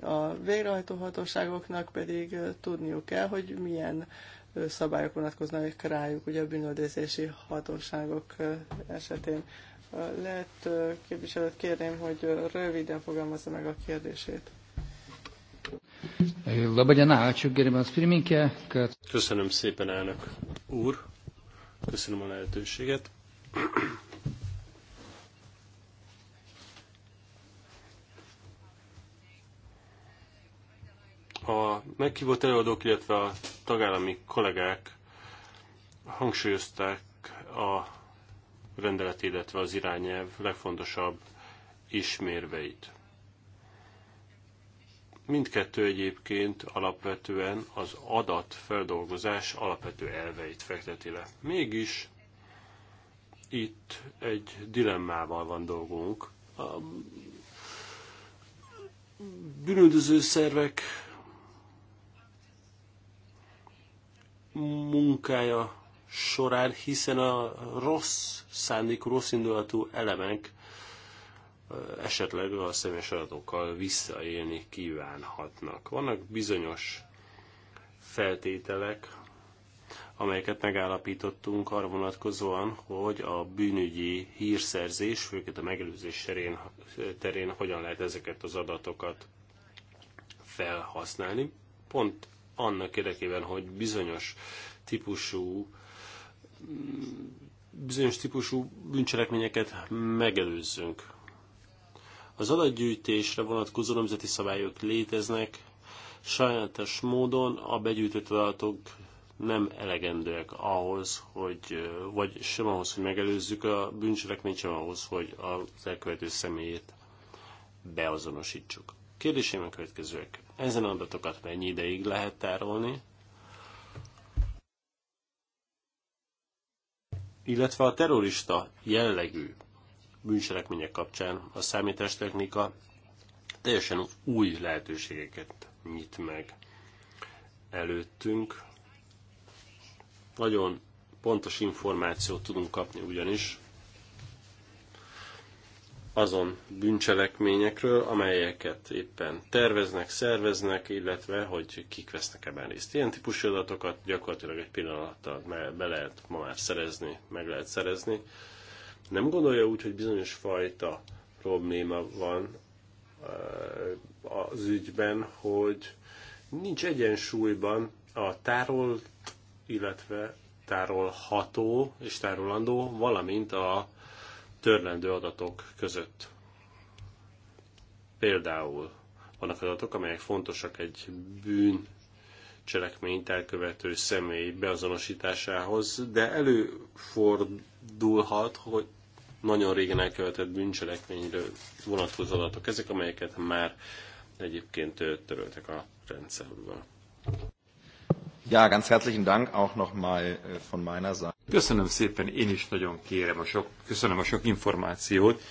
a végrehajtóhatóságoknak pedig tudniuk kell, hogy milyen szabályok vonatkoznak rájuk, ugye a bűnöldözési hatóságok esetén. Lehet képviselőt kérném, hogy röviden fogalmazza meg a kérdését. Labadiena, ačiū gerimas pirminkė, kad... Köszönöm szépen, elnök úr. Köszönöm a lehetőséget. a meghívott előadók, illetve a tagállami kollégák hangsúlyozták a rendelet, illetve az irányelv legfontosabb ismérveit. Mindkettő egyébként alapvetően az adatfeldolgozás alapvető elveit fekteti le. Mégis itt egy dilemmával van dolgunk. A bűnöldöző szervek munkája során, hiszen a rossz szándékú, rossz indulatú elemek esetleg a személyes adatokkal visszaélni kívánhatnak. Vannak bizonyos feltételek, amelyeket megállapítottunk arra vonatkozóan, hogy a bűnügyi hírszerzés, főként a megelőzés terén, terén hogyan lehet ezeket az adatokat felhasználni. Pont annak érdekében, hogy bizonyos típusú mm, bizonyos típusú bűncselekményeket megelőzzünk. Az adatgyűjtésre vonatkozó nemzeti szabályok léteznek, sajátos módon a begyűjtött adatok nem elegendőek ahhoz, hogy, vagy sem ahhoz, hogy megelőzzük a bűncselekményt, sem ahhoz, hogy az elkövető személyét beazonosítsuk. Kérdéseim a következőek. Ezen adatokat mennyi ideig lehet tárolni? Illetve a terrorista jellegű bűncselekmények kapcsán a számítástechnika teljesen új lehetőségeket nyit meg előttünk. Nagyon pontos információt tudunk kapni ugyanis azon bűncselekményekről, amelyeket éppen terveznek, szerveznek, illetve hogy kik vesznek ebben részt. Ilyen típusú adatokat gyakorlatilag egy pillanattal be lehet ma már szerezni, meg lehet szerezni. Nem gondolja úgy, hogy bizonyos fajta probléma van eh, az ügyben, hogy nincs egyensúlyban a tárolt, illetve tárolható és tárolandó, valamint a törlendő adatok között. Például vannak adatok, amelyek fontosak egy bűn cselekményt elkövető személy beazonosításához, de előfordulhat, hogy nagyon régen elkövetett bűncselekményről vonatkozó adatok ezek, amelyeket már egyébként töröltek a rendszerből. Ja, ganz herzlichen Dank auch nochmal äh, von meiner Seite. Köszönöm szépen, én is nagyon kérem a sok, köszönöm a sok információt.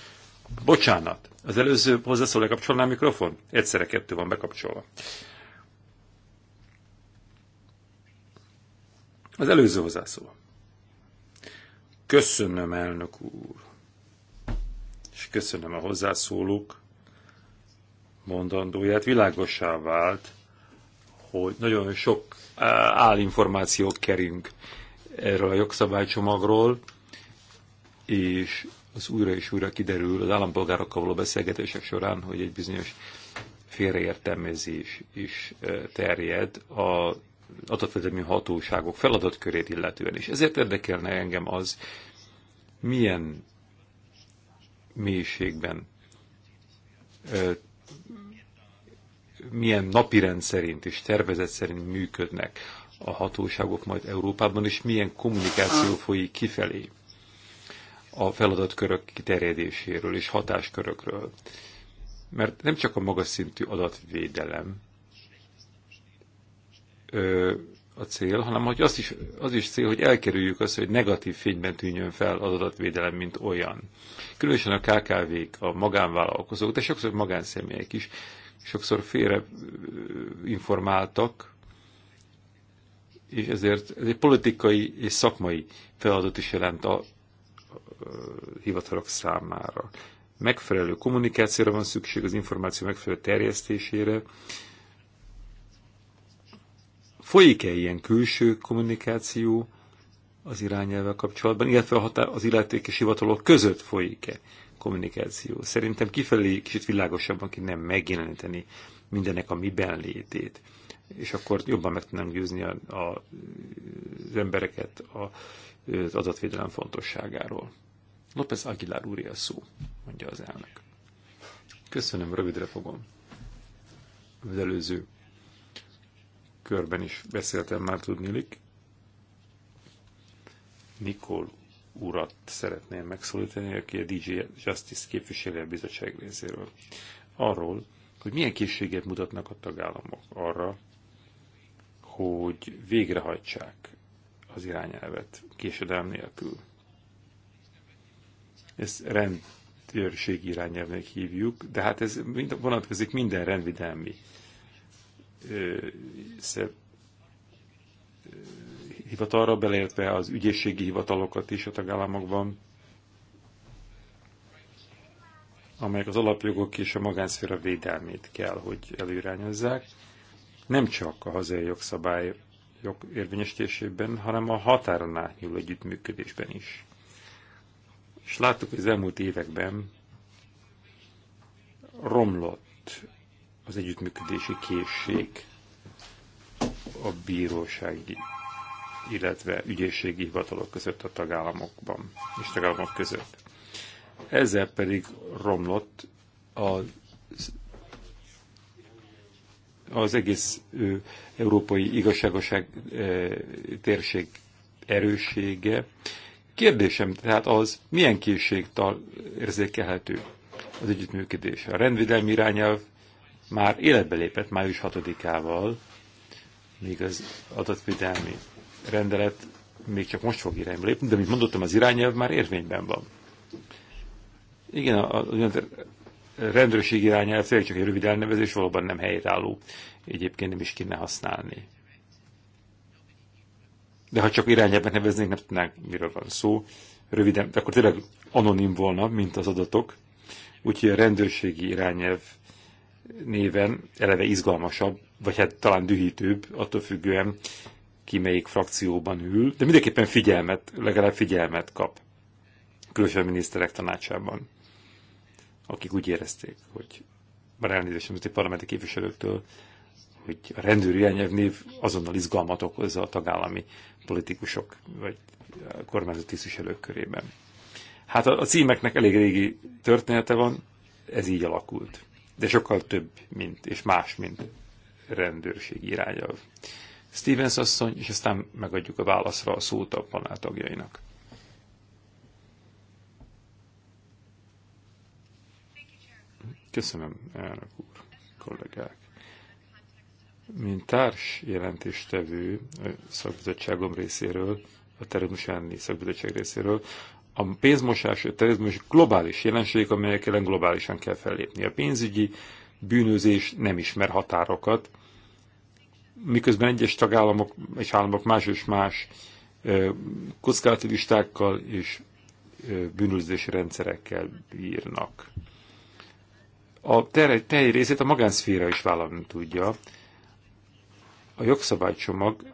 Bocsánat, az előző hozzászól lekapcsolná a mikrofon? Egyszerre kettő van bekapcsolva. Az előző hozzászól. Köszönöm, elnök úr és köszönöm a hozzászólók mondandóját. Világosá vált, hogy nagyon sok állinformációt kerünk erről a jogszabálycsomagról, és az újra és újra kiderül az állampolgárokkal való beszélgetések során, hogy egy bizonyos félreértelmezés is terjed a adatvédelmi hatóságok feladatkörét illetően. És ezért érdekelne engem az, milyen mélységben milyen napirend szerint és tervezet szerint működnek a hatóságok majd Európában, és milyen kommunikáció folyik kifelé a feladatkörök kiterjedéséről és hatáskörökről. Mert nem csak a magas szintű adatvédelem a cél, hanem hogy az is, az is cél, hogy elkerüljük azt, hogy negatív fényben tűnjön fel az adatvédelem, mint olyan. Különösen a KKV-k, a magánvállalkozók, de sokszor magánszemélyek is, sokszor félre informáltak, és ezért ez egy politikai és szakmai feladat is jelent a, a, a hivatalok számára. Megfelelő kommunikációra van szükség, az információ megfelelő terjesztésére, Folyik-e ilyen külső kommunikáció az irányelvvel kapcsolatban, illetve a határ, az illetékes hivatalok között folyik-e kommunikáció? Szerintem kifelé kicsit világosabban ki nem megjeleníteni mindenek a miben létét és akkor jobban meg tudnám győzni a, a, az embereket a, az adatvédelem fontosságáról. López Aguilar úr a szó, mondja az elnök. Köszönöm, rövidre fogom. Az előző körben is beszéltem már tudnilik. Nikol urat szeretném megszólítani, aki a DJ Justice képviselő a bizottság részéről. Arról, hogy milyen készséget mutatnak a tagállamok arra, hogy végrehajtsák az irányelvet késedelm nélkül. Ezt rendőrség irányelvnek hívjuk, de hát ez vonatkozik minden rendvidelmi hivatalra, beleértve az ügyészségi hivatalokat is a tagállamokban, amelyek az alapjogok és a magánszféra védelmét kell, hogy előirányozzák, nem csak a hazai jogszabályok érvényesítésében, hanem a határon átnyúló együttműködésben is. És láttuk, hogy az elmúlt években romlott az együttműködési készség a bírósági, illetve ügyészségi hivatalok között a tagállamokban és tagállamok között. Ezzel pedig romlott az, az egész ő, európai igazságoság e, térség erőssége. Kérdésem tehát az, milyen készségtal érzékelhető az együttműködés. A rendvédelmi irányelv már életbe lépett május 6-ával, még az adatvédelmi rendelet még csak most fog irányba lépni, de mint mondottam, az irányelv már érvényben van. Igen, a, a, a rendőrség irányelv tényleg csak egy rövid elnevezés, valóban nem helytálló. Egyébként nem is kéne használni. De ha csak irányelvet neveznénk, nem tudnánk, miről van szó. Röviden, akkor tényleg anonim volna, mint az adatok. Úgyhogy a rendőrségi irányelv néven eleve izgalmasabb, vagy hát talán dühítőbb, attól függően ki melyik frakcióban ül, de mindenképpen figyelmet, legalább figyelmet kap különböző miniszterek tanácsában, akik úgy érezték, hogy bár elnézést a parlamenti képviselőktől, hogy a rendőri elnyelvnév azonnal izgalmat okozza a tagállami politikusok vagy kormányzati tisztviselők körében. Hát a címeknek elég régi története van, ez így alakult de sokkal több, mint, és más, mint rendőrség irányja. Stevens asszony, és aztán megadjuk a válaszra a szót a panel tagjainak. Köszönöm, elnök úr, kollégák. Mint társ jelentéstevő a szakbizottságom részéről, a terülmüsáni szakbizottság részéről, a pénzmosás, a terrorizmus globális jelenség, amelyek ellen globálisan kell fellépni. A pénzügyi bűnözés nem ismer határokat, miközben egyes tagállamok és államok más és más kockázati listákkal és bűnözési rendszerekkel bírnak. A tej részét a magánszféra is vállalni tudja. A jogszabálycsomag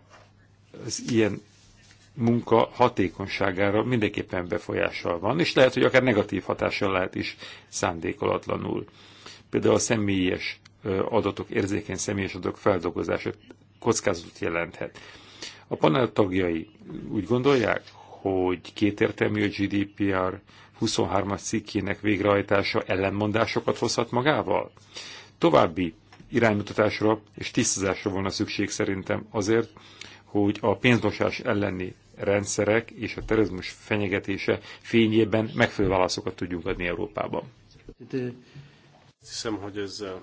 az ilyen munka hatékonyságára mindenképpen befolyással van, és lehet, hogy akár negatív hatással lehet is szándékolatlanul. Például a személyes adatok, érzékeny személyes adatok feldolgozása kockázatot jelenthet. A panel tagjai úgy gondolják, hogy kétértelmű a GDPR 23-as cikkének végrehajtása ellenmondásokat hozhat magával? További iránymutatásra és tisztázásra volna szükség szerintem azért, hogy a pénzmosás elleni rendszerek és a terrorizmus fenyegetése fényében megfelelő válaszokat tudjunk adni Európában. Azt hiszem, hogy ezzel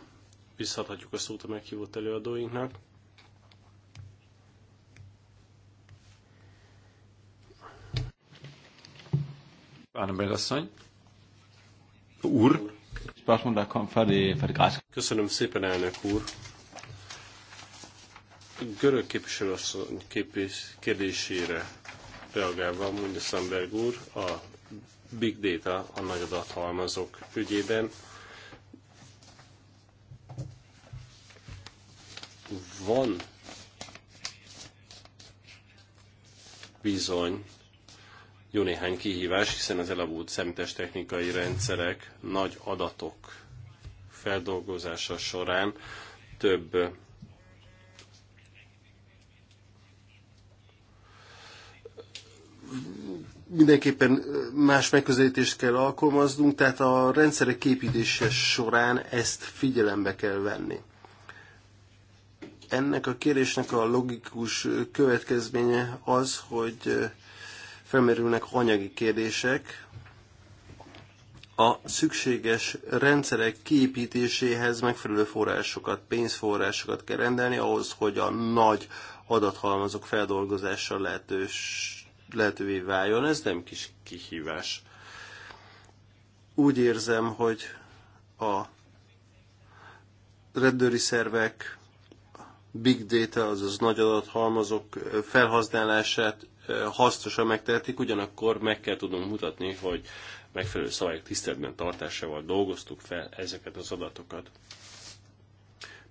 visszadhatjuk a szót a meghívott előadóinknak. Annabel asszony. Úr. Köszönöm szépen, elnök úr. Görög képviselő asszony kérdésére reagálva Mundesenberg úr a big data, a nagy adathalmazok ügyében. Van bizony jó néhány kihívás, hiszen az elavult szemtes technikai rendszerek nagy adatok feldolgozása során több mindenképpen más megközelítést kell alkalmaznunk, tehát a rendszerek képítése során ezt figyelembe kell venni. Ennek a kérésnek a logikus következménye az, hogy felmerülnek anyagi kérdések, a szükséges rendszerek kiépítéséhez megfelelő forrásokat, pénzforrásokat kell rendelni ahhoz, hogy a nagy adathalmazok feldolgozása lehetős lehetővé váljon, ez nem kis kihívás. Úgy érzem, hogy a rendőri szervek big data, azaz nagy adathalmazok felhasználását hasznosan megtehetik, ugyanakkor meg kell tudnunk mutatni, hogy megfelelő szabályok tiszteletben tartásával dolgoztuk fel ezeket az adatokat.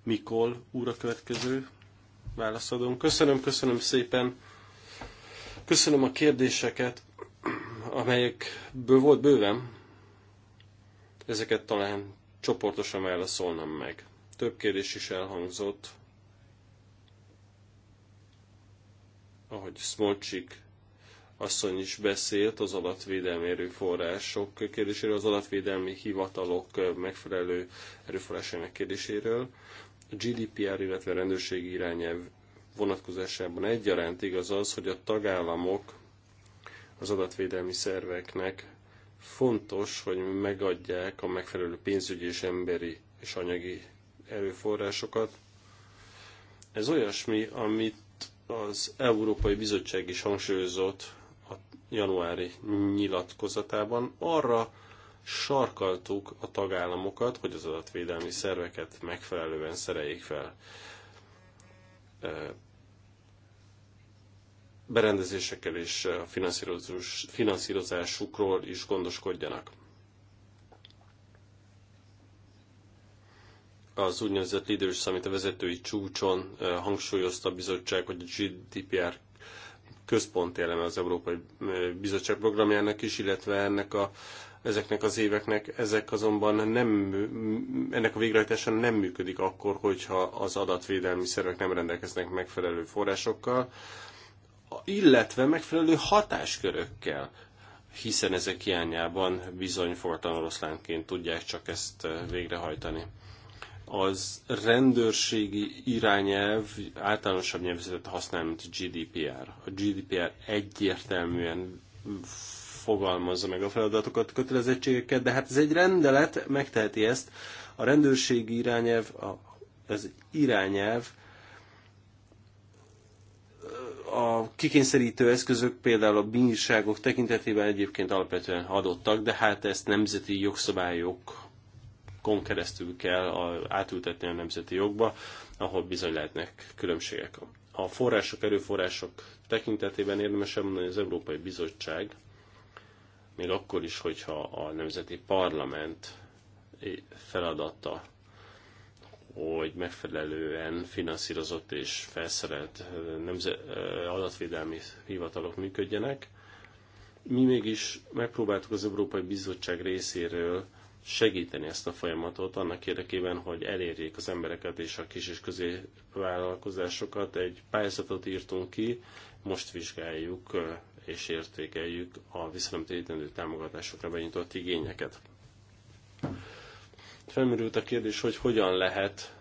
Mikol úr a következő válaszadón. Köszönöm, köszönöm szépen. Köszönöm a kérdéseket, amelyekből volt bőven. Ezeket talán csoportosan válaszolnom meg. Több kérdés is elhangzott, ahogy Smolcsik asszony is beszélt az adatvédelmi erőforrások kérdéséről, az adatvédelmi hivatalok megfelelő erőforrásainak kérdéséről. A GDPR, illetve a rendőrségi irányelv vonatkozásában egyaránt igaz az, hogy a tagállamok az adatvédelmi szerveknek fontos, hogy megadják a megfelelő pénzügyi és emberi és anyagi erőforrásokat. Ez olyasmi, amit az Európai Bizottság is hangsúlyozott a januári nyilatkozatában. Arra sarkaltuk a tagállamokat, hogy az adatvédelmi szerveket megfelelően szereljék fel berendezésekkel és a finanszírozásukról is gondoskodjanak. Az úgynevezett Leaders Summit a vezetői csúcson hangsúlyozta a bizottság, hogy a GDPR központi eleme az Európai Bizottság programjának is, illetve ennek a ezeknek az éveknek, ezek azonban nem, ennek a végrehajtása nem működik akkor, hogyha az adatvédelmi szervek nem rendelkeznek megfelelő forrásokkal, illetve megfelelő hatáskörökkel, hiszen ezek hiányában bizony fogatlan oroszlánként tudják csak ezt eh, végrehajtani az rendőrségi irányelv általánosabb nyelvezetet használ, mint a GDPR. A GDPR egyértelműen fogalmazza meg a feladatokat, kötelezettségeket, de hát ez egy rendelet, megteheti ezt. A rendőrségi irányelv, a, ez egy irányelv, a kikényszerítő eszközök például a bírságok tekintetében egyébként alapvetően adottak, de hát ezt nemzeti jogszabályok keresztül kell a, átültetni a nemzeti jogba, ahol bizony lehetnek különbségek. A források, erőforrások tekintetében érdemes elmondani, hogy az Európai Bizottság még akkor is, hogyha a nemzeti parlament feladata, hogy megfelelően finanszírozott és felszerelt nemzet adatvédelmi hivatalok működjenek. Mi mégis megpróbáltuk az Európai Bizottság részéről segíteni ezt a folyamatot annak érdekében, hogy elérjék az embereket és a kis és középvállalkozásokat. Egy pályázatot írtunk ki, most vizsgáljuk és értékeljük a visszanemtétlenül támogatásokra benyitott igényeket. Felmerült a kérdés, hogy hogyan lehet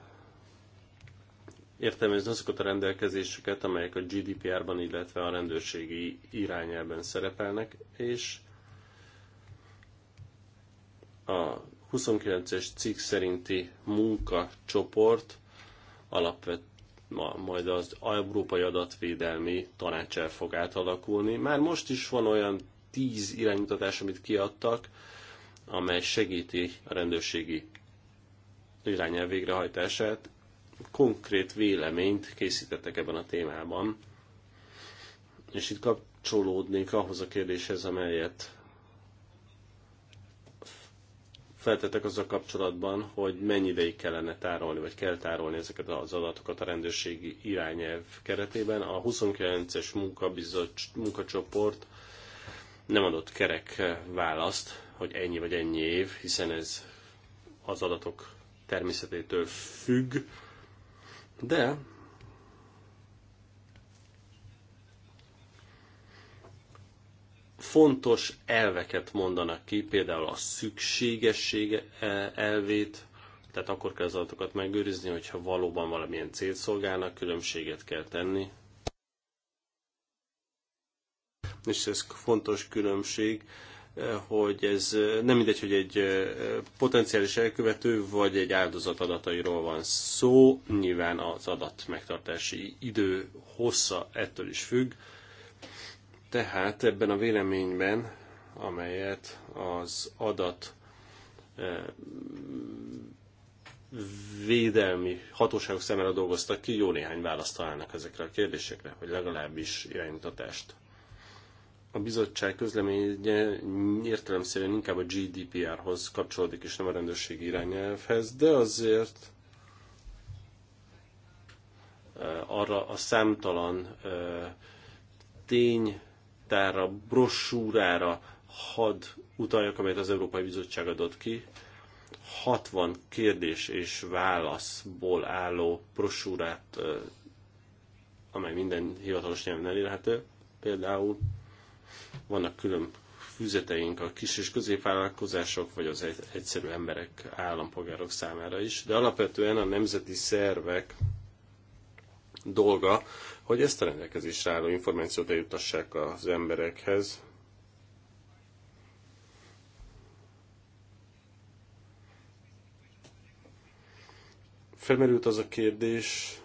értelmezni azokat a rendelkezéseket, amelyek a GDPR-ban, illetve a rendőrségi irányelben szerepelnek, és a 29-es cikk szerinti munkacsoport alapvet ma, majd az Európai Adatvédelmi Tanács el fog átalakulni. Már most is van olyan tíz iránymutatás, amit kiadtak, amely segíti a rendőrségi irányel végrehajtását. Konkrét véleményt készítettek ebben a témában. És itt kapcsolódnék ahhoz a kérdéshez, amelyet feltettek azzal kapcsolatban, hogy mennyi ideig kellene tárolni, vagy kell tárolni ezeket az adatokat a rendőrségi irányelv keretében. A 29-es munkacsoport nem adott kerek választ, hogy ennyi vagy ennyi év, hiszen ez az adatok természetétől függ, de fontos elveket mondanak ki, például a szükségesség e, elvét, tehát akkor kell az adatokat megőrizni, hogyha valóban valamilyen célt szolgálnak, különbséget kell tenni. És ez fontos különbség, e, hogy ez e, nem mindegy, hogy egy potenciális elkövető vagy egy áldozat adatairól van szó, nyilván az adat megtartási idő hossza ettől is függ, tehát ebben a véleményben, amelyet az adat eh, védelmi hatóságok szemére dolgoztak ki, jó néhány választ találnak ezekre a kérdésekre, vagy legalábbis iránymutatást. A bizottság közleménye értelemszerűen inkább a GDPR-hoz kapcsolódik, és nem a rendőrségi irányelvhez, de azért eh, arra a számtalan eh, tény raktárra, brossúrára had utaljak, amelyet az Európai Bizottság adott ki. 60 kérdés és válaszból álló brosúrát, amely minden hivatalos nyelven elérhető. Például vannak külön füzeteink a kis és középvállalkozások, vagy az egyszerű emberek, állampolgárok számára is, de alapvetően a nemzeti szervek dolga, hogy ezt a rendelkezésre álló információt eljutassák az emberekhez. Felmerült az a kérdés,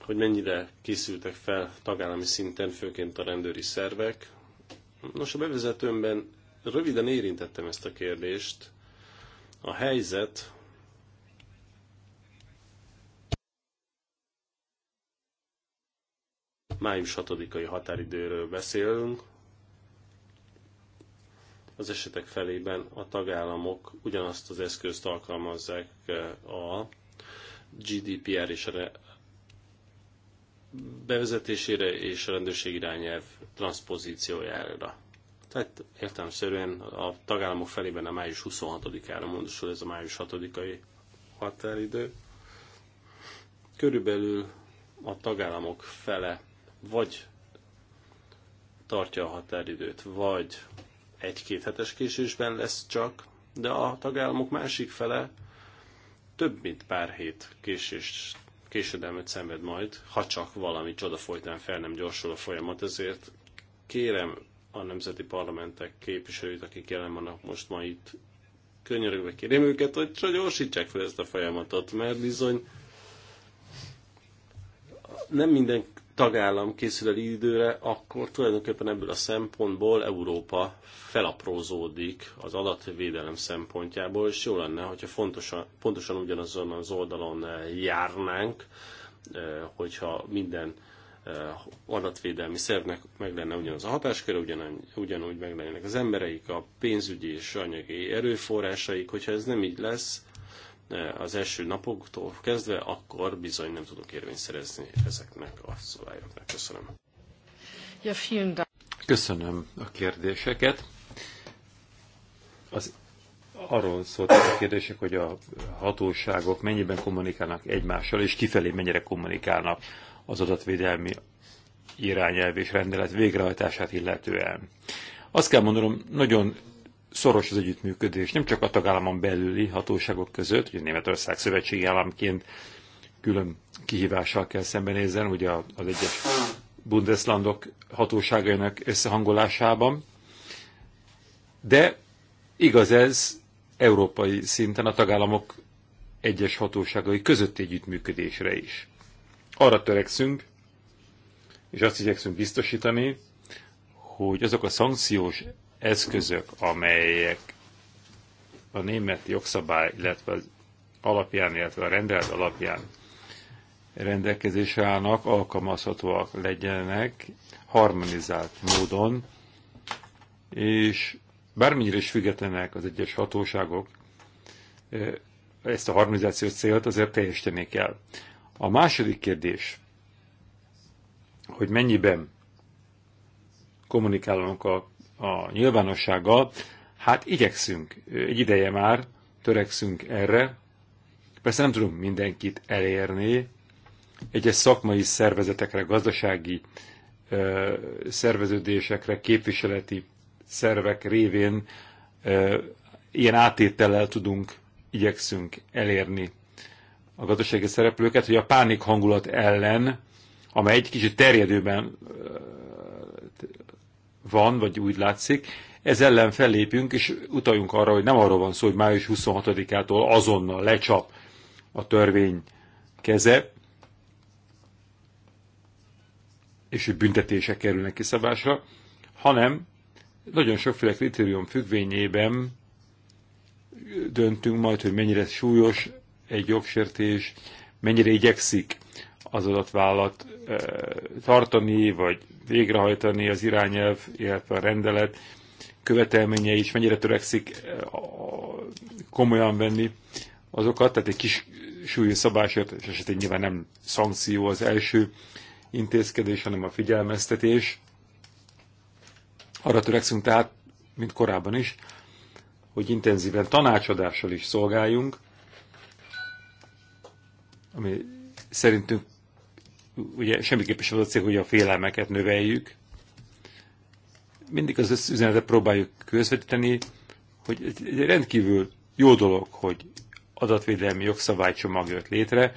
hogy mennyire készültek fel tagállami szinten, főként a rendőri szervek. Nos, a bevezetőmben röviden érintettem ezt a kérdést. A helyzet Május 6-ai határidőről beszélünk. Az esetek felében a tagállamok ugyanazt az eszközt alkalmazzák eh, a GDPR és a bevezetésére és a rendőrség irányelv transzpozíciójára. Tehát értelemszerűen a tagállamok felében a május 26-ára mondosul ez a május 6-ai határidő. Körülbelül a tagállamok fele vagy tartja a határidőt, vagy egy-két hetes késésben lesz csak, de a tagállamok másik fele több mint pár hét késést, késedelmet szenved majd, ha csak valami csoda folytán fel nem gyorsul a folyamat, ezért kérem a nemzeti parlamentek képviselőit, akik jelen vannak most ma itt, könyörögve kérem őket, hogy csak gyorsítsák fel ezt a folyamatot, mert bizony nem minden tagállam készül el időre, akkor tulajdonképpen ebből a szempontból Európa felaprózódik az adatvédelem szempontjából, és jó lenne, hogyha fontosan, pontosan ugyanazon az oldalon eh, járnánk, eh, hogyha minden eh, adatvédelmi szervnek meg lenne ugyanaz a hatáskör, ugyanúgy meg lennének az embereik, a pénzügyi és anyagi erőforrásaik, hogyha ez nem így lesz, az első napoktól kezdve, akkor bizony nem tudok érvényt szerezni ezeknek a szabályoknak. Köszönöm. Ja, vielen Dank. Köszönöm a kérdéseket. Az arról szóltak a kérdések, hogy a hatóságok mennyiben kommunikálnak egymással, és kifelé mennyire kommunikálnak az adatvédelmi irányelv és rendelet végrehajtását illetően. Azt kell mondanom, nagyon szoros az együttműködés, nem csak a tagállamon belüli hatóságok között, ugye Németország szövetségi államként külön kihívással kell szembenézzen, ugye az egyes Bundeslandok hatóságainak összehangolásában, de igaz ez európai szinten a tagállamok egyes hatóságai közötti együttműködésre is. Arra törekszünk, és azt igyekszünk biztosítani, hogy azok a szankciós eszközök, amelyek a német jogszabály, illetve az alapján, illetve a rendelet alapján rendelkezésre állnak, alkalmazhatóak legyenek harmonizált módon, és bármennyire is függetlenek az egyes hatóságok, eh, ezt a harmonizációs célt azért teljesíteni kell. A második kérdés, hogy mennyiben kommunikálunk a a nyilvánossággal. Hát igyekszünk, egy ideje már törekszünk erre. Persze nem tudunk mindenkit elérni. Egyes szakmai szervezetekre, gazdasági ö, szerveződésekre, képviseleti szervek révén ö, ilyen átétellel tudunk, igyekszünk elérni a gazdasági szereplőket, hogy a pánik hangulat ellen, amely egy kicsit terjedőben van, vagy úgy látszik, ez ellen fellépjünk, és utaljunk arra, hogy nem arról van szó, hogy május 26-ától azonnal lecsap a törvény keze, és hogy büntetések kerülnek kiszabásra, hanem nagyon sokféle kritérium függvényében döntünk majd, hogy mennyire súlyos egy jogsértés, mennyire igyekszik az adatvállalat eh, tartani, vagy végrehajtani az irányelv, illetve a rendelet követelményei is, mennyire törekszik eh, komolyan venni azokat, tehát egy kis súlyú szabásért, és esetén nyilván nem szankció az első intézkedés, hanem a figyelmeztetés. Arra törekszünk tehát, mint korábban is, hogy intenzíven tanácsadással is szolgáljunk, ami szerintünk ugye semmiképpen sem az a cél, hogy a félelmeket növeljük. Mindig az üzenetet próbáljuk közvetíteni, hogy egy rendkívül jó dolog, hogy adatvédelmi jogszabálycsomag jött létre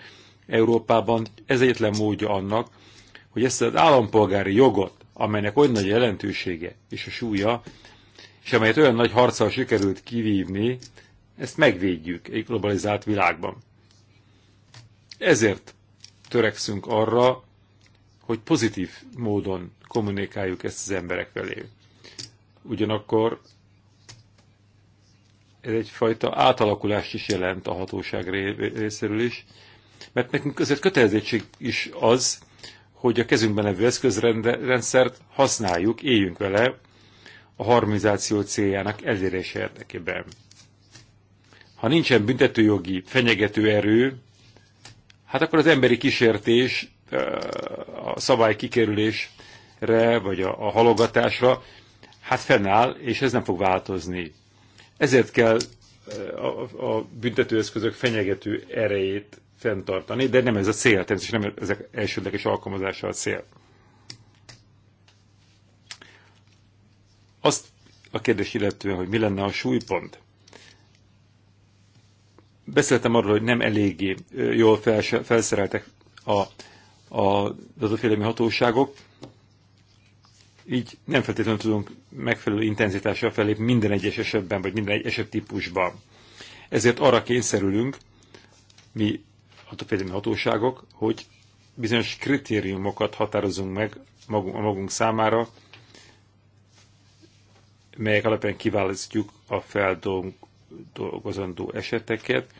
Európában. Ez egyetlen módja annak, hogy ezt az állampolgári jogot, amelynek olyan nagy jelentősége és a súlya, és amelyet olyan nagy harccal sikerült kivívni, ezt megvédjük egy globalizált világban. Ezért törekszünk arra, hogy pozitív módon kommunikáljuk ezt az emberek felé. Ugyanakkor ez egyfajta átalakulást is jelent a hatóság részéről is, mert nekünk azért kötelezettség is az, hogy a kezünkben levő eszközrendszert használjuk, éljünk vele a harmonizáció céljának elérése érdekében. Ha nincsen büntetőjogi fenyegető erő, hát akkor az emberi kísértés, a szabály kikerülésre, vagy a, a halogatásra, hát fennáll, és ez nem fog változni. Ezért kell a, a büntetőeszközök fenyegető erejét fenntartani, de nem ez a cél, természetesen nem ezek elsődleges alkalmazása a cél. Azt a kérdés illetően, hogy mi lenne a súlypont, Beszéltem arról, hogy nem eléggé jól felszereltek a, a adatfélelmi hatóságok, így nem feltétlenül tudunk megfelelő intenzitással felépni minden egyes esetben, vagy minden egy eset típusban. Ezért arra kényszerülünk, mi adatvédelmi hatóságok, hogy bizonyos kritériumokat határozunk meg magunk, a magunk számára, melyek alapján kiválasztjuk a feldolgozó dolgozandó eseteket.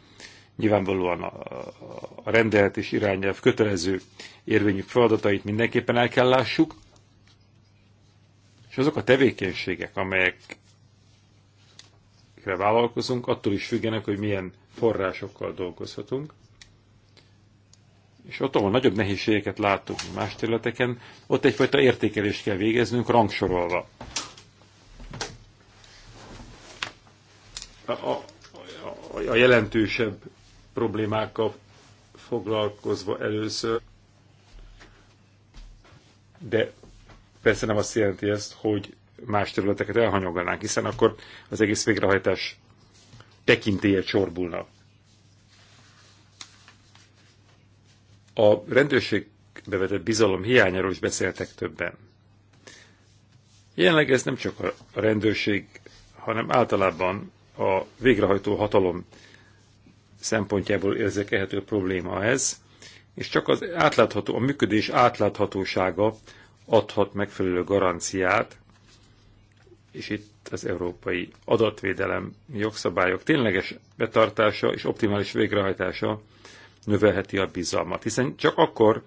Nyilvánvalóan a rendelet és irányelv kötelező érvényű feladatait mindenképpen el kell lássuk, és azok a tevékenységek, amelyekre vállalkozunk, attól is függenek, hogy milyen forrásokkal dolgozhatunk. És ott, ahol nagyobb nehézségeket látunk más területeken, ott egyfajta értékelést kell végeznünk rangsorolva a, a, a jelentősebb problémákkal foglalkozva először. De persze nem azt jelenti ezt, hogy más területeket elhanyagolnánk, hiszen akkor az egész végrehajtás tekintélye csorbulna. A rendőrségbe bevetett bizalom hiányáról is beszéltek többen. Jelenleg ez nem csak a rendőrség, hanem általában a végrehajtó hatalom szempontjából érzékelhető probléma ez, és csak az átlátható, a működés átláthatósága adhat megfelelő garanciát, és itt az európai adatvédelem jogszabályok tényleges betartása és optimális végrehajtása növelheti a bizalmat. Hiszen csak akkor,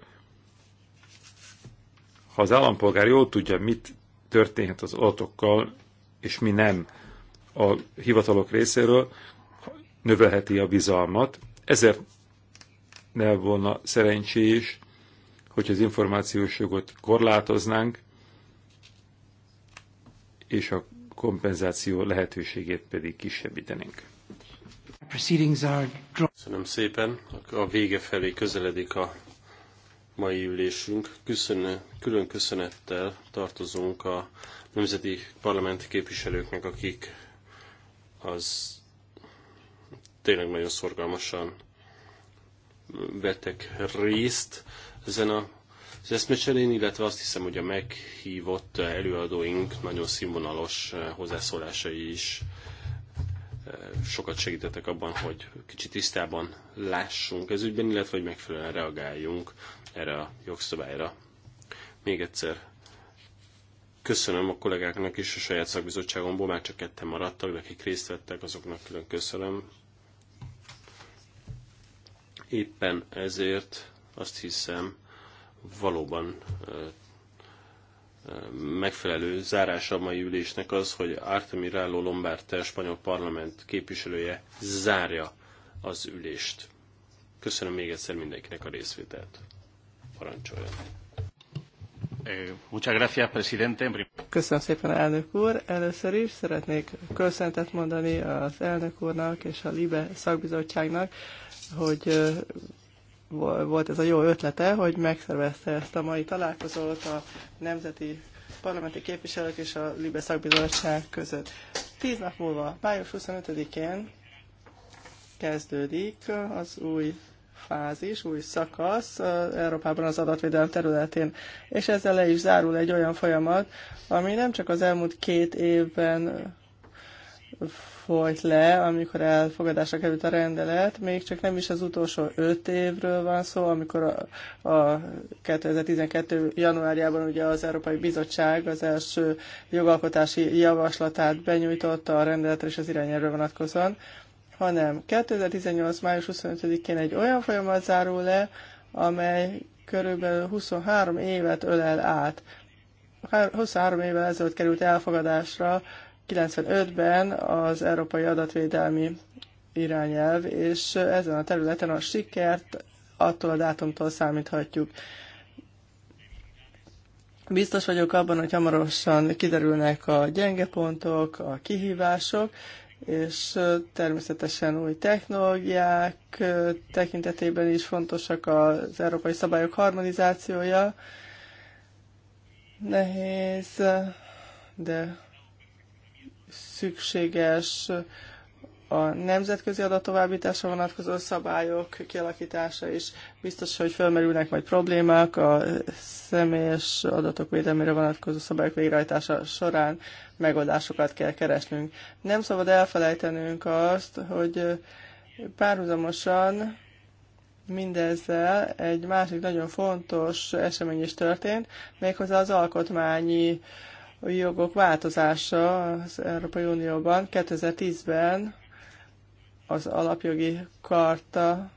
ha az állampolgár jól tudja, mit történhet az adatokkal, és mi nem, a hivatalok részéről növelheti a bizalmat. Ezért ne volna is, hogy az információs jogot korlátoznánk, és a kompenzáció lehetőségét pedig kisebbítenénk. Köszönöm szépen. A vége felé közeledik a mai ülésünk. Köszönöm, külön köszönettel tartozunk a nemzeti parlamenti képviselőknek, akik az tényleg nagyon szorgalmasan vettek részt ezen a az eszmecserén, illetve azt hiszem, hogy a meghívott előadóink nagyon színvonalos eh, hozzászólásai is eh, sokat segítettek abban, hogy kicsit tisztában lássunk ez ügyben, illetve hogy megfelelően reagáljunk erre a jogszabályra. Még egyszer Köszönöm a kollégáknak is a saját szakbizottságomból, már csak ketten maradtak, de akik részt vettek, azoknak külön köszönöm. Éppen ezért azt hiszem, valóban megfelelő zárása a mai ülésnek az, hogy Artemi Ráló Lombárte, spanyol parlament képviselője zárja az ülést. Köszönöm még egyszer mindenkinek a részvételt. Parancsoljon! Eh, Köszönöm szépen, elnök úr. Először is szeretnék köszöntet mondani az elnök úrnak és a LIBE szakbizottságnak, hogy volt ez a jó ötlete, hogy megszervezte ezt a mai találkozót a Nemzeti Parlamenti Képviselők és a LIBE szakbizottság között. Tíz nap múlva, május 25-én kezdődik az új fázis, új szakasz Európában az adatvédelem területén. És ezzel le is zárul egy olyan folyamat, ami nem csak az elmúlt két évben folyt le, amikor elfogadásra került a rendelet, még csak nem is az utolsó öt évről van szó, amikor a, a 2012. januárjában ugye az Európai Bizottság az első jogalkotási javaslatát benyújtotta a rendeletre és az irányelvre vonatkozóan, hanem 2018. május 25-én egy olyan folyamat zárul le, amely körülbelül 23 évet ölel át. 23 évvel ezelőtt került elfogadásra 95-ben az Európai Adatvédelmi irányelv, és ezen a területen a sikert attól a dátumtól számíthatjuk. Biztos vagyok abban, hogy hamarosan kiderülnek a gyenge pontok, a kihívások, és természetesen új technológiák tekintetében is fontosak az európai szabályok harmonizációja. Nehéz, de szükséges a nemzetközi adattovábbításra vonatkozó szabályok kialakítása is. Biztos, hogy felmerülnek majd problémák a személyes adatok védelmére vonatkozó szabályok végrehajtása során megoldásokat kell keresnünk. Nem szabad elfelejtenünk azt, hogy párhuzamosan mindezzel egy másik nagyon fontos esemény is történt, méghozzá az alkotmányi jogok változása az Európai Unióban 2010-ben az alapjogi karta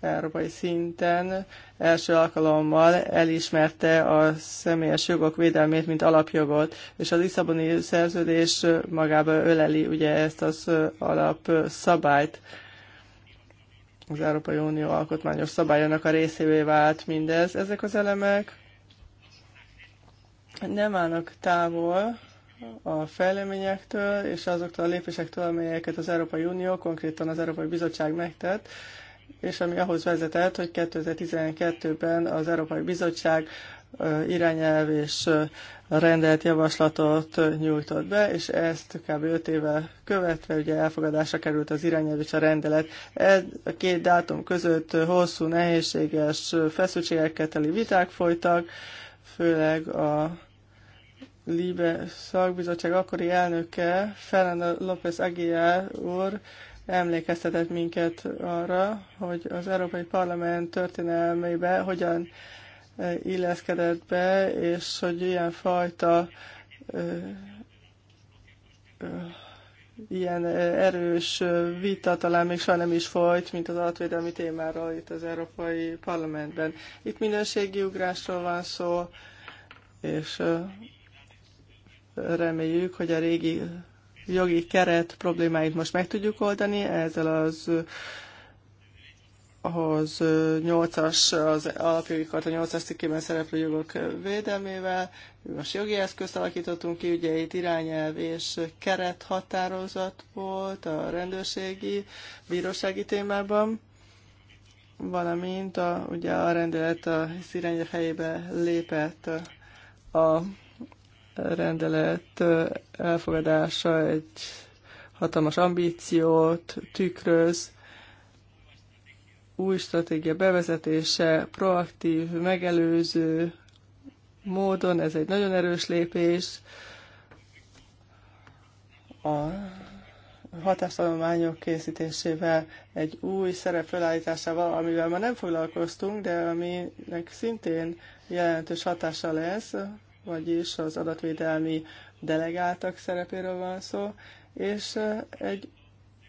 európai szinten első alkalommal elismerte a személyes jogok védelmét, mint alapjogot, és a Lisszaboni szerződés magába öleli ugye ezt az alapszabályt. Az Európai Unió alkotmányos szabályának a részévé vált mindez. Ezek az elemek nem állnak távol a fejleményektől és azoktól a lépésektől, amelyeket az Európai Unió, konkrétan az Európai Bizottság megtett, és ami ahhoz vezetett, hogy 2012-ben az Európai Bizottság irányelv és rendelt javaslatot nyújtott be, és ezt kb. 5 évvel követve ugye elfogadásra került az irányelv és a rendelet. Ez a két dátum között hosszú, nehézséges feszültségekkel teli viták folytak, főleg a Libe szakbizottság akkori elnöke, Fernando López Aguilar úr emlékeztetett minket arra, hogy az Európai Parlament történelmébe hogyan eh, illeszkedett be, és hogy ilyen fajta eh, eh, ilyen erős vita talán még soha nem is folyt, mint az adatvédelmi témáról itt az Európai Parlamentben. Itt minőségi ugrásról van szó, és Reméljük, hogy a régi jogi keret problémáit most meg tudjuk oldani, ezzel az ahhoz 8-as, az alapjogi karta 8-as cikkében szereplő jogok védelmével. Most jogi eszközt alakítottunk ki, ugye itt irányelv és kerethatározat volt a rendőrségi, bírósági témában, valamint a, ugye a rendelet a irányelv helyébe lépett a rendelet elfogadása egy hatalmas ambíciót tükröz, új stratégia bevezetése, proaktív, megelőző módon, ez egy nagyon erős lépés. A hatástanulmányok készítésével, egy új szerep felállításával, amivel már nem foglalkoztunk, de aminek szintén jelentős hatása lesz, vagyis az adatvédelmi delegáltak szerepéről van szó, és egy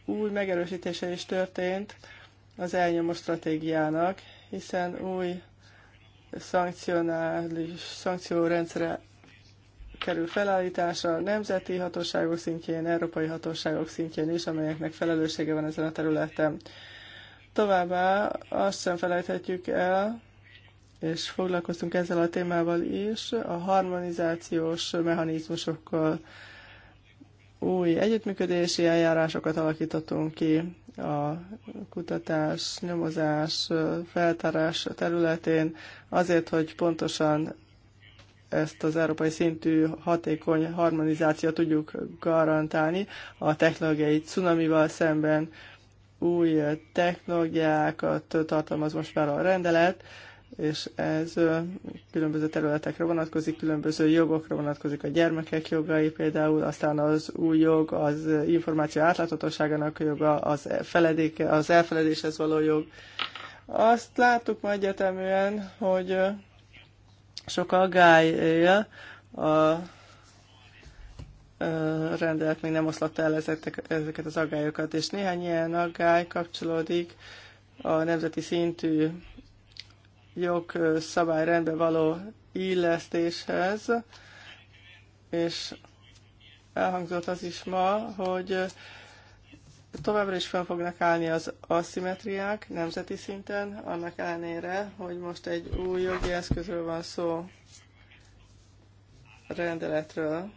új megerősítése is történt az elnyomó stratégiának, hiszen új szankcionális szankciórendszere kerül felállításra nemzeti hatóságok szintjén, európai hatóságok szintjén is, amelyeknek felelőssége van ezen a területen. Továbbá azt sem felejthetjük el, és foglalkoztunk ezzel a témával is, a harmonizációs mechanizmusokkal új együttműködési eljárásokat alakítottunk ki a kutatás, nyomozás, feltárás területén azért, hogy pontosan ezt az európai szintű hatékony harmonizációt tudjuk garantálni a technológiai cunamival szemben új technológiákat tartalmaz most már a rendelet, és ez különböző területekre vonatkozik, különböző jogokra vonatkozik, a gyermekek jogai például, aztán az új jog, az információ átláthatóságának joga, az, e-, feledéke, az elfeledéshez való jog. Azt láttuk ma egyeteműen, hogy sok aggály él, a rendelet még nem oszlatta el ezeket az aggályokat, és néhány ilyen aggály kapcsolódik a nemzeti szintű szabályrendbe való illesztéshez, és elhangzott az is ma, hogy továbbra is fel fognak állni az aszimetriák nemzeti szinten, annak ellenére, hogy most egy új jogi eszközről van szó, rendeletről.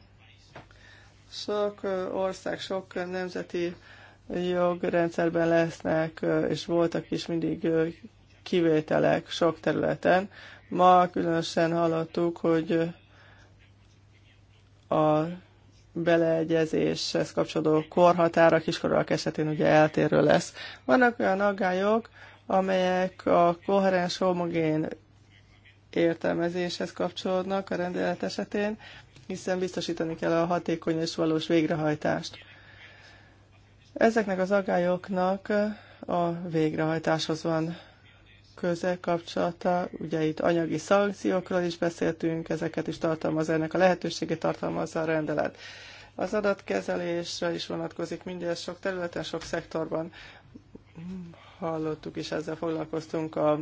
Sok ország, sok nemzeti jogrendszerben lesznek, és voltak is mindig kivételek sok területen. Ma különösen hallottuk, hogy a beleegyezéshez kapcsolódó korhatára kiskorúak esetén ugye eltérő lesz. Vannak olyan aggályok, amelyek a koherens homogén értelmezéshez kapcsolódnak a rendelet esetén, hiszen biztosítani kell a hatékony és valós végrehajtást. Ezeknek az aggályoknak a végrehajtáshoz van közel kapcsolata, ugye itt anyagi szankciókról is beszéltünk, ezeket is tartalmaz, ennek a lehetőségét tartalmazza a rendelet. Az adatkezelésre is vonatkozik mindez sok területen, sok szektorban hallottuk is, ezzel foglalkoztunk a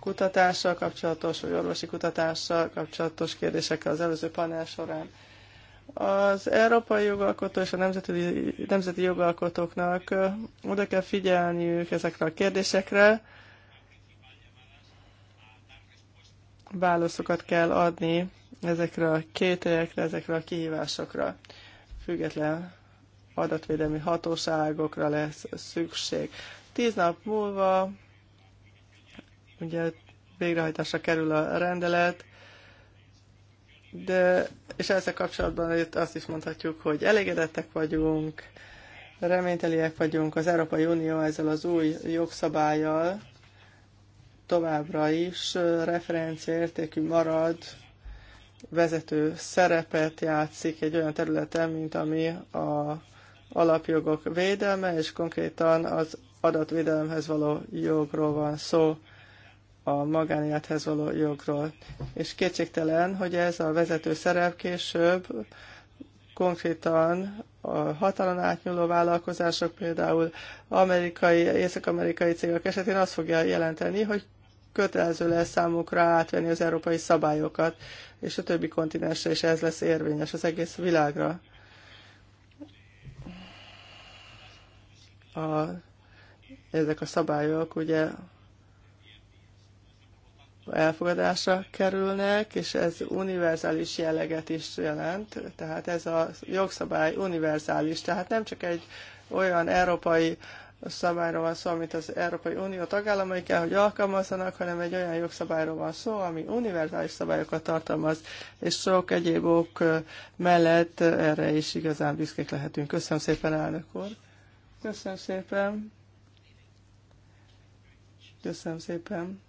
kutatással kapcsolatos, vagy orvosi kutatással kapcsolatos kérdésekkel az előző panel során. Az európai jogalkotó és a nemzeti, nemzeti jogalkotóknak oda kell figyelniük ezekre a kérdésekre, válaszokat kell adni ezekre a kételyekre, ezekre a kihívásokra. Független adatvédelmi hatóságokra lesz szükség. Tíz nap múlva ugye végrehajtásra kerül a rendelet, de, és ezzel kapcsolatban itt azt is mondhatjuk, hogy elégedettek vagyunk, reményteliek vagyunk az Európai Unió ezzel az új jogszabályjal, továbbra is referenciaértékű marad, vezető szerepet játszik egy olyan területen, mint ami a alapjogok védelme, és konkrétan az adatvédelemhez való jogról van szó, a magánélethez való jogról. És kétségtelen, hogy ez a vezető szerep később konkrétan a határon átnyúló vállalkozások, például amerikai, észak-amerikai cégek esetén azt fogja jelenteni, hogy kötelező lesz számukra átvenni az európai szabályokat, és a többi kontinensre is ez lesz érvényes az egész világra. A, ezek a szabályok ugye elfogadásra kerülnek, és ez univerzális jelleget is jelent, tehát ez a jogszabály univerzális, tehát nem csak egy olyan európai szabályról van szó, amit az Európai Unió tagállamai kell, hogy alkalmazzanak, hanem egy olyan jogszabályról van szó, ami univerzális szabályokat tartalmaz, és sok egyéb ok mellett erre is igazán büszkék lehetünk. Köszönöm szépen, elnök úr! Köszönöm szépen! Köszönöm szépen,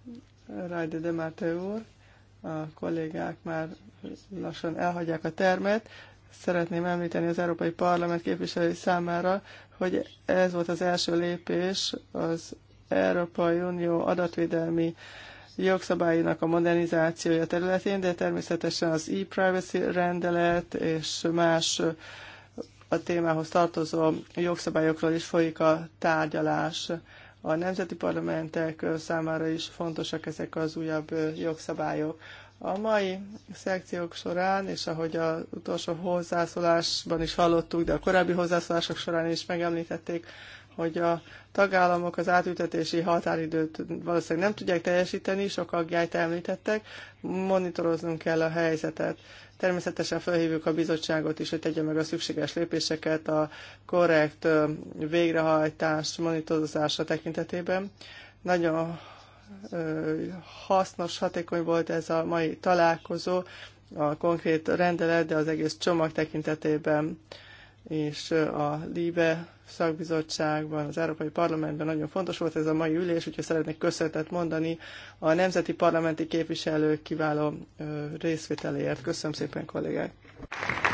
Rajde Demárte úr! A kollégák már lassan elhagyják a termet szeretném említeni az Európai Parlament képviselői számára, hogy ez volt az első lépés az Európai Unió adatvédelmi jogszabályainak a modernizációja területén, de természetesen az e-privacy rendelet és más a témához tartozó jogszabályokról is folyik a tárgyalás. A nemzeti parlamentek számára is fontosak ezek az újabb jogszabályok. A mai szekciók során, és ahogy az utolsó hozzászólásban is hallottuk, de a korábbi hozzászólások során is megemlítették, hogy a tagállamok az átültetési határidőt valószínűleg nem tudják teljesíteni, sok aggályt említettek, monitoroznunk kell a helyzetet. Természetesen felhívjuk a bizottságot is, hogy tegye meg a szükséges lépéseket a korrekt végrehajtás monitorozása tekintetében. Nagyon hasznos, hatékony volt ez a mai találkozó, a konkrét rendelet, de az egész csomag tekintetében és a LIBE szakbizottságban, az Európai Parlamentben nagyon fontos volt ez a mai ülés, úgyhogy szeretnék köszönetet mondani a nemzeti parlamenti képviselők kiváló részvételéért. Köszönöm szépen, kollégák!